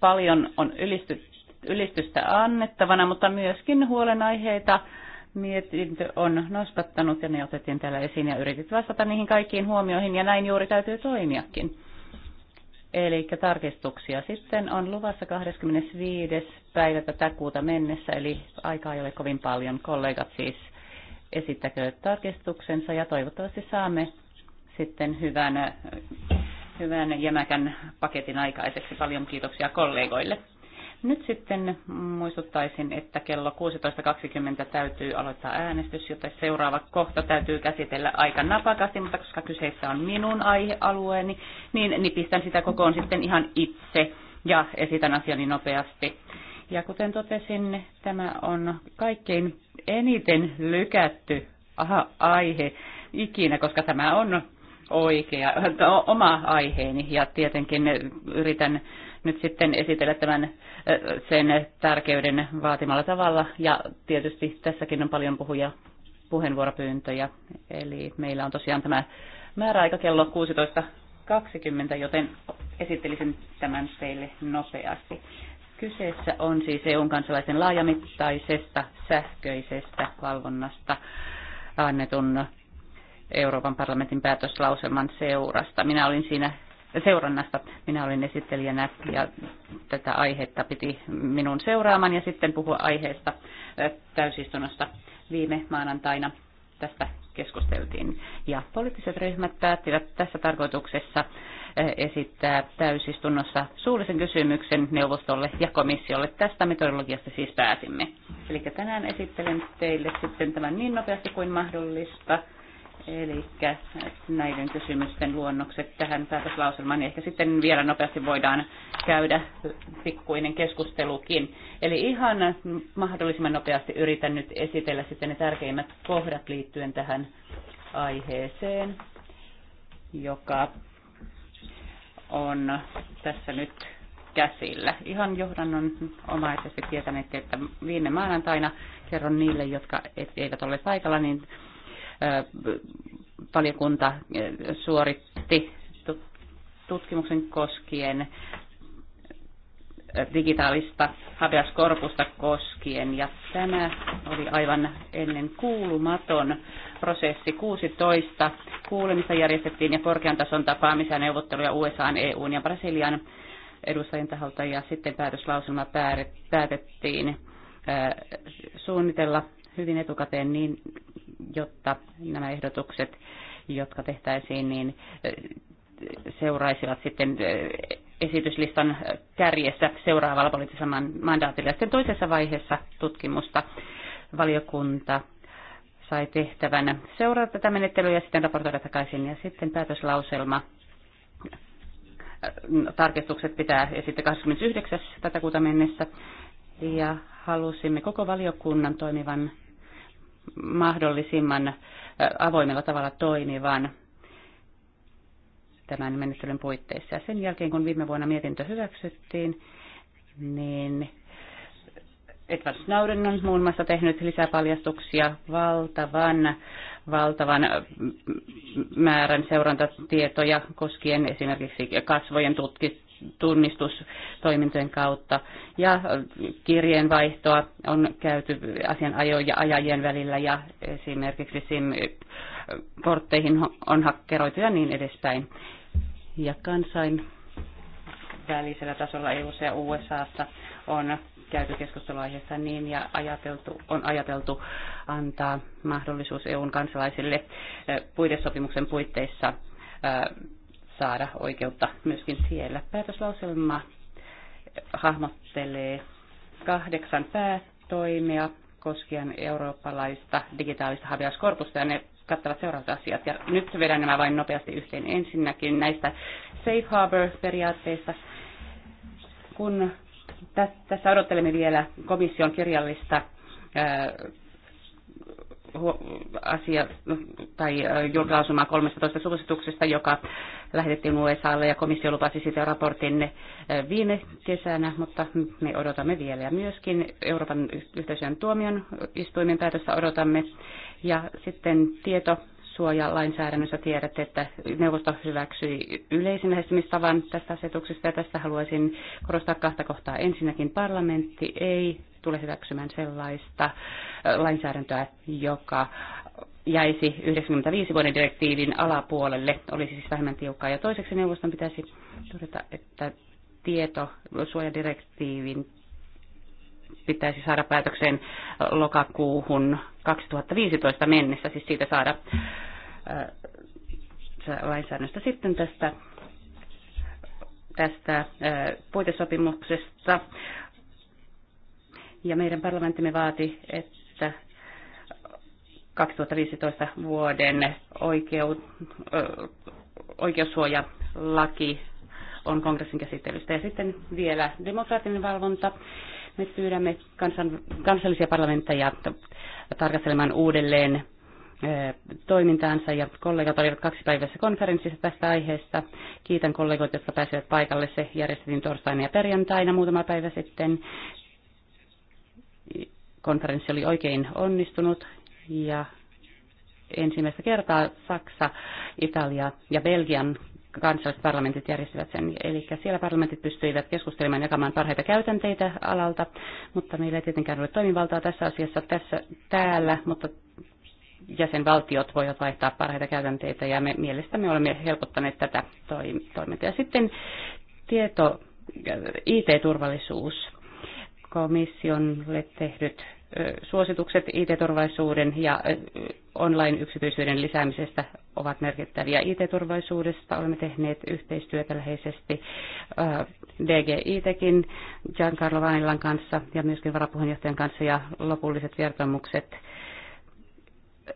paljon on ylistetty ylistystä annettavana, mutta myöskin huolenaiheita mietintö on nostattanut ja ne otettiin täällä esiin ja yritit vastata niihin kaikkiin huomioihin ja näin juuri täytyy toimiakin. Eli tarkistuksia sitten on luvassa 25. päivä tätä kuuta mennessä, eli aikaa ei ole kovin paljon. Kollegat siis esittäkö tarkistuksensa ja toivottavasti saamme sitten hyvän, hyvän jämäkän paketin aikaiseksi. Paljon kiitoksia kollegoille. Nyt sitten muistuttaisin, että kello 16.20 täytyy aloittaa äänestys, joten seuraava kohta täytyy käsitellä aika napakasti, mutta koska kyseessä on minun aihealueeni, niin nipistän sitä kokoon sitten ihan itse ja esitän asiani nopeasti. Ja kuten totesin, tämä on kaikkein eniten lykätty aha, aihe ikinä, koska tämä on oikea, oma aiheeni ja tietenkin yritän nyt sitten esitellä tämän sen tärkeyden vaatimalla tavalla. Ja tietysti tässäkin on paljon puhuja puheenvuoropyyntöjä. Eli meillä on tosiaan tämä määräaika kello 16.20, joten esittelisin tämän teille nopeasti. Kyseessä on siis eu kansalaisen laajamittaisesta sähköisestä valvonnasta annetun Euroopan parlamentin päätöslauselman seurasta. Minä olin siinä seurannasta. Minä olin esittelijänä ja tätä aihetta piti minun seuraamaan ja sitten puhua aiheesta täysistunnosta viime maanantaina. Tästä keskusteltiin. Ja poliittiset ryhmät päättivät tässä tarkoituksessa esittää täysistunnossa suullisen kysymyksen neuvostolle ja komissiolle. Tästä metodologiasta siis pääsimme. Eli tänään esittelen teille sitten tämän niin nopeasti kuin mahdollista Eli näiden kysymysten luonnokset tähän päätöslauselmaan, niin ehkä sitten vielä nopeasti voidaan käydä pikkuinen keskustelukin. Eli ihan mahdollisimman nopeasti yritän nyt esitellä sitten ne tärkeimmät kohdat liittyen tähän aiheeseen, joka on tässä nyt käsillä. Ihan johdannon omaisesti tietäneet, että viime maanantaina kerron niille, jotka eivät ole paikalla, niin valiokunta suoritti tutkimuksen koskien digitaalista habeas koskien. Ja tämä oli aivan ennen kuulumaton prosessi. 16 kuulemista järjestettiin ja korkean tason tapaamisia neuvotteluja USA, EUn ja Brasilian edustajien taholta ja sitten päätöslauselma päätettiin suunnitella hyvin etukäteen niin jotta nämä ehdotukset, jotka tehtäisiin, niin eh, seuraisivat sitten eh, esityslistan kärjessä seuraavalla poliittisella mandaatilla. Sitten toisessa vaiheessa tutkimusta valiokunta sai tehtävän seurata tätä menettelyä ja sitten raportoida takaisin. Ja sitten päätöslauselma eh, tarkistukset pitää esittää 29. tätä kuuta mennessä. Ja halusimme koko valiokunnan toimivan mahdollisimman avoimella tavalla toimivan tämän menettelyn puitteissa. Ja sen jälkeen, kun viime vuonna mietintö hyväksyttiin, niin Edward Snowden on muun muassa tehnyt lisäpaljastuksia valtavan, valtavan määrän seurantatietoja koskien esimerkiksi kasvojen tutkis, tunnistustoimintojen kautta ja kirjeenvaihtoa on käyty asianajojen ja ajajien välillä ja esimerkiksi SIM-kortteihin on hakkeroitu ja niin edespäin. Ja kansain välisellä tasolla EU ja USAssa on käyty keskustelua aiheesta niin ja ajateltu, on ajateltu antaa mahdollisuus EUn kansalaisille puidesopimuksen puitteissa saada oikeutta myöskin siellä. Päätöslauselma hahmottelee kahdeksan päätoimia koskien eurooppalaista digitaalista haviauskorpusta ja ne kattavat seuraavat asiat. Ja nyt vedän nämä vain nopeasti yhteen. Ensinnäkin näistä safe harbor-periaatteista. Kun tässä odottelemme vielä komission kirjallista asia tai julkilausumaa 13 suosituksesta, joka lähetettiin USAlle e ja komissio lupasi sitä raportin viime kesänä, mutta me odotamme vielä. Ja myöskin Euroopan yhteisön tuomion istuimen päätössä odotamme. Ja sitten tieto suojalainsäädännössä tiedätte, että neuvosto hyväksyi yleisen lähestymistavan tästä asetuksesta ja tästä haluaisin korostaa kahta kohtaa. Ensinnäkin parlamentti ei tule hyväksymään sellaista lainsäädäntöä, joka jäisi 95 vuoden direktiivin alapuolelle, olisi siis vähemmän tiukkaa. Ja toiseksi neuvoston pitäisi todeta, että tieto suojadirektiivin pitäisi saada päätökseen lokakuuhun 2015 mennessä, siis siitä saada lainsäädännöstä sitten tästä, tästä puitesopimuksesta. Ja meidän parlamenttimme vaati, että 2015 vuoden oikeu, oikeussuojalaki on kongressin käsittelystä. Ja sitten vielä demokraattinen valvonta. Me pyydämme kansan, kansallisia parlamentteja tarkastelemaan uudelleen toimintaansa ja kollegat olivat päivässä konferenssissa tästä aiheesta. Kiitän kollegoita, jotka pääsivät paikalle. Se järjestettiin torstaina ja perjantaina muutama päivä sitten. Konferenssi oli oikein onnistunut ja ensimmäistä kertaa Saksa, Italia ja Belgian kansalliset parlamentit järjestivät sen. Eli siellä parlamentit pystyivät keskustelemaan jakamaan parhaita käytänteitä alalta, mutta meillä ei tietenkään ole toimivaltaa tässä asiassa tässä, täällä, mutta jäsenvaltiot voivat vaihtaa parhaita käytänteitä ja me mielestämme olemme helpottaneet tätä toimintaa. sitten tieto, äh, IT-turvallisuus, komissiolle tehdyt suositukset IT-turvallisuuden ja online-yksityisyyden lisäämisestä ovat merkittäviä. IT-turvallisuudesta olemme tehneet yhteistyötä läheisesti DGITkin Giancarlo Vainilan kanssa ja myöskin varapuheenjohtajan kanssa ja lopulliset vertomukset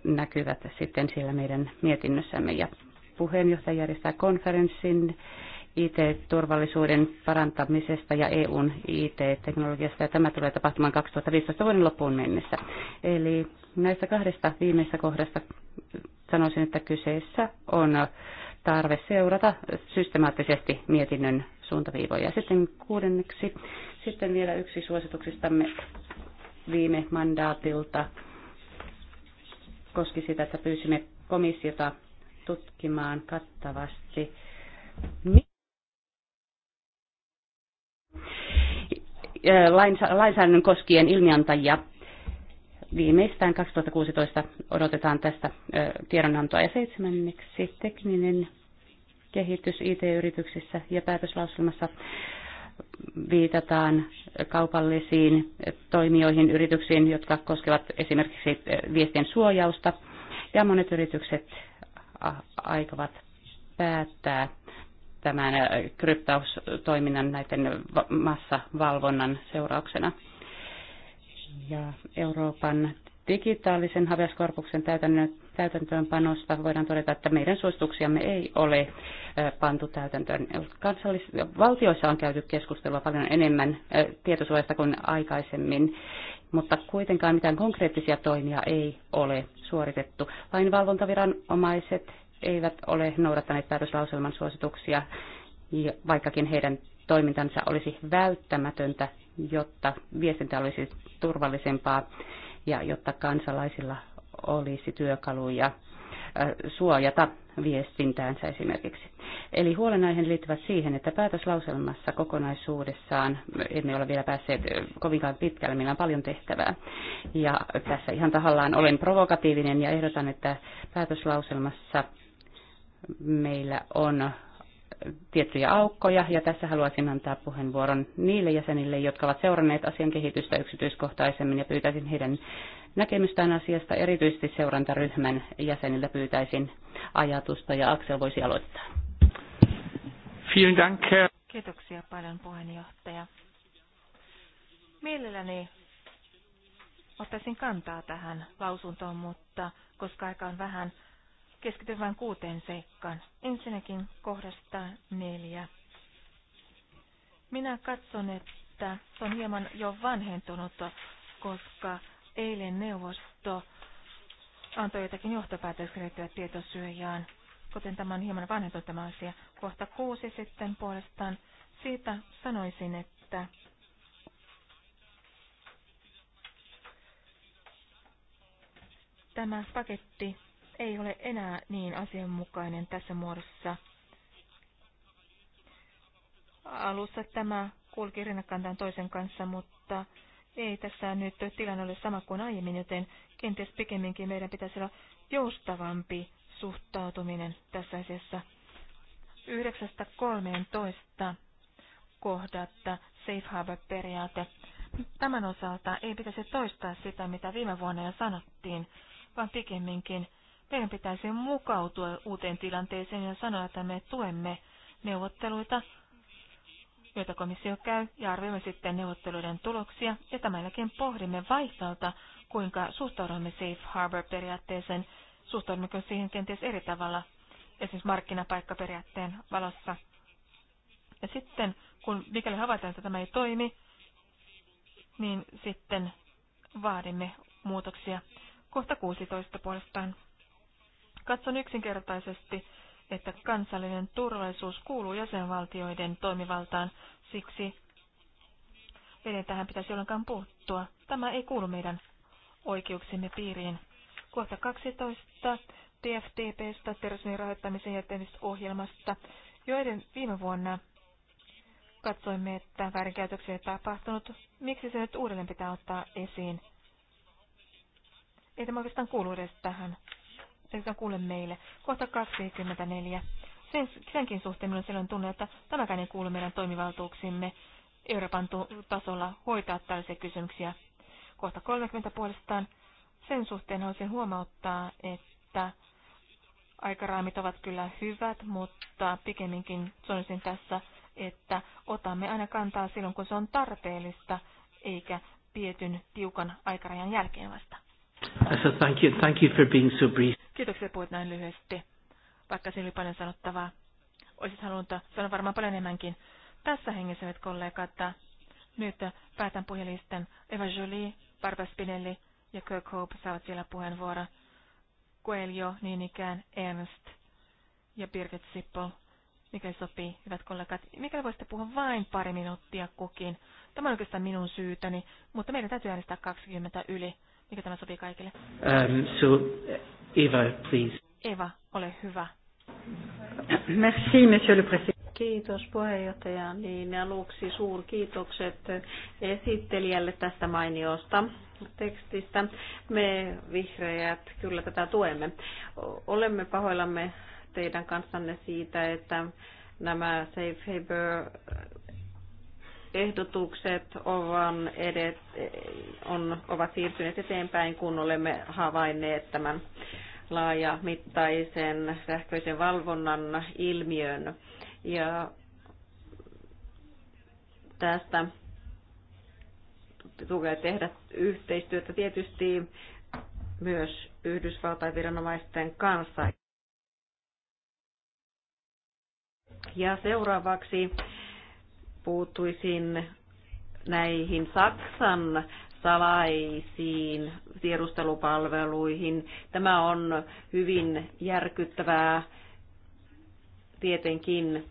näkyvät sitten siellä meidän mietinnössämme. Ja puheenjohtaja järjestää konferenssin IT-turvallisuuden parantamisesta ja EUn IT-teknologiasta, ja tämä tulee tapahtumaan 2015 vuoden loppuun mennessä. Eli näistä kahdesta viimeisestä kohdasta sanoisin, että kyseessä on tarve seurata systemaattisesti mietinnön suuntaviivoja. Sitten kuudenneksi, sitten vielä yksi suosituksistamme viime mandaatilta koski sitä, että pyysimme komissiota tutkimaan kattavasti, lainsäädännön koskien ilmiantajia. Viimeistään 2016 odotetaan tästä tiedonantoa. Ja seitsemänneksi tekninen kehitys IT-yrityksissä ja päätöslauselmassa viitataan kaupallisiin toimijoihin, yrityksiin, jotka koskevat esimerkiksi viestien suojausta. Ja monet yritykset aikovat päättää tämän äh, kryptaustoiminnan näiden massavalvonnan seurauksena. Ja Euroopan digitaalisen habeaskorpuksen täytäntöönpanosta voidaan todeta, että meidän suosituksiamme ei ole äh, pantu täytäntöön. Kansallis- valtioissa on käyty keskustelua paljon enemmän äh, tietosuojasta kuin aikaisemmin, mutta kuitenkaan mitään konkreettisia toimia ei ole suoritettu. Lainvalvontaviranomaiset eivät ole noudattaneet päätöslauselman suosituksia, vaikkakin heidän toimintansa olisi välttämätöntä, jotta viestintä olisi turvallisempaa ja jotta kansalaisilla olisi työkaluja suojata viestintäänsä esimerkiksi. Eli huolenaiheen liittyvät siihen, että päätöslauselmassa kokonaisuudessaan emme ole vielä päässeet kovinkaan pitkälle, meillä on paljon tehtävää. Ja tässä ihan tahallaan olen provokatiivinen ja ehdotan, että päätöslauselmassa meillä on tiettyjä aukkoja, ja tässä haluaisin antaa puheenvuoron niille jäsenille, jotka ovat seuranneet asian kehitystä yksityiskohtaisemmin, ja pyytäisin heidän näkemystään asiasta, erityisesti seurantaryhmän jäsenillä pyytäisin ajatusta, ja Aksel voisi aloittaa. Vielen dank. Kiitoksia paljon puheenjohtaja. Mielelläni ottaisin kantaa tähän lausuntoon, mutta koska aika on vähän, Keskityn vain kuuteen seikkaan. Ensinnäkin kohdasta neljä. Minä katson, että se on hieman jo vanhentunut, koska eilen neuvosto antoi jotakin johtopäätöksiä liittyvät tietosyöjään, kuten tämä on hieman vanhentunut tämä asia. Kohta kuusi sitten puolestaan siitä sanoisin, että tämä paketti ei ole enää niin asianmukainen tässä muodossa. Alussa tämä kulki rinnakkain toisen kanssa, mutta ei tässä nyt tilanne ole sama kuin aiemmin, joten kenties pikemminkin meidän pitäisi olla joustavampi suhtautuminen tässä asiassa. 9.13 kohdatta Safe Harbor-periaate. Tämän osalta ei pitäisi toistaa sitä, mitä viime vuonna jo sanottiin, vaan pikemminkin – meidän pitäisi mukautua uuteen tilanteeseen ja sanoa, että me tuemme neuvotteluita, joita komissio käy, ja arvioimme sitten neuvotteluiden tuloksia, ja tämän jälkeen pohdimme vaihtoelta, kuinka suhtaudumme Safe Harbor-periaatteeseen, suhtaudummeko siihen kenties eri tavalla, esimerkiksi markkinapaikkaperiaatteen valossa. Ja sitten, kun mikäli havaitaan, että tämä ei toimi, niin sitten vaadimme muutoksia. Kohta 16 puolestaan. Katson yksinkertaisesti, että kansallinen turvallisuus kuuluu jäsenvaltioiden toimivaltaan, siksi meidän tähän pitäisi ollenkaan puuttua. Tämä ei kuulu meidän oikeuksimme piiriin. Kohta 12 TFTPstä, terrorismin rahoittamisen jättämisohjelmasta, joiden viime vuonna katsoimme, että väärinkäytöksiä ei tapahtunut. Miksi se nyt uudelleen pitää ottaa esiin? Ei tämä oikeastaan kuulu edes tähän se kuule meille. Kohta 24. Sen, senkin suhteen minulla sellainen tunne, että tämäkään ei kuulu meidän toimivaltuuksimme Euroopan tasolla hoitaa tällaisia kysymyksiä. Kohta 30 puolestaan. Sen suhteen haluaisin huomauttaa, että aikaraamit ovat kyllä hyvät, mutta pikemminkin sanoisin tässä, että otamme aina kantaa silloin, kun se on tarpeellista, eikä pietyn tiukan aikarajan jälkeen vasta. So thank you, thank you for being so brief. Kiitoksia, puhuit näin lyhyesti, vaikka siinä oli paljon sanottavaa. Olisit halunnut sanoa varmaan paljon enemmänkin. Tässä hengessä, hyvät kollegat, nyt päätän puhelisten Eva Jolie, Barbara Spinelli ja Kirk Hope saavat siellä puheenvuoron. Coelho, niin ikään Ernst ja Birgit Sippel, mikä sopii, hyvät kollegat. Mikäli voisitte puhua vain pari minuuttia kukin. Tämä on oikeastaan minun syytäni, mutta meidän täytyy äänestää 20 yli, mikä tämä sopii kaikille. Um, so, Eva, please. Eva, ole hyvä. Merci, monsieur le président. Kiitos puheenjohtaja. Niin aluksi suurkiitokset esittelijälle tästä mainiosta tekstistä. Me vihreät kyllä tätä tuemme. Olemme pahoillamme teidän kanssanne siitä, että nämä safe Haber ehdotukset ovat edet, on, ovat siirtyneet eteenpäin, kun olemme havainneet tämän laajamittaisen sähköisen valvonnan ilmiön. Ja tästä tulee tehdä yhteistyötä tietysti myös Yhdysvaltain viranomaisten kanssa. Ja seuraavaksi puuttuisin näihin Saksan salaisiin tiedustelupalveluihin. Tämä on hyvin järkyttävää tietenkin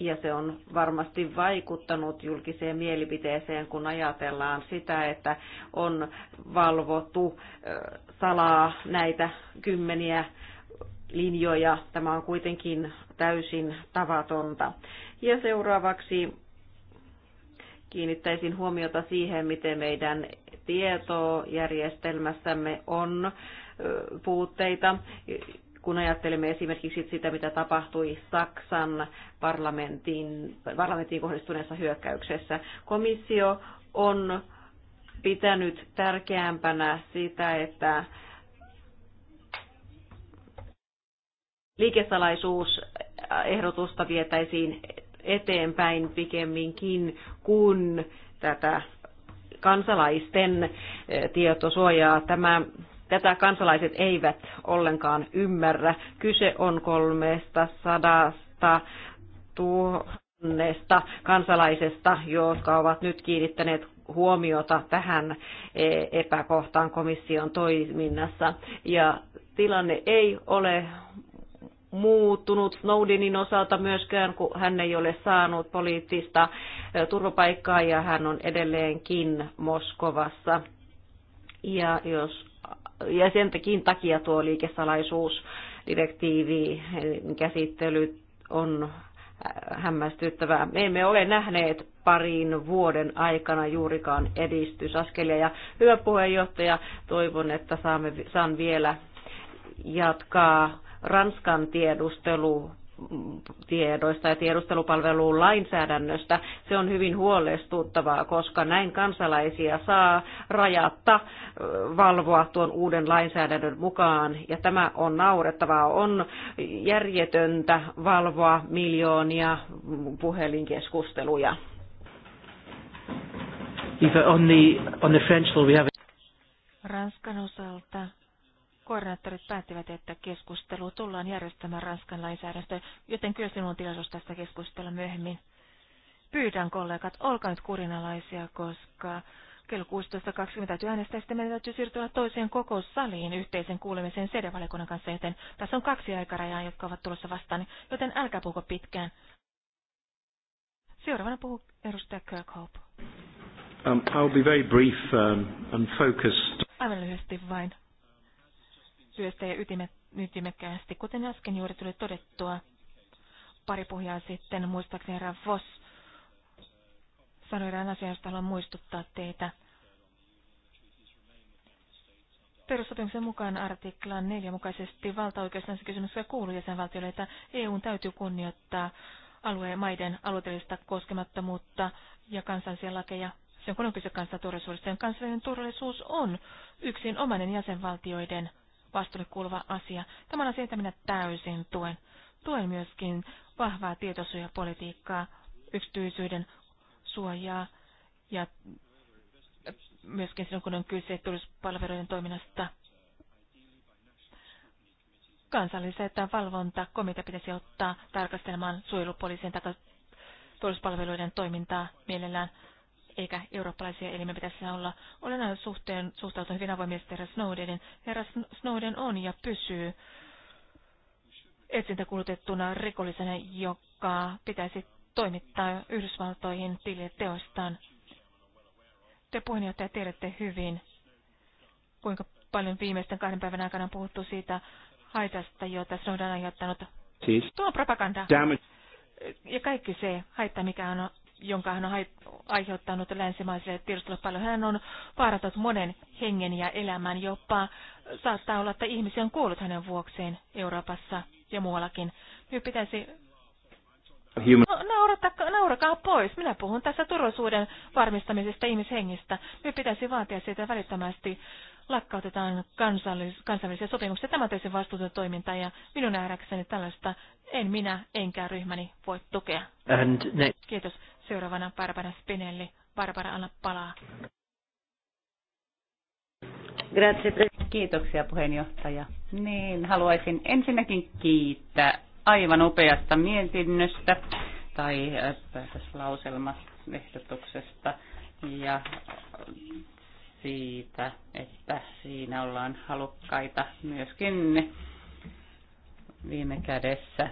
ja se on varmasti vaikuttanut julkiseen mielipiteeseen, kun ajatellaan sitä, että on valvottu salaa näitä kymmeniä linjoja. Tämä on kuitenkin täysin tavatonta. Ja seuraavaksi kiinnittäisin huomiota siihen, miten meidän tietojärjestelmässämme on puutteita. Kun ajattelemme esimerkiksi sitä, mitä tapahtui Saksan parlamentin, parlamentin kohdistuneessa hyökkäyksessä, komissio on pitänyt tärkeämpänä sitä, että liikesalaisuusehdotusta vietäisiin eteenpäin pikemminkin kuin tätä kansalaisten eh, tietosuojaa. Tämä Tätä kansalaiset eivät ollenkaan ymmärrä. Kyse on kolmesta sadasta tuhannesta kansalaisesta, jotka ovat nyt kiinnittäneet huomiota tähän eh, epäkohtaan komission toiminnassa. Ja tilanne ei ole muuttunut Snowdenin osalta myöskään, kun hän ei ole saanut poliittista turvapaikkaa ja hän on edelleenkin Moskovassa. Ja, jos, ja sen takia tuo liikesalaisuusdirektiivi käsittely on hämmästyttävää. Me emme ole nähneet parin vuoden aikana juurikaan edistysaskelia. Ja hyvä puheenjohtaja, toivon, että saamme, saan vielä jatkaa Ranskan tiedustelu tiedoista ja tiedustelupalveluun lainsäädännöstä. Se on hyvin huolestuttavaa, koska näin kansalaisia saa rajatta valvoa tuon uuden lainsäädännön mukaan. Ja tämä on naurettavaa. On järjetöntä valvoa miljoonia puhelinkeskusteluja. on French, Ranskan osalta koordinaattorit päättivät, että keskustelu tullaan järjestämään Ranskan lainsäädäntö, joten kyllä sinun tilaisuus tästä keskustella myöhemmin. Pyydän kollegat, olkaa nyt kurinalaisia, koska kello 16.20 täytyy sitten meidän täytyy siirtyä toiseen kokoussaliin yhteisen kuulemisen CD-valikunnan kanssa, joten tässä on kaksi aikarajaa, jotka ovat tulossa vastaan, joten älkää puhuko pitkään. Seuraavana puhuu edustaja Kirkhope. Um, I'll be very brief um, and focused. Aivan lyhyesti vain työstä ja ytimekkäästi, kuten äsken juuri tuli todettua pari puhjaa sitten, muistaakseni herra Voss sanoi erään asian, josta haluan muistuttaa teitä. Perussopimuksen mukaan artiklan 4 mukaisesti valtaoikeus näissä kysymyksissä kuuluu jäsenvaltioille, että EUn täytyy kunnioittaa alueen maiden alueellista koskemattomuutta ja kansallisia lakeja. Se on kun on kyse kansallisuudesta. Kansallinen turvallisuus on yksin omainen jäsenvaltioiden vastuulle kuuluva asia. Tämä on asia, että minä täysin tuen. Tuen myöskin vahvaa tietosuojapolitiikkaa, yksityisyyden suojaa ja myöskin silloin, kun on kyse tullispalveluiden toiminnasta. Kansalliset valvontakomitea pitäisi ottaa tarkastelemaan suojelupoliisin tai tullispalveluiden toimintaa mielellään eikä eurooppalaisia elimiä pitäisi olla. Olen aina suhteen suhtautunut hyvin avoimesti herra Snowdenin. Herra Snowden on ja pysyy etsintäkulutettuna rikollisena, joka pitäisi toimittaa Yhdysvaltoihin tilille teostaan. Te puheenjohtaja tiedätte hyvin, kuinka paljon viimeisten kahden päivän aikana on puhuttu siitä haitasta, jota Snowden on aiheuttanut. Siis. Tuo propaganda. Damage. Ja kaikki se haitta, mikä on jonka hän on aiheuttanut länsimaisille tiedustelulle paljon. Hän on vaarantanut monen hengen ja elämän, jopa saattaa olla, että ihmisiä on kuollut hänen vuokseen Euroopassa ja muuallakin. Nyt pitäisi No, naurataka, naurakaa pois. Minä puhun tässä turvallisuuden varmistamisesta ihmishengistä. Nyt pitäisi vaatia siitä välittömästi lakkautetaan kansallis- kansainvälisiä sopimuksia. Tämä täysin vastuuton toiminta ja minun nähdäkseni tällaista en minä enkä ryhmäni voi tukea. And ne- Kiitos. Seuraavana Barbara Spinelli. Barbara, anna palaa. Kiitoksia puheenjohtaja. Niin, haluaisin ensinnäkin kiittää aivan upeasta mietinnöstä tai äh, lauselmasehdotuksesta ja siitä, että siinä ollaan halukkaita myöskin viime kädessä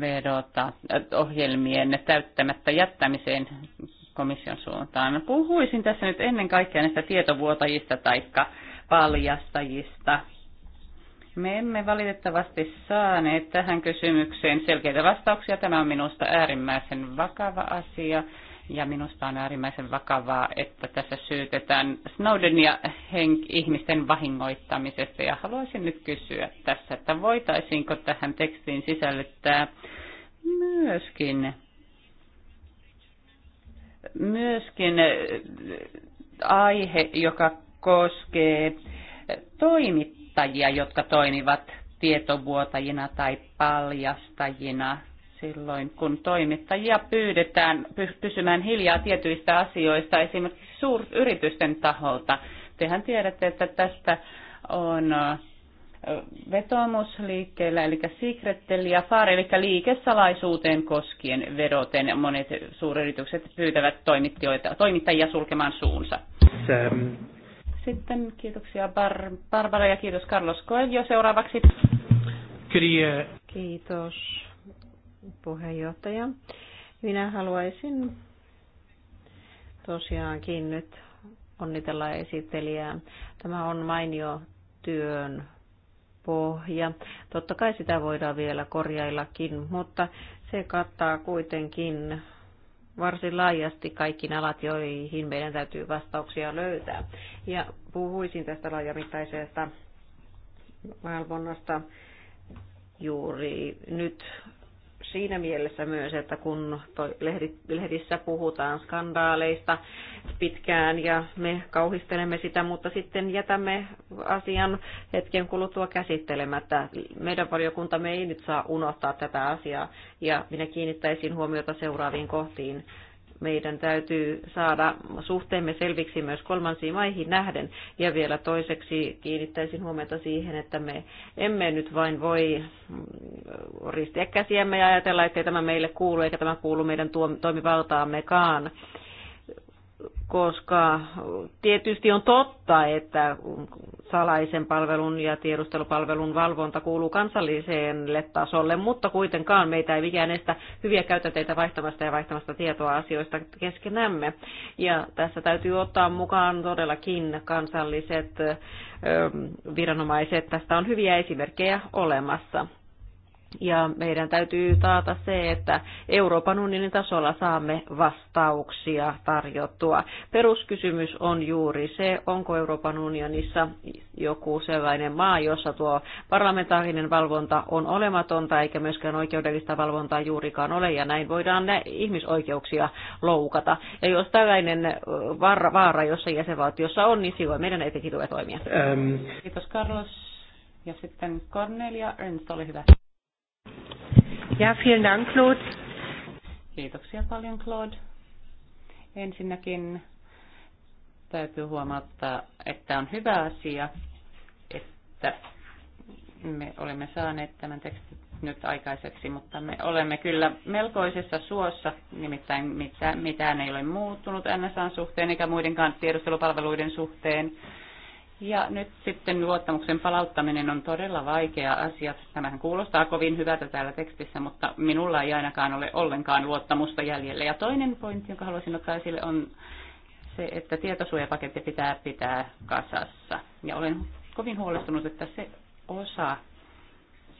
vedota äh, ohjelmien täyttämättä jättämiseen komission suuntaan. Mä no, puhuisin tässä nyt ennen kaikkea näistä tietovuotajista tai paljastajista. Me emme valitettavasti saaneet tähän kysymykseen selkeitä vastauksia. Tämä on minusta äärimmäisen vakava asia ja minusta on äärimmäisen vakavaa, että tässä syytetään Snowdenia henk- ihmisten vahingoittamisesta. Ja haluaisin nyt kysyä tässä, että voitaisiinko tähän tekstiin sisällyttää myöskin, myöskin aihe, joka koskee toimittajia, jotka toimivat tietovuotajina tai paljastajina silloin, kun toimittajia pyydetään pysymään hiljaa tietyistä asioista, esimerkiksi suuryritysten taholta. Tehän tiedätte, että tästä on vetoomusliikkeellä, eli secrettel ja faari, eli liikesalaisuuteen koskien vedoten. Monet suuryritykset pyytävät toimittajia sulkemaan suunsa. Sitten kiitoksia Bar- Barbara ja kiitos Carlos Coelho seuraavaksi. Kiitos puheenjohtaja. Minä haluaisin tosiaankin nyt onnitella esittelijää. Tämä on mainio työn pohja. Totta kai sitä voidaan vielä korjaillakin, mutta se kattaa kuitenkin varsin laajasti kaikki alat, joihin meidän täytyy vastauksia löytää. Ja puhuisin tästä laajamittaisesta valvonnasta juuri nyt siinä mielessä myös, että kun lehdissä puhutaan skandaaleista pitkään ja me kauhistelemme sitä, mutta sitten jätämme asian hetken kuluttua käsittelemättä. Meidän valiokuntamme ei nyt saa unohtaa tätä asiaa ja minä kiinnittäisin huomiota seuraaviin kohtiin meidän täytyy saada suhteemme selviksi myös kolmansiin maihin nähden. Ja vielä toiseksi kiinnittäisin huomiota siihen, että me emme nyt vain voi mm, ristiä käsiämme ja ajatella, että tämä meille kuulu eikä tämä kuulu meidän toimivaltaammekaan koska tietysti on totta, että salaisen palvelun ja tiedustelupalvelun valvonta kuuluu kansalliselle tasolle, mutta kuitenkaan meitä ei mikään estä hyviä käytänteitä vaihtamasta ja vaihtamasta tietoa asioista keskenämme. Ja tässä täytyy ottaa mukaan todellakin kansalliset viranomaiset. Tästä on hyviä esimerkkejä olemassa. Ja meidän täytyy taata se, että Euroopan unionin tasolla saamme vastauksia tarjottua. Peruskysymys on juuri se, onko Euroopan unionissa joku sellainen maa, jossa tuo parlamentaarinen valvonta on olematonta eikä myöskään oikeudellista valvontaa juurikaan ole ja näin voidaan ihmisoikeuksia loukata. Ja jos tällainen vaara, vaara jossa jäsenvaltiossa on, niin silloin meidän ei tekin tule toimia. Ähm. Kiitos Carlos. Ja sitten Cornelia Ernst, ole hyvä. Ja, vielen Dank, Claude. Kiitoksia paljon, Claude. Ensinnäkin täytyy huomata, että on hyvä asia, että me olemme saaneet tämän tekstin nyt aikaiseksi, mutta me olemme kyllä melkoisessa suossa, nimittäin mitään, mitään ei ole muuttunut nsa suhteen eikä muidenkaan tiedustelupalveluiden suhteen ja nyt sitten luottamuksen palauttaminen on todella vaikea asia. Tämähän kuulostaa kovin hyvältä täällä tekstissä, mutta minulla ei ainakaan ole ollenkaan luottamusta jäljellä. Ja toinen pointti, jonka haluaisin ottaa esille, on se, että tietosuojapaketti pitää pitää kasassa. Ja olen kovin huolestunut, että se osa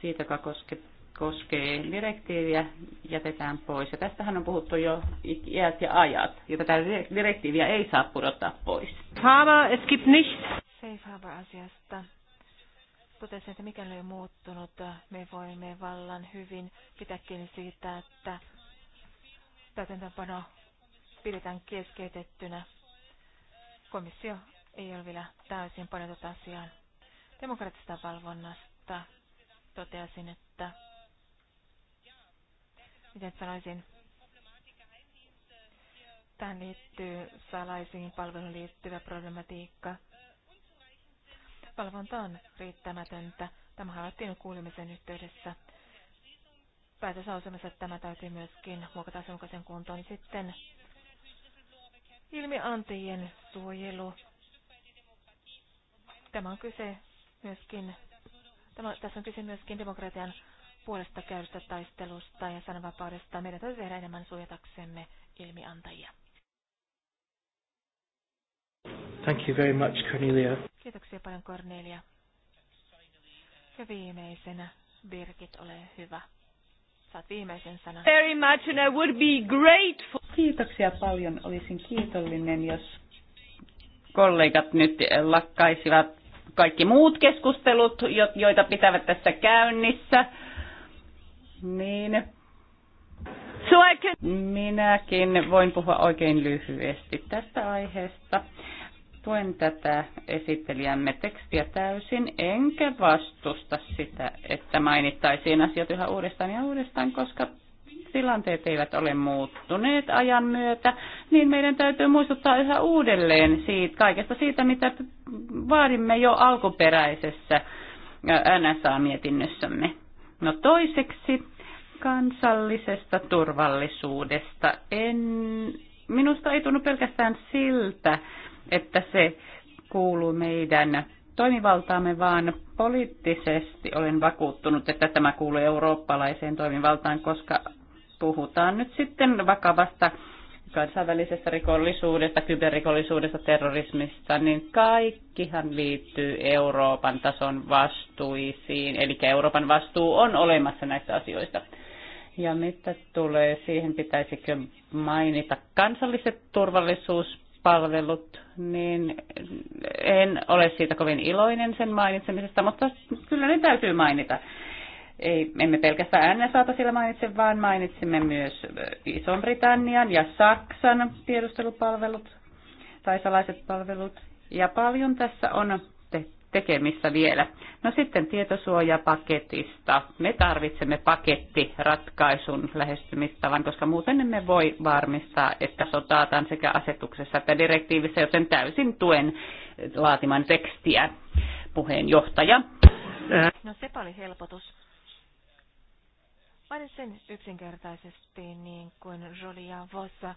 siitä, joka koske, koskee direktiiviä, jätetään pois. Ja tästähän on puhuttu jo iät ja ajat, ja tätä direktiiviä ei saa pudottaa pois. Haara, es gibt nicht. Safe Harbor-asiasta. Totesin, että mikäli ei ole muuttunut, me voimme vallan hyvin pitää kiinni siitä, että täytäntöpano pidetään keskeytettynä. Komissio ei ole vielä täysin panetut asiaan. Demokraattisesta valvonnasta toteasin, että miten sanoisin, tähän liittyy salaisiin palveluun liittyvä problematiikka – Valvonta on riittämätöntä. Tämä havaittiin kuulemisen yhteydessä. Päätösausemassa tämä täytyy myöskin muokata sen kuntoon. Sitten ilmiantajien suojelu. Tämä on kyse myöskin, tämä, tässä on kyse myöskin demokratian puolesta käydystä taistelusta ja sananvapaudesta. Meidän täytyy tehdä enemmän suojataksemme ilmiantajia. Thank you very much, Cornelia. Kiitoksia paljon, Cornelia. Ja viimeisenä, Birgit, ole hyvä. Saat viimeisen sanan. Very much and I would be grateful. Kiitoksia paljon. Olisin kiitollinen, jos kollegat nyt lakkaisivat kaikki muut keskustelut, joita pitävät tässä käynnissä. Niin. So I can... Minäkin voin puhua oikein lyhyesti tästä aiheesta tuen tätä esittelijämme tekstiä täysin, enkä vastusta sitä, että mainittaisiin asiat yhä uudestaan ja uudestaan, koska tilanteet eivät ole muuttuneet ajan myötä, niin meidän täytyy muistuttaa yhä uudelleen siitä, kaikesta siitä, mitä vaadimme jo alkuperäisessä NSA-mietinnössämme. No toiseksi kansallisesta turvallisuudesta. En, minusta ei tunnu pelkästään siltä, että se kuuluu meidän toimivaltaamme, vaan poliittisesti olen vakuuttunut, että tämä kuuluu eurooppalaiseen toimivaltaan, koska puhutaan nyt sitten vakavasta kansainvälisestä rikollisuudesta, kyberrikollisuudesta, terrorismista, niin kaikkihan liittyy Euroopan tason vastuisiin. Eli Euroopan vastuu on olemassa näistä asioista. Ja mitä tulee siihen, pitäisikö mainita kansalliset turvallisuus palvelut, niin en ole siitä kovin iloinen sen mainitsemisesta, mutta kyllä ne täytyy mainita. Ei, emme pelkästään NSAta sillä mainitse, vaan mainitsimme myös eh, iso britannian ja Saksan tiedustelupalvelut tai salaiset palvelut. Ja paljon tässä on tekemistä vielä. No sitten tietosuojapaketista. Me tarvitsemme pakettiratkaisun lähestymistavan, koska muuten emme voi varmistaa, että sotaataan sekä asetuksessa että direktiivissä, joten täysin tuen laatiman tekstiä puheenjohtaja. No sepä oli helpotus. Mainitsen yksinkertaisesti, niin kuin Joli ja Vossa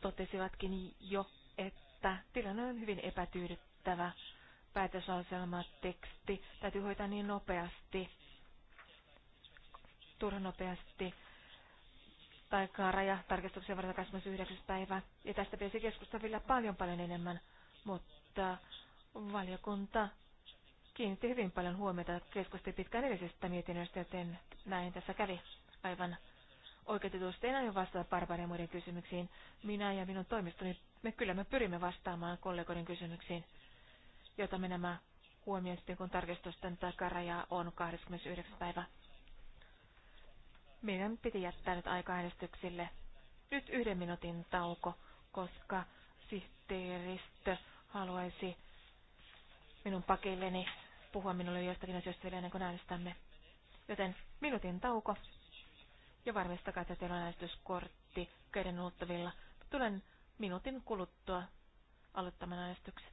totesivatkin jo, että tilanne on hyvin epätyydyttävä päätösaselmateksti täytyy hoitaa niin nopeasti, turhan nopeasti, tai tarkistuksen varten 29. päivä. Ja tästä pitäisi keskustella vielä paljon paljon enemmän, mutta valiokunta kiinnitti hyvin paljon huomiota keskusteli pitkään edellisestä mietinnöstä, joten näin tässä kävi aivan oikeutetusti. En aio vastata Barbaria muiden kysymyksiin. Minä ja minun toimistoni, me kyllä me pyrimme vastaamaan kollegoiden kysymyksiin ja me nämä huomioon sitten, kun tarkistusten takaraja on 29. päivä. Meidän piti jättää nyt aika äänestyksille. Nyt yhden minuutin tauko, koska sihteeristö haluaisi minun pakilleni puhua minulle jostakin asioista vielä ennen kuin äänestämme. Joten minuutin tauko ja varmistakaa, että teillä on äänestyskortti käden ulottuvilla. Tulen minuutin kuluttua aloittamaan äänestyksen.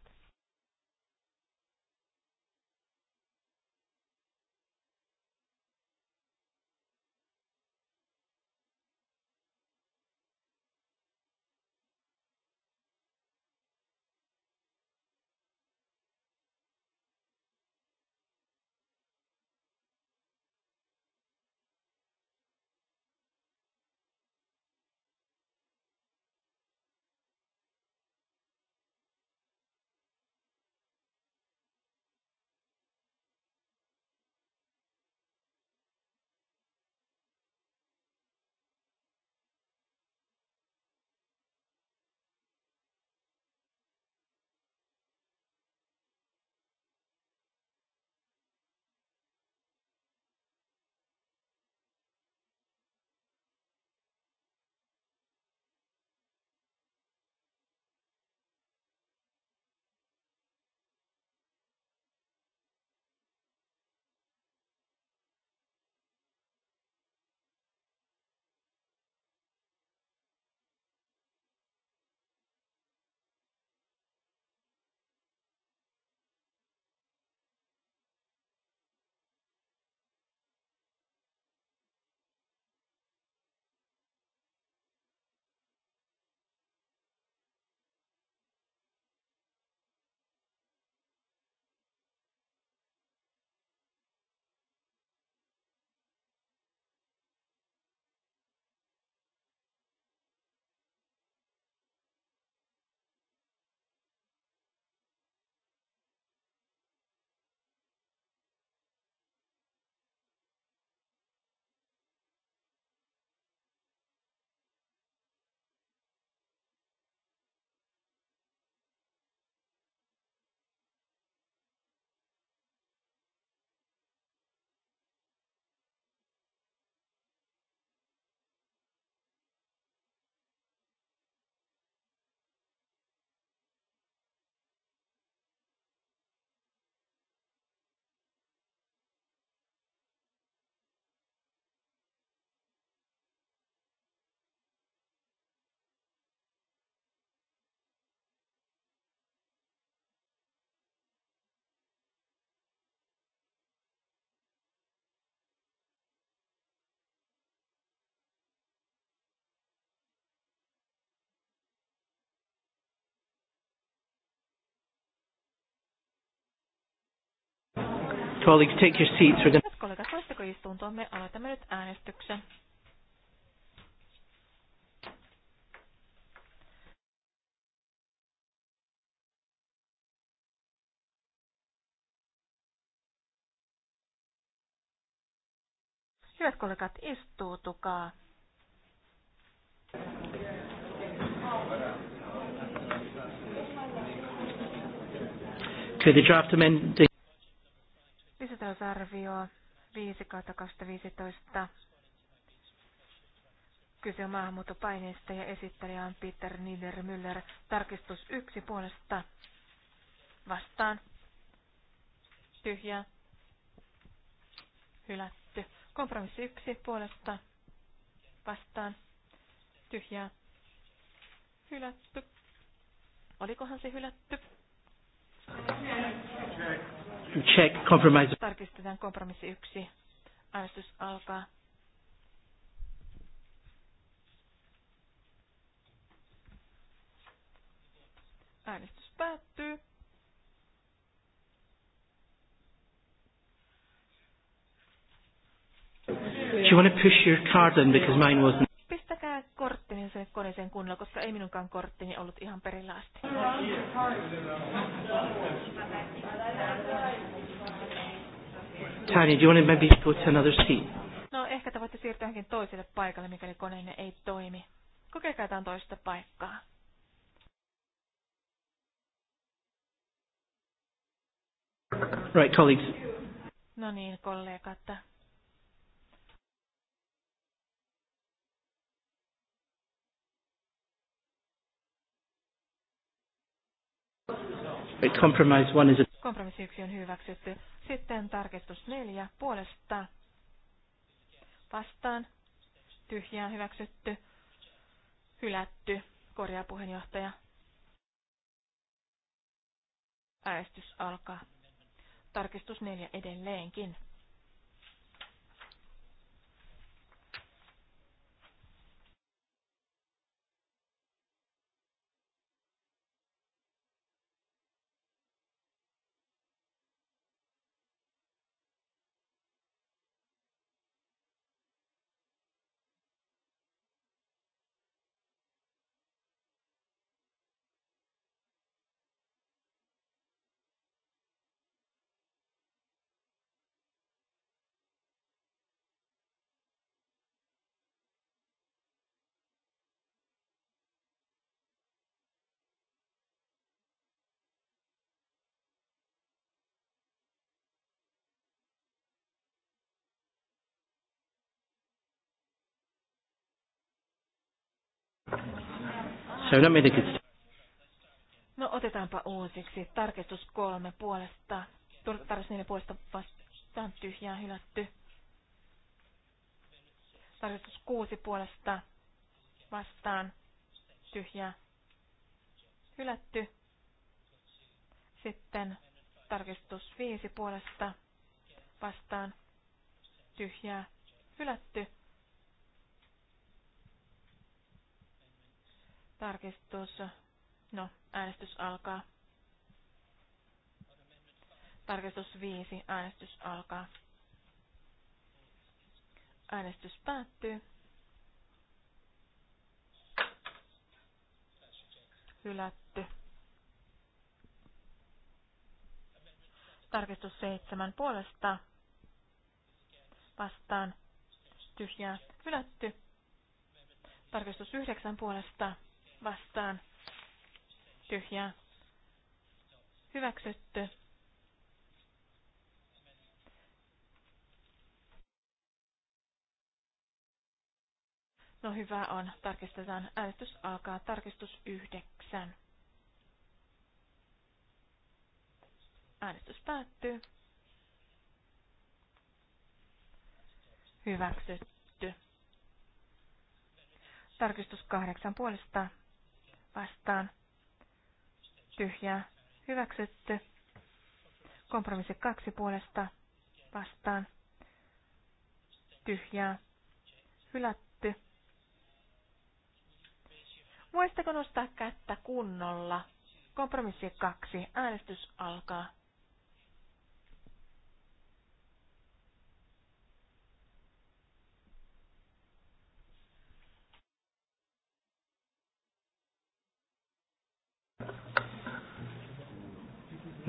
Colleagues, take your seats. We're going... kollegat, Hyvät kollegat, istuutukaa. Could the draft Lisätalousarvio 5 2015. Kyse on maahanmuuttopaineista ja esittelijä on Peter Niedermüller. Tarkistus yksi puolesta vastaan. Tyhjä. Hylätty. Kompromissi yksi puolesta vastaan. Tyhjä. Hylätty. Olikohan se hylätty? Check compromise. Tarkistetaan kompromissi yksi. Äänestys alkaa. Äänestys päättyy. Do you want to push your card in because mine wasn't? halusin sinne koneeseen kuunnella, koska ei minunkaan korttini ollut ihan perillä asti. Tiny, do you want to maybe go to another seat? No ehkä te voitte siirtyä johonkin toiselle paikalle, mikäli koneenne ei toimi. Kokeilkaa jotain toista paikkaa. Right, colleagues. No niin, kollegat. Kompromissi yksi on hyväksytty. Sitten tarkistus neljä puolesta vastaan. Tyhjään hyväksytty. Hylätty. Korjaa puheenjohtaja. Äästys alkaa. Tarkistus neljä edelleenkin. No otetaanpa uusiksi. Tarkistus kolme puolesta. Tarkistus neljä puolesta vastaan tyhjää hylätty. Tarkistus kuusi puolesta vastaan tyhjää hylätty. Sitten tarkistus viisi puolesta vastaan tyhjää hylätty. Tarkistus. No, äänestys alkaa. Tarkistus 5. Äänestys alkaa. Äänestys päättyy. Hylätty. Tarkistus 7. Puolesta vastaan tyhjää hylätty. Tarkistus 9. Puolesta vastaan tyhjää hyväksytty. No hyvä on. Tarkistetaan. Äänestys alkaa. Tarkistus yhdeksän. Äänestys päättyy. Hyväksytty. Tarkistus kahdeksan puolesta vastaan tyhjää hyväksytty. Kompromissi kaksi puolesta vastaan tyhjää hylätty. Muistako nostaa kättä kunnolla? Kompromissi kaksi. Äänestys alkaa.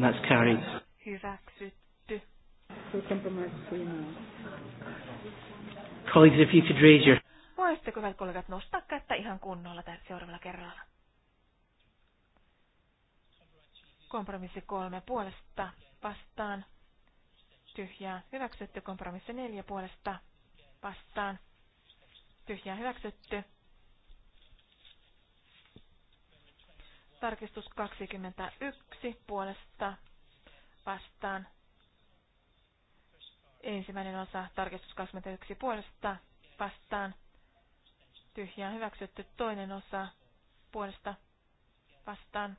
That's carried. Hyväksytty. Colleagues, if you could raise your... Voisitteko hyvät kollegat nostaa kättä ihan kunnolla tässä seuraavalla kerralla? Kompromissi kolme puolesta vastaan. Tyhjää hyväksytty. Kompromissi neljä puolesta vastaan. Tyhjää hyväksytty. Tarkistus 21 puolesta vastaan. Ensimmäinen osa tarkistus 21 puolesta vastaan. Tyhjään hyväksytty toinen osa puolesta vastaan.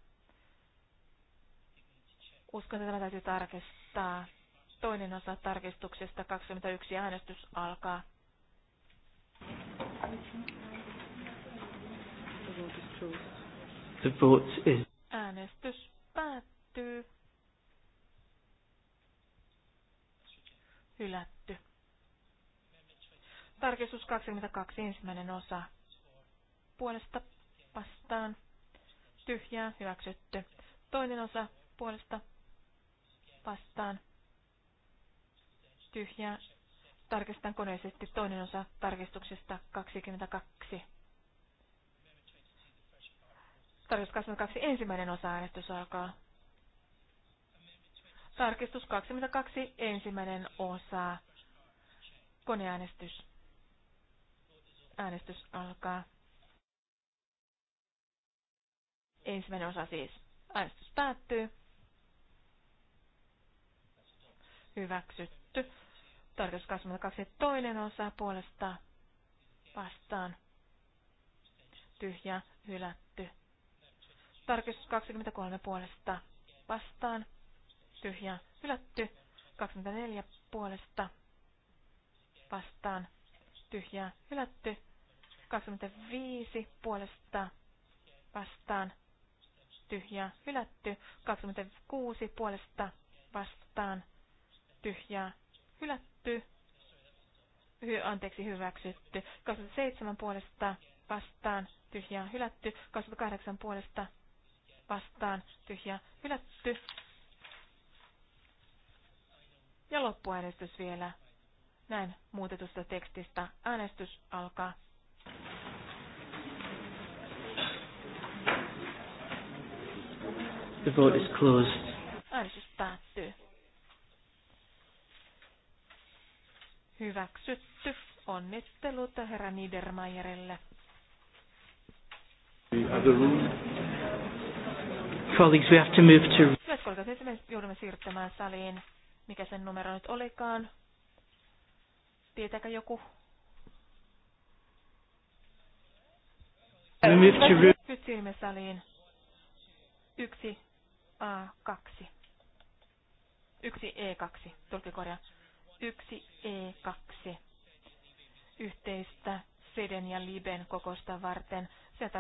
Uskon, että tämä täytyy tarkistaa. Toinen osa tarkistuksesta 21 äänestys alkaa. Thank you. The vote is... Äänestys päättyy. Hylätty. Tarkistus 22, ensimmäinen osa. Puolesta vastaan. Tyhjää, hyväksytty. Toinen osa puolesta vastaan. Tyhjää. Tarkistan koneisesti toinen osa tarkistuksesta 22. Tarkistus 22 ensimmäinen osa äänestys alkaa. Tarkistus 22 ensimmäinen osa. Koneäänestys. Äänestys alkaa. Ensimmäinen osa siis. Äänestys päättyy. Hyväksytty. Tarkistus 22 toinen osa puolesta vastaan. Tyhjä hylätty. Tarkistus 23 puolesta vastaan. tyhjä hylätty. 24 puolesta vastaan. tyhjä hylätty. 25 puolesta vastaan. tyhjä hylätty. 26 puolesta vastaan. tyhjä hylätty. Hy, anteeksi, hyväksytty. 27 puolesta vastaan tyhjä hylätty, 28 puolesta vastaan tyhjä, hylätty. Ja loppuäänestys vielä. Näin muutetusta tekstistä äänestys alkaa. The vote is closed. Äänestys päättyy. Hyväksytty. Onnittelut herra Niedermayerille. The other room colleagues, we have to move to... Hyvät kollegat, nyt me joudumme siirtämään saliin, mikä sen numero nyt olikaan. Tietääkö joku? We move to... Nyt siirrymme saliin. Yksi A2. Yksi E2. Tulki korjaa. Yksi E2. Yhteistä Seden ja Liben kokosta varten. Se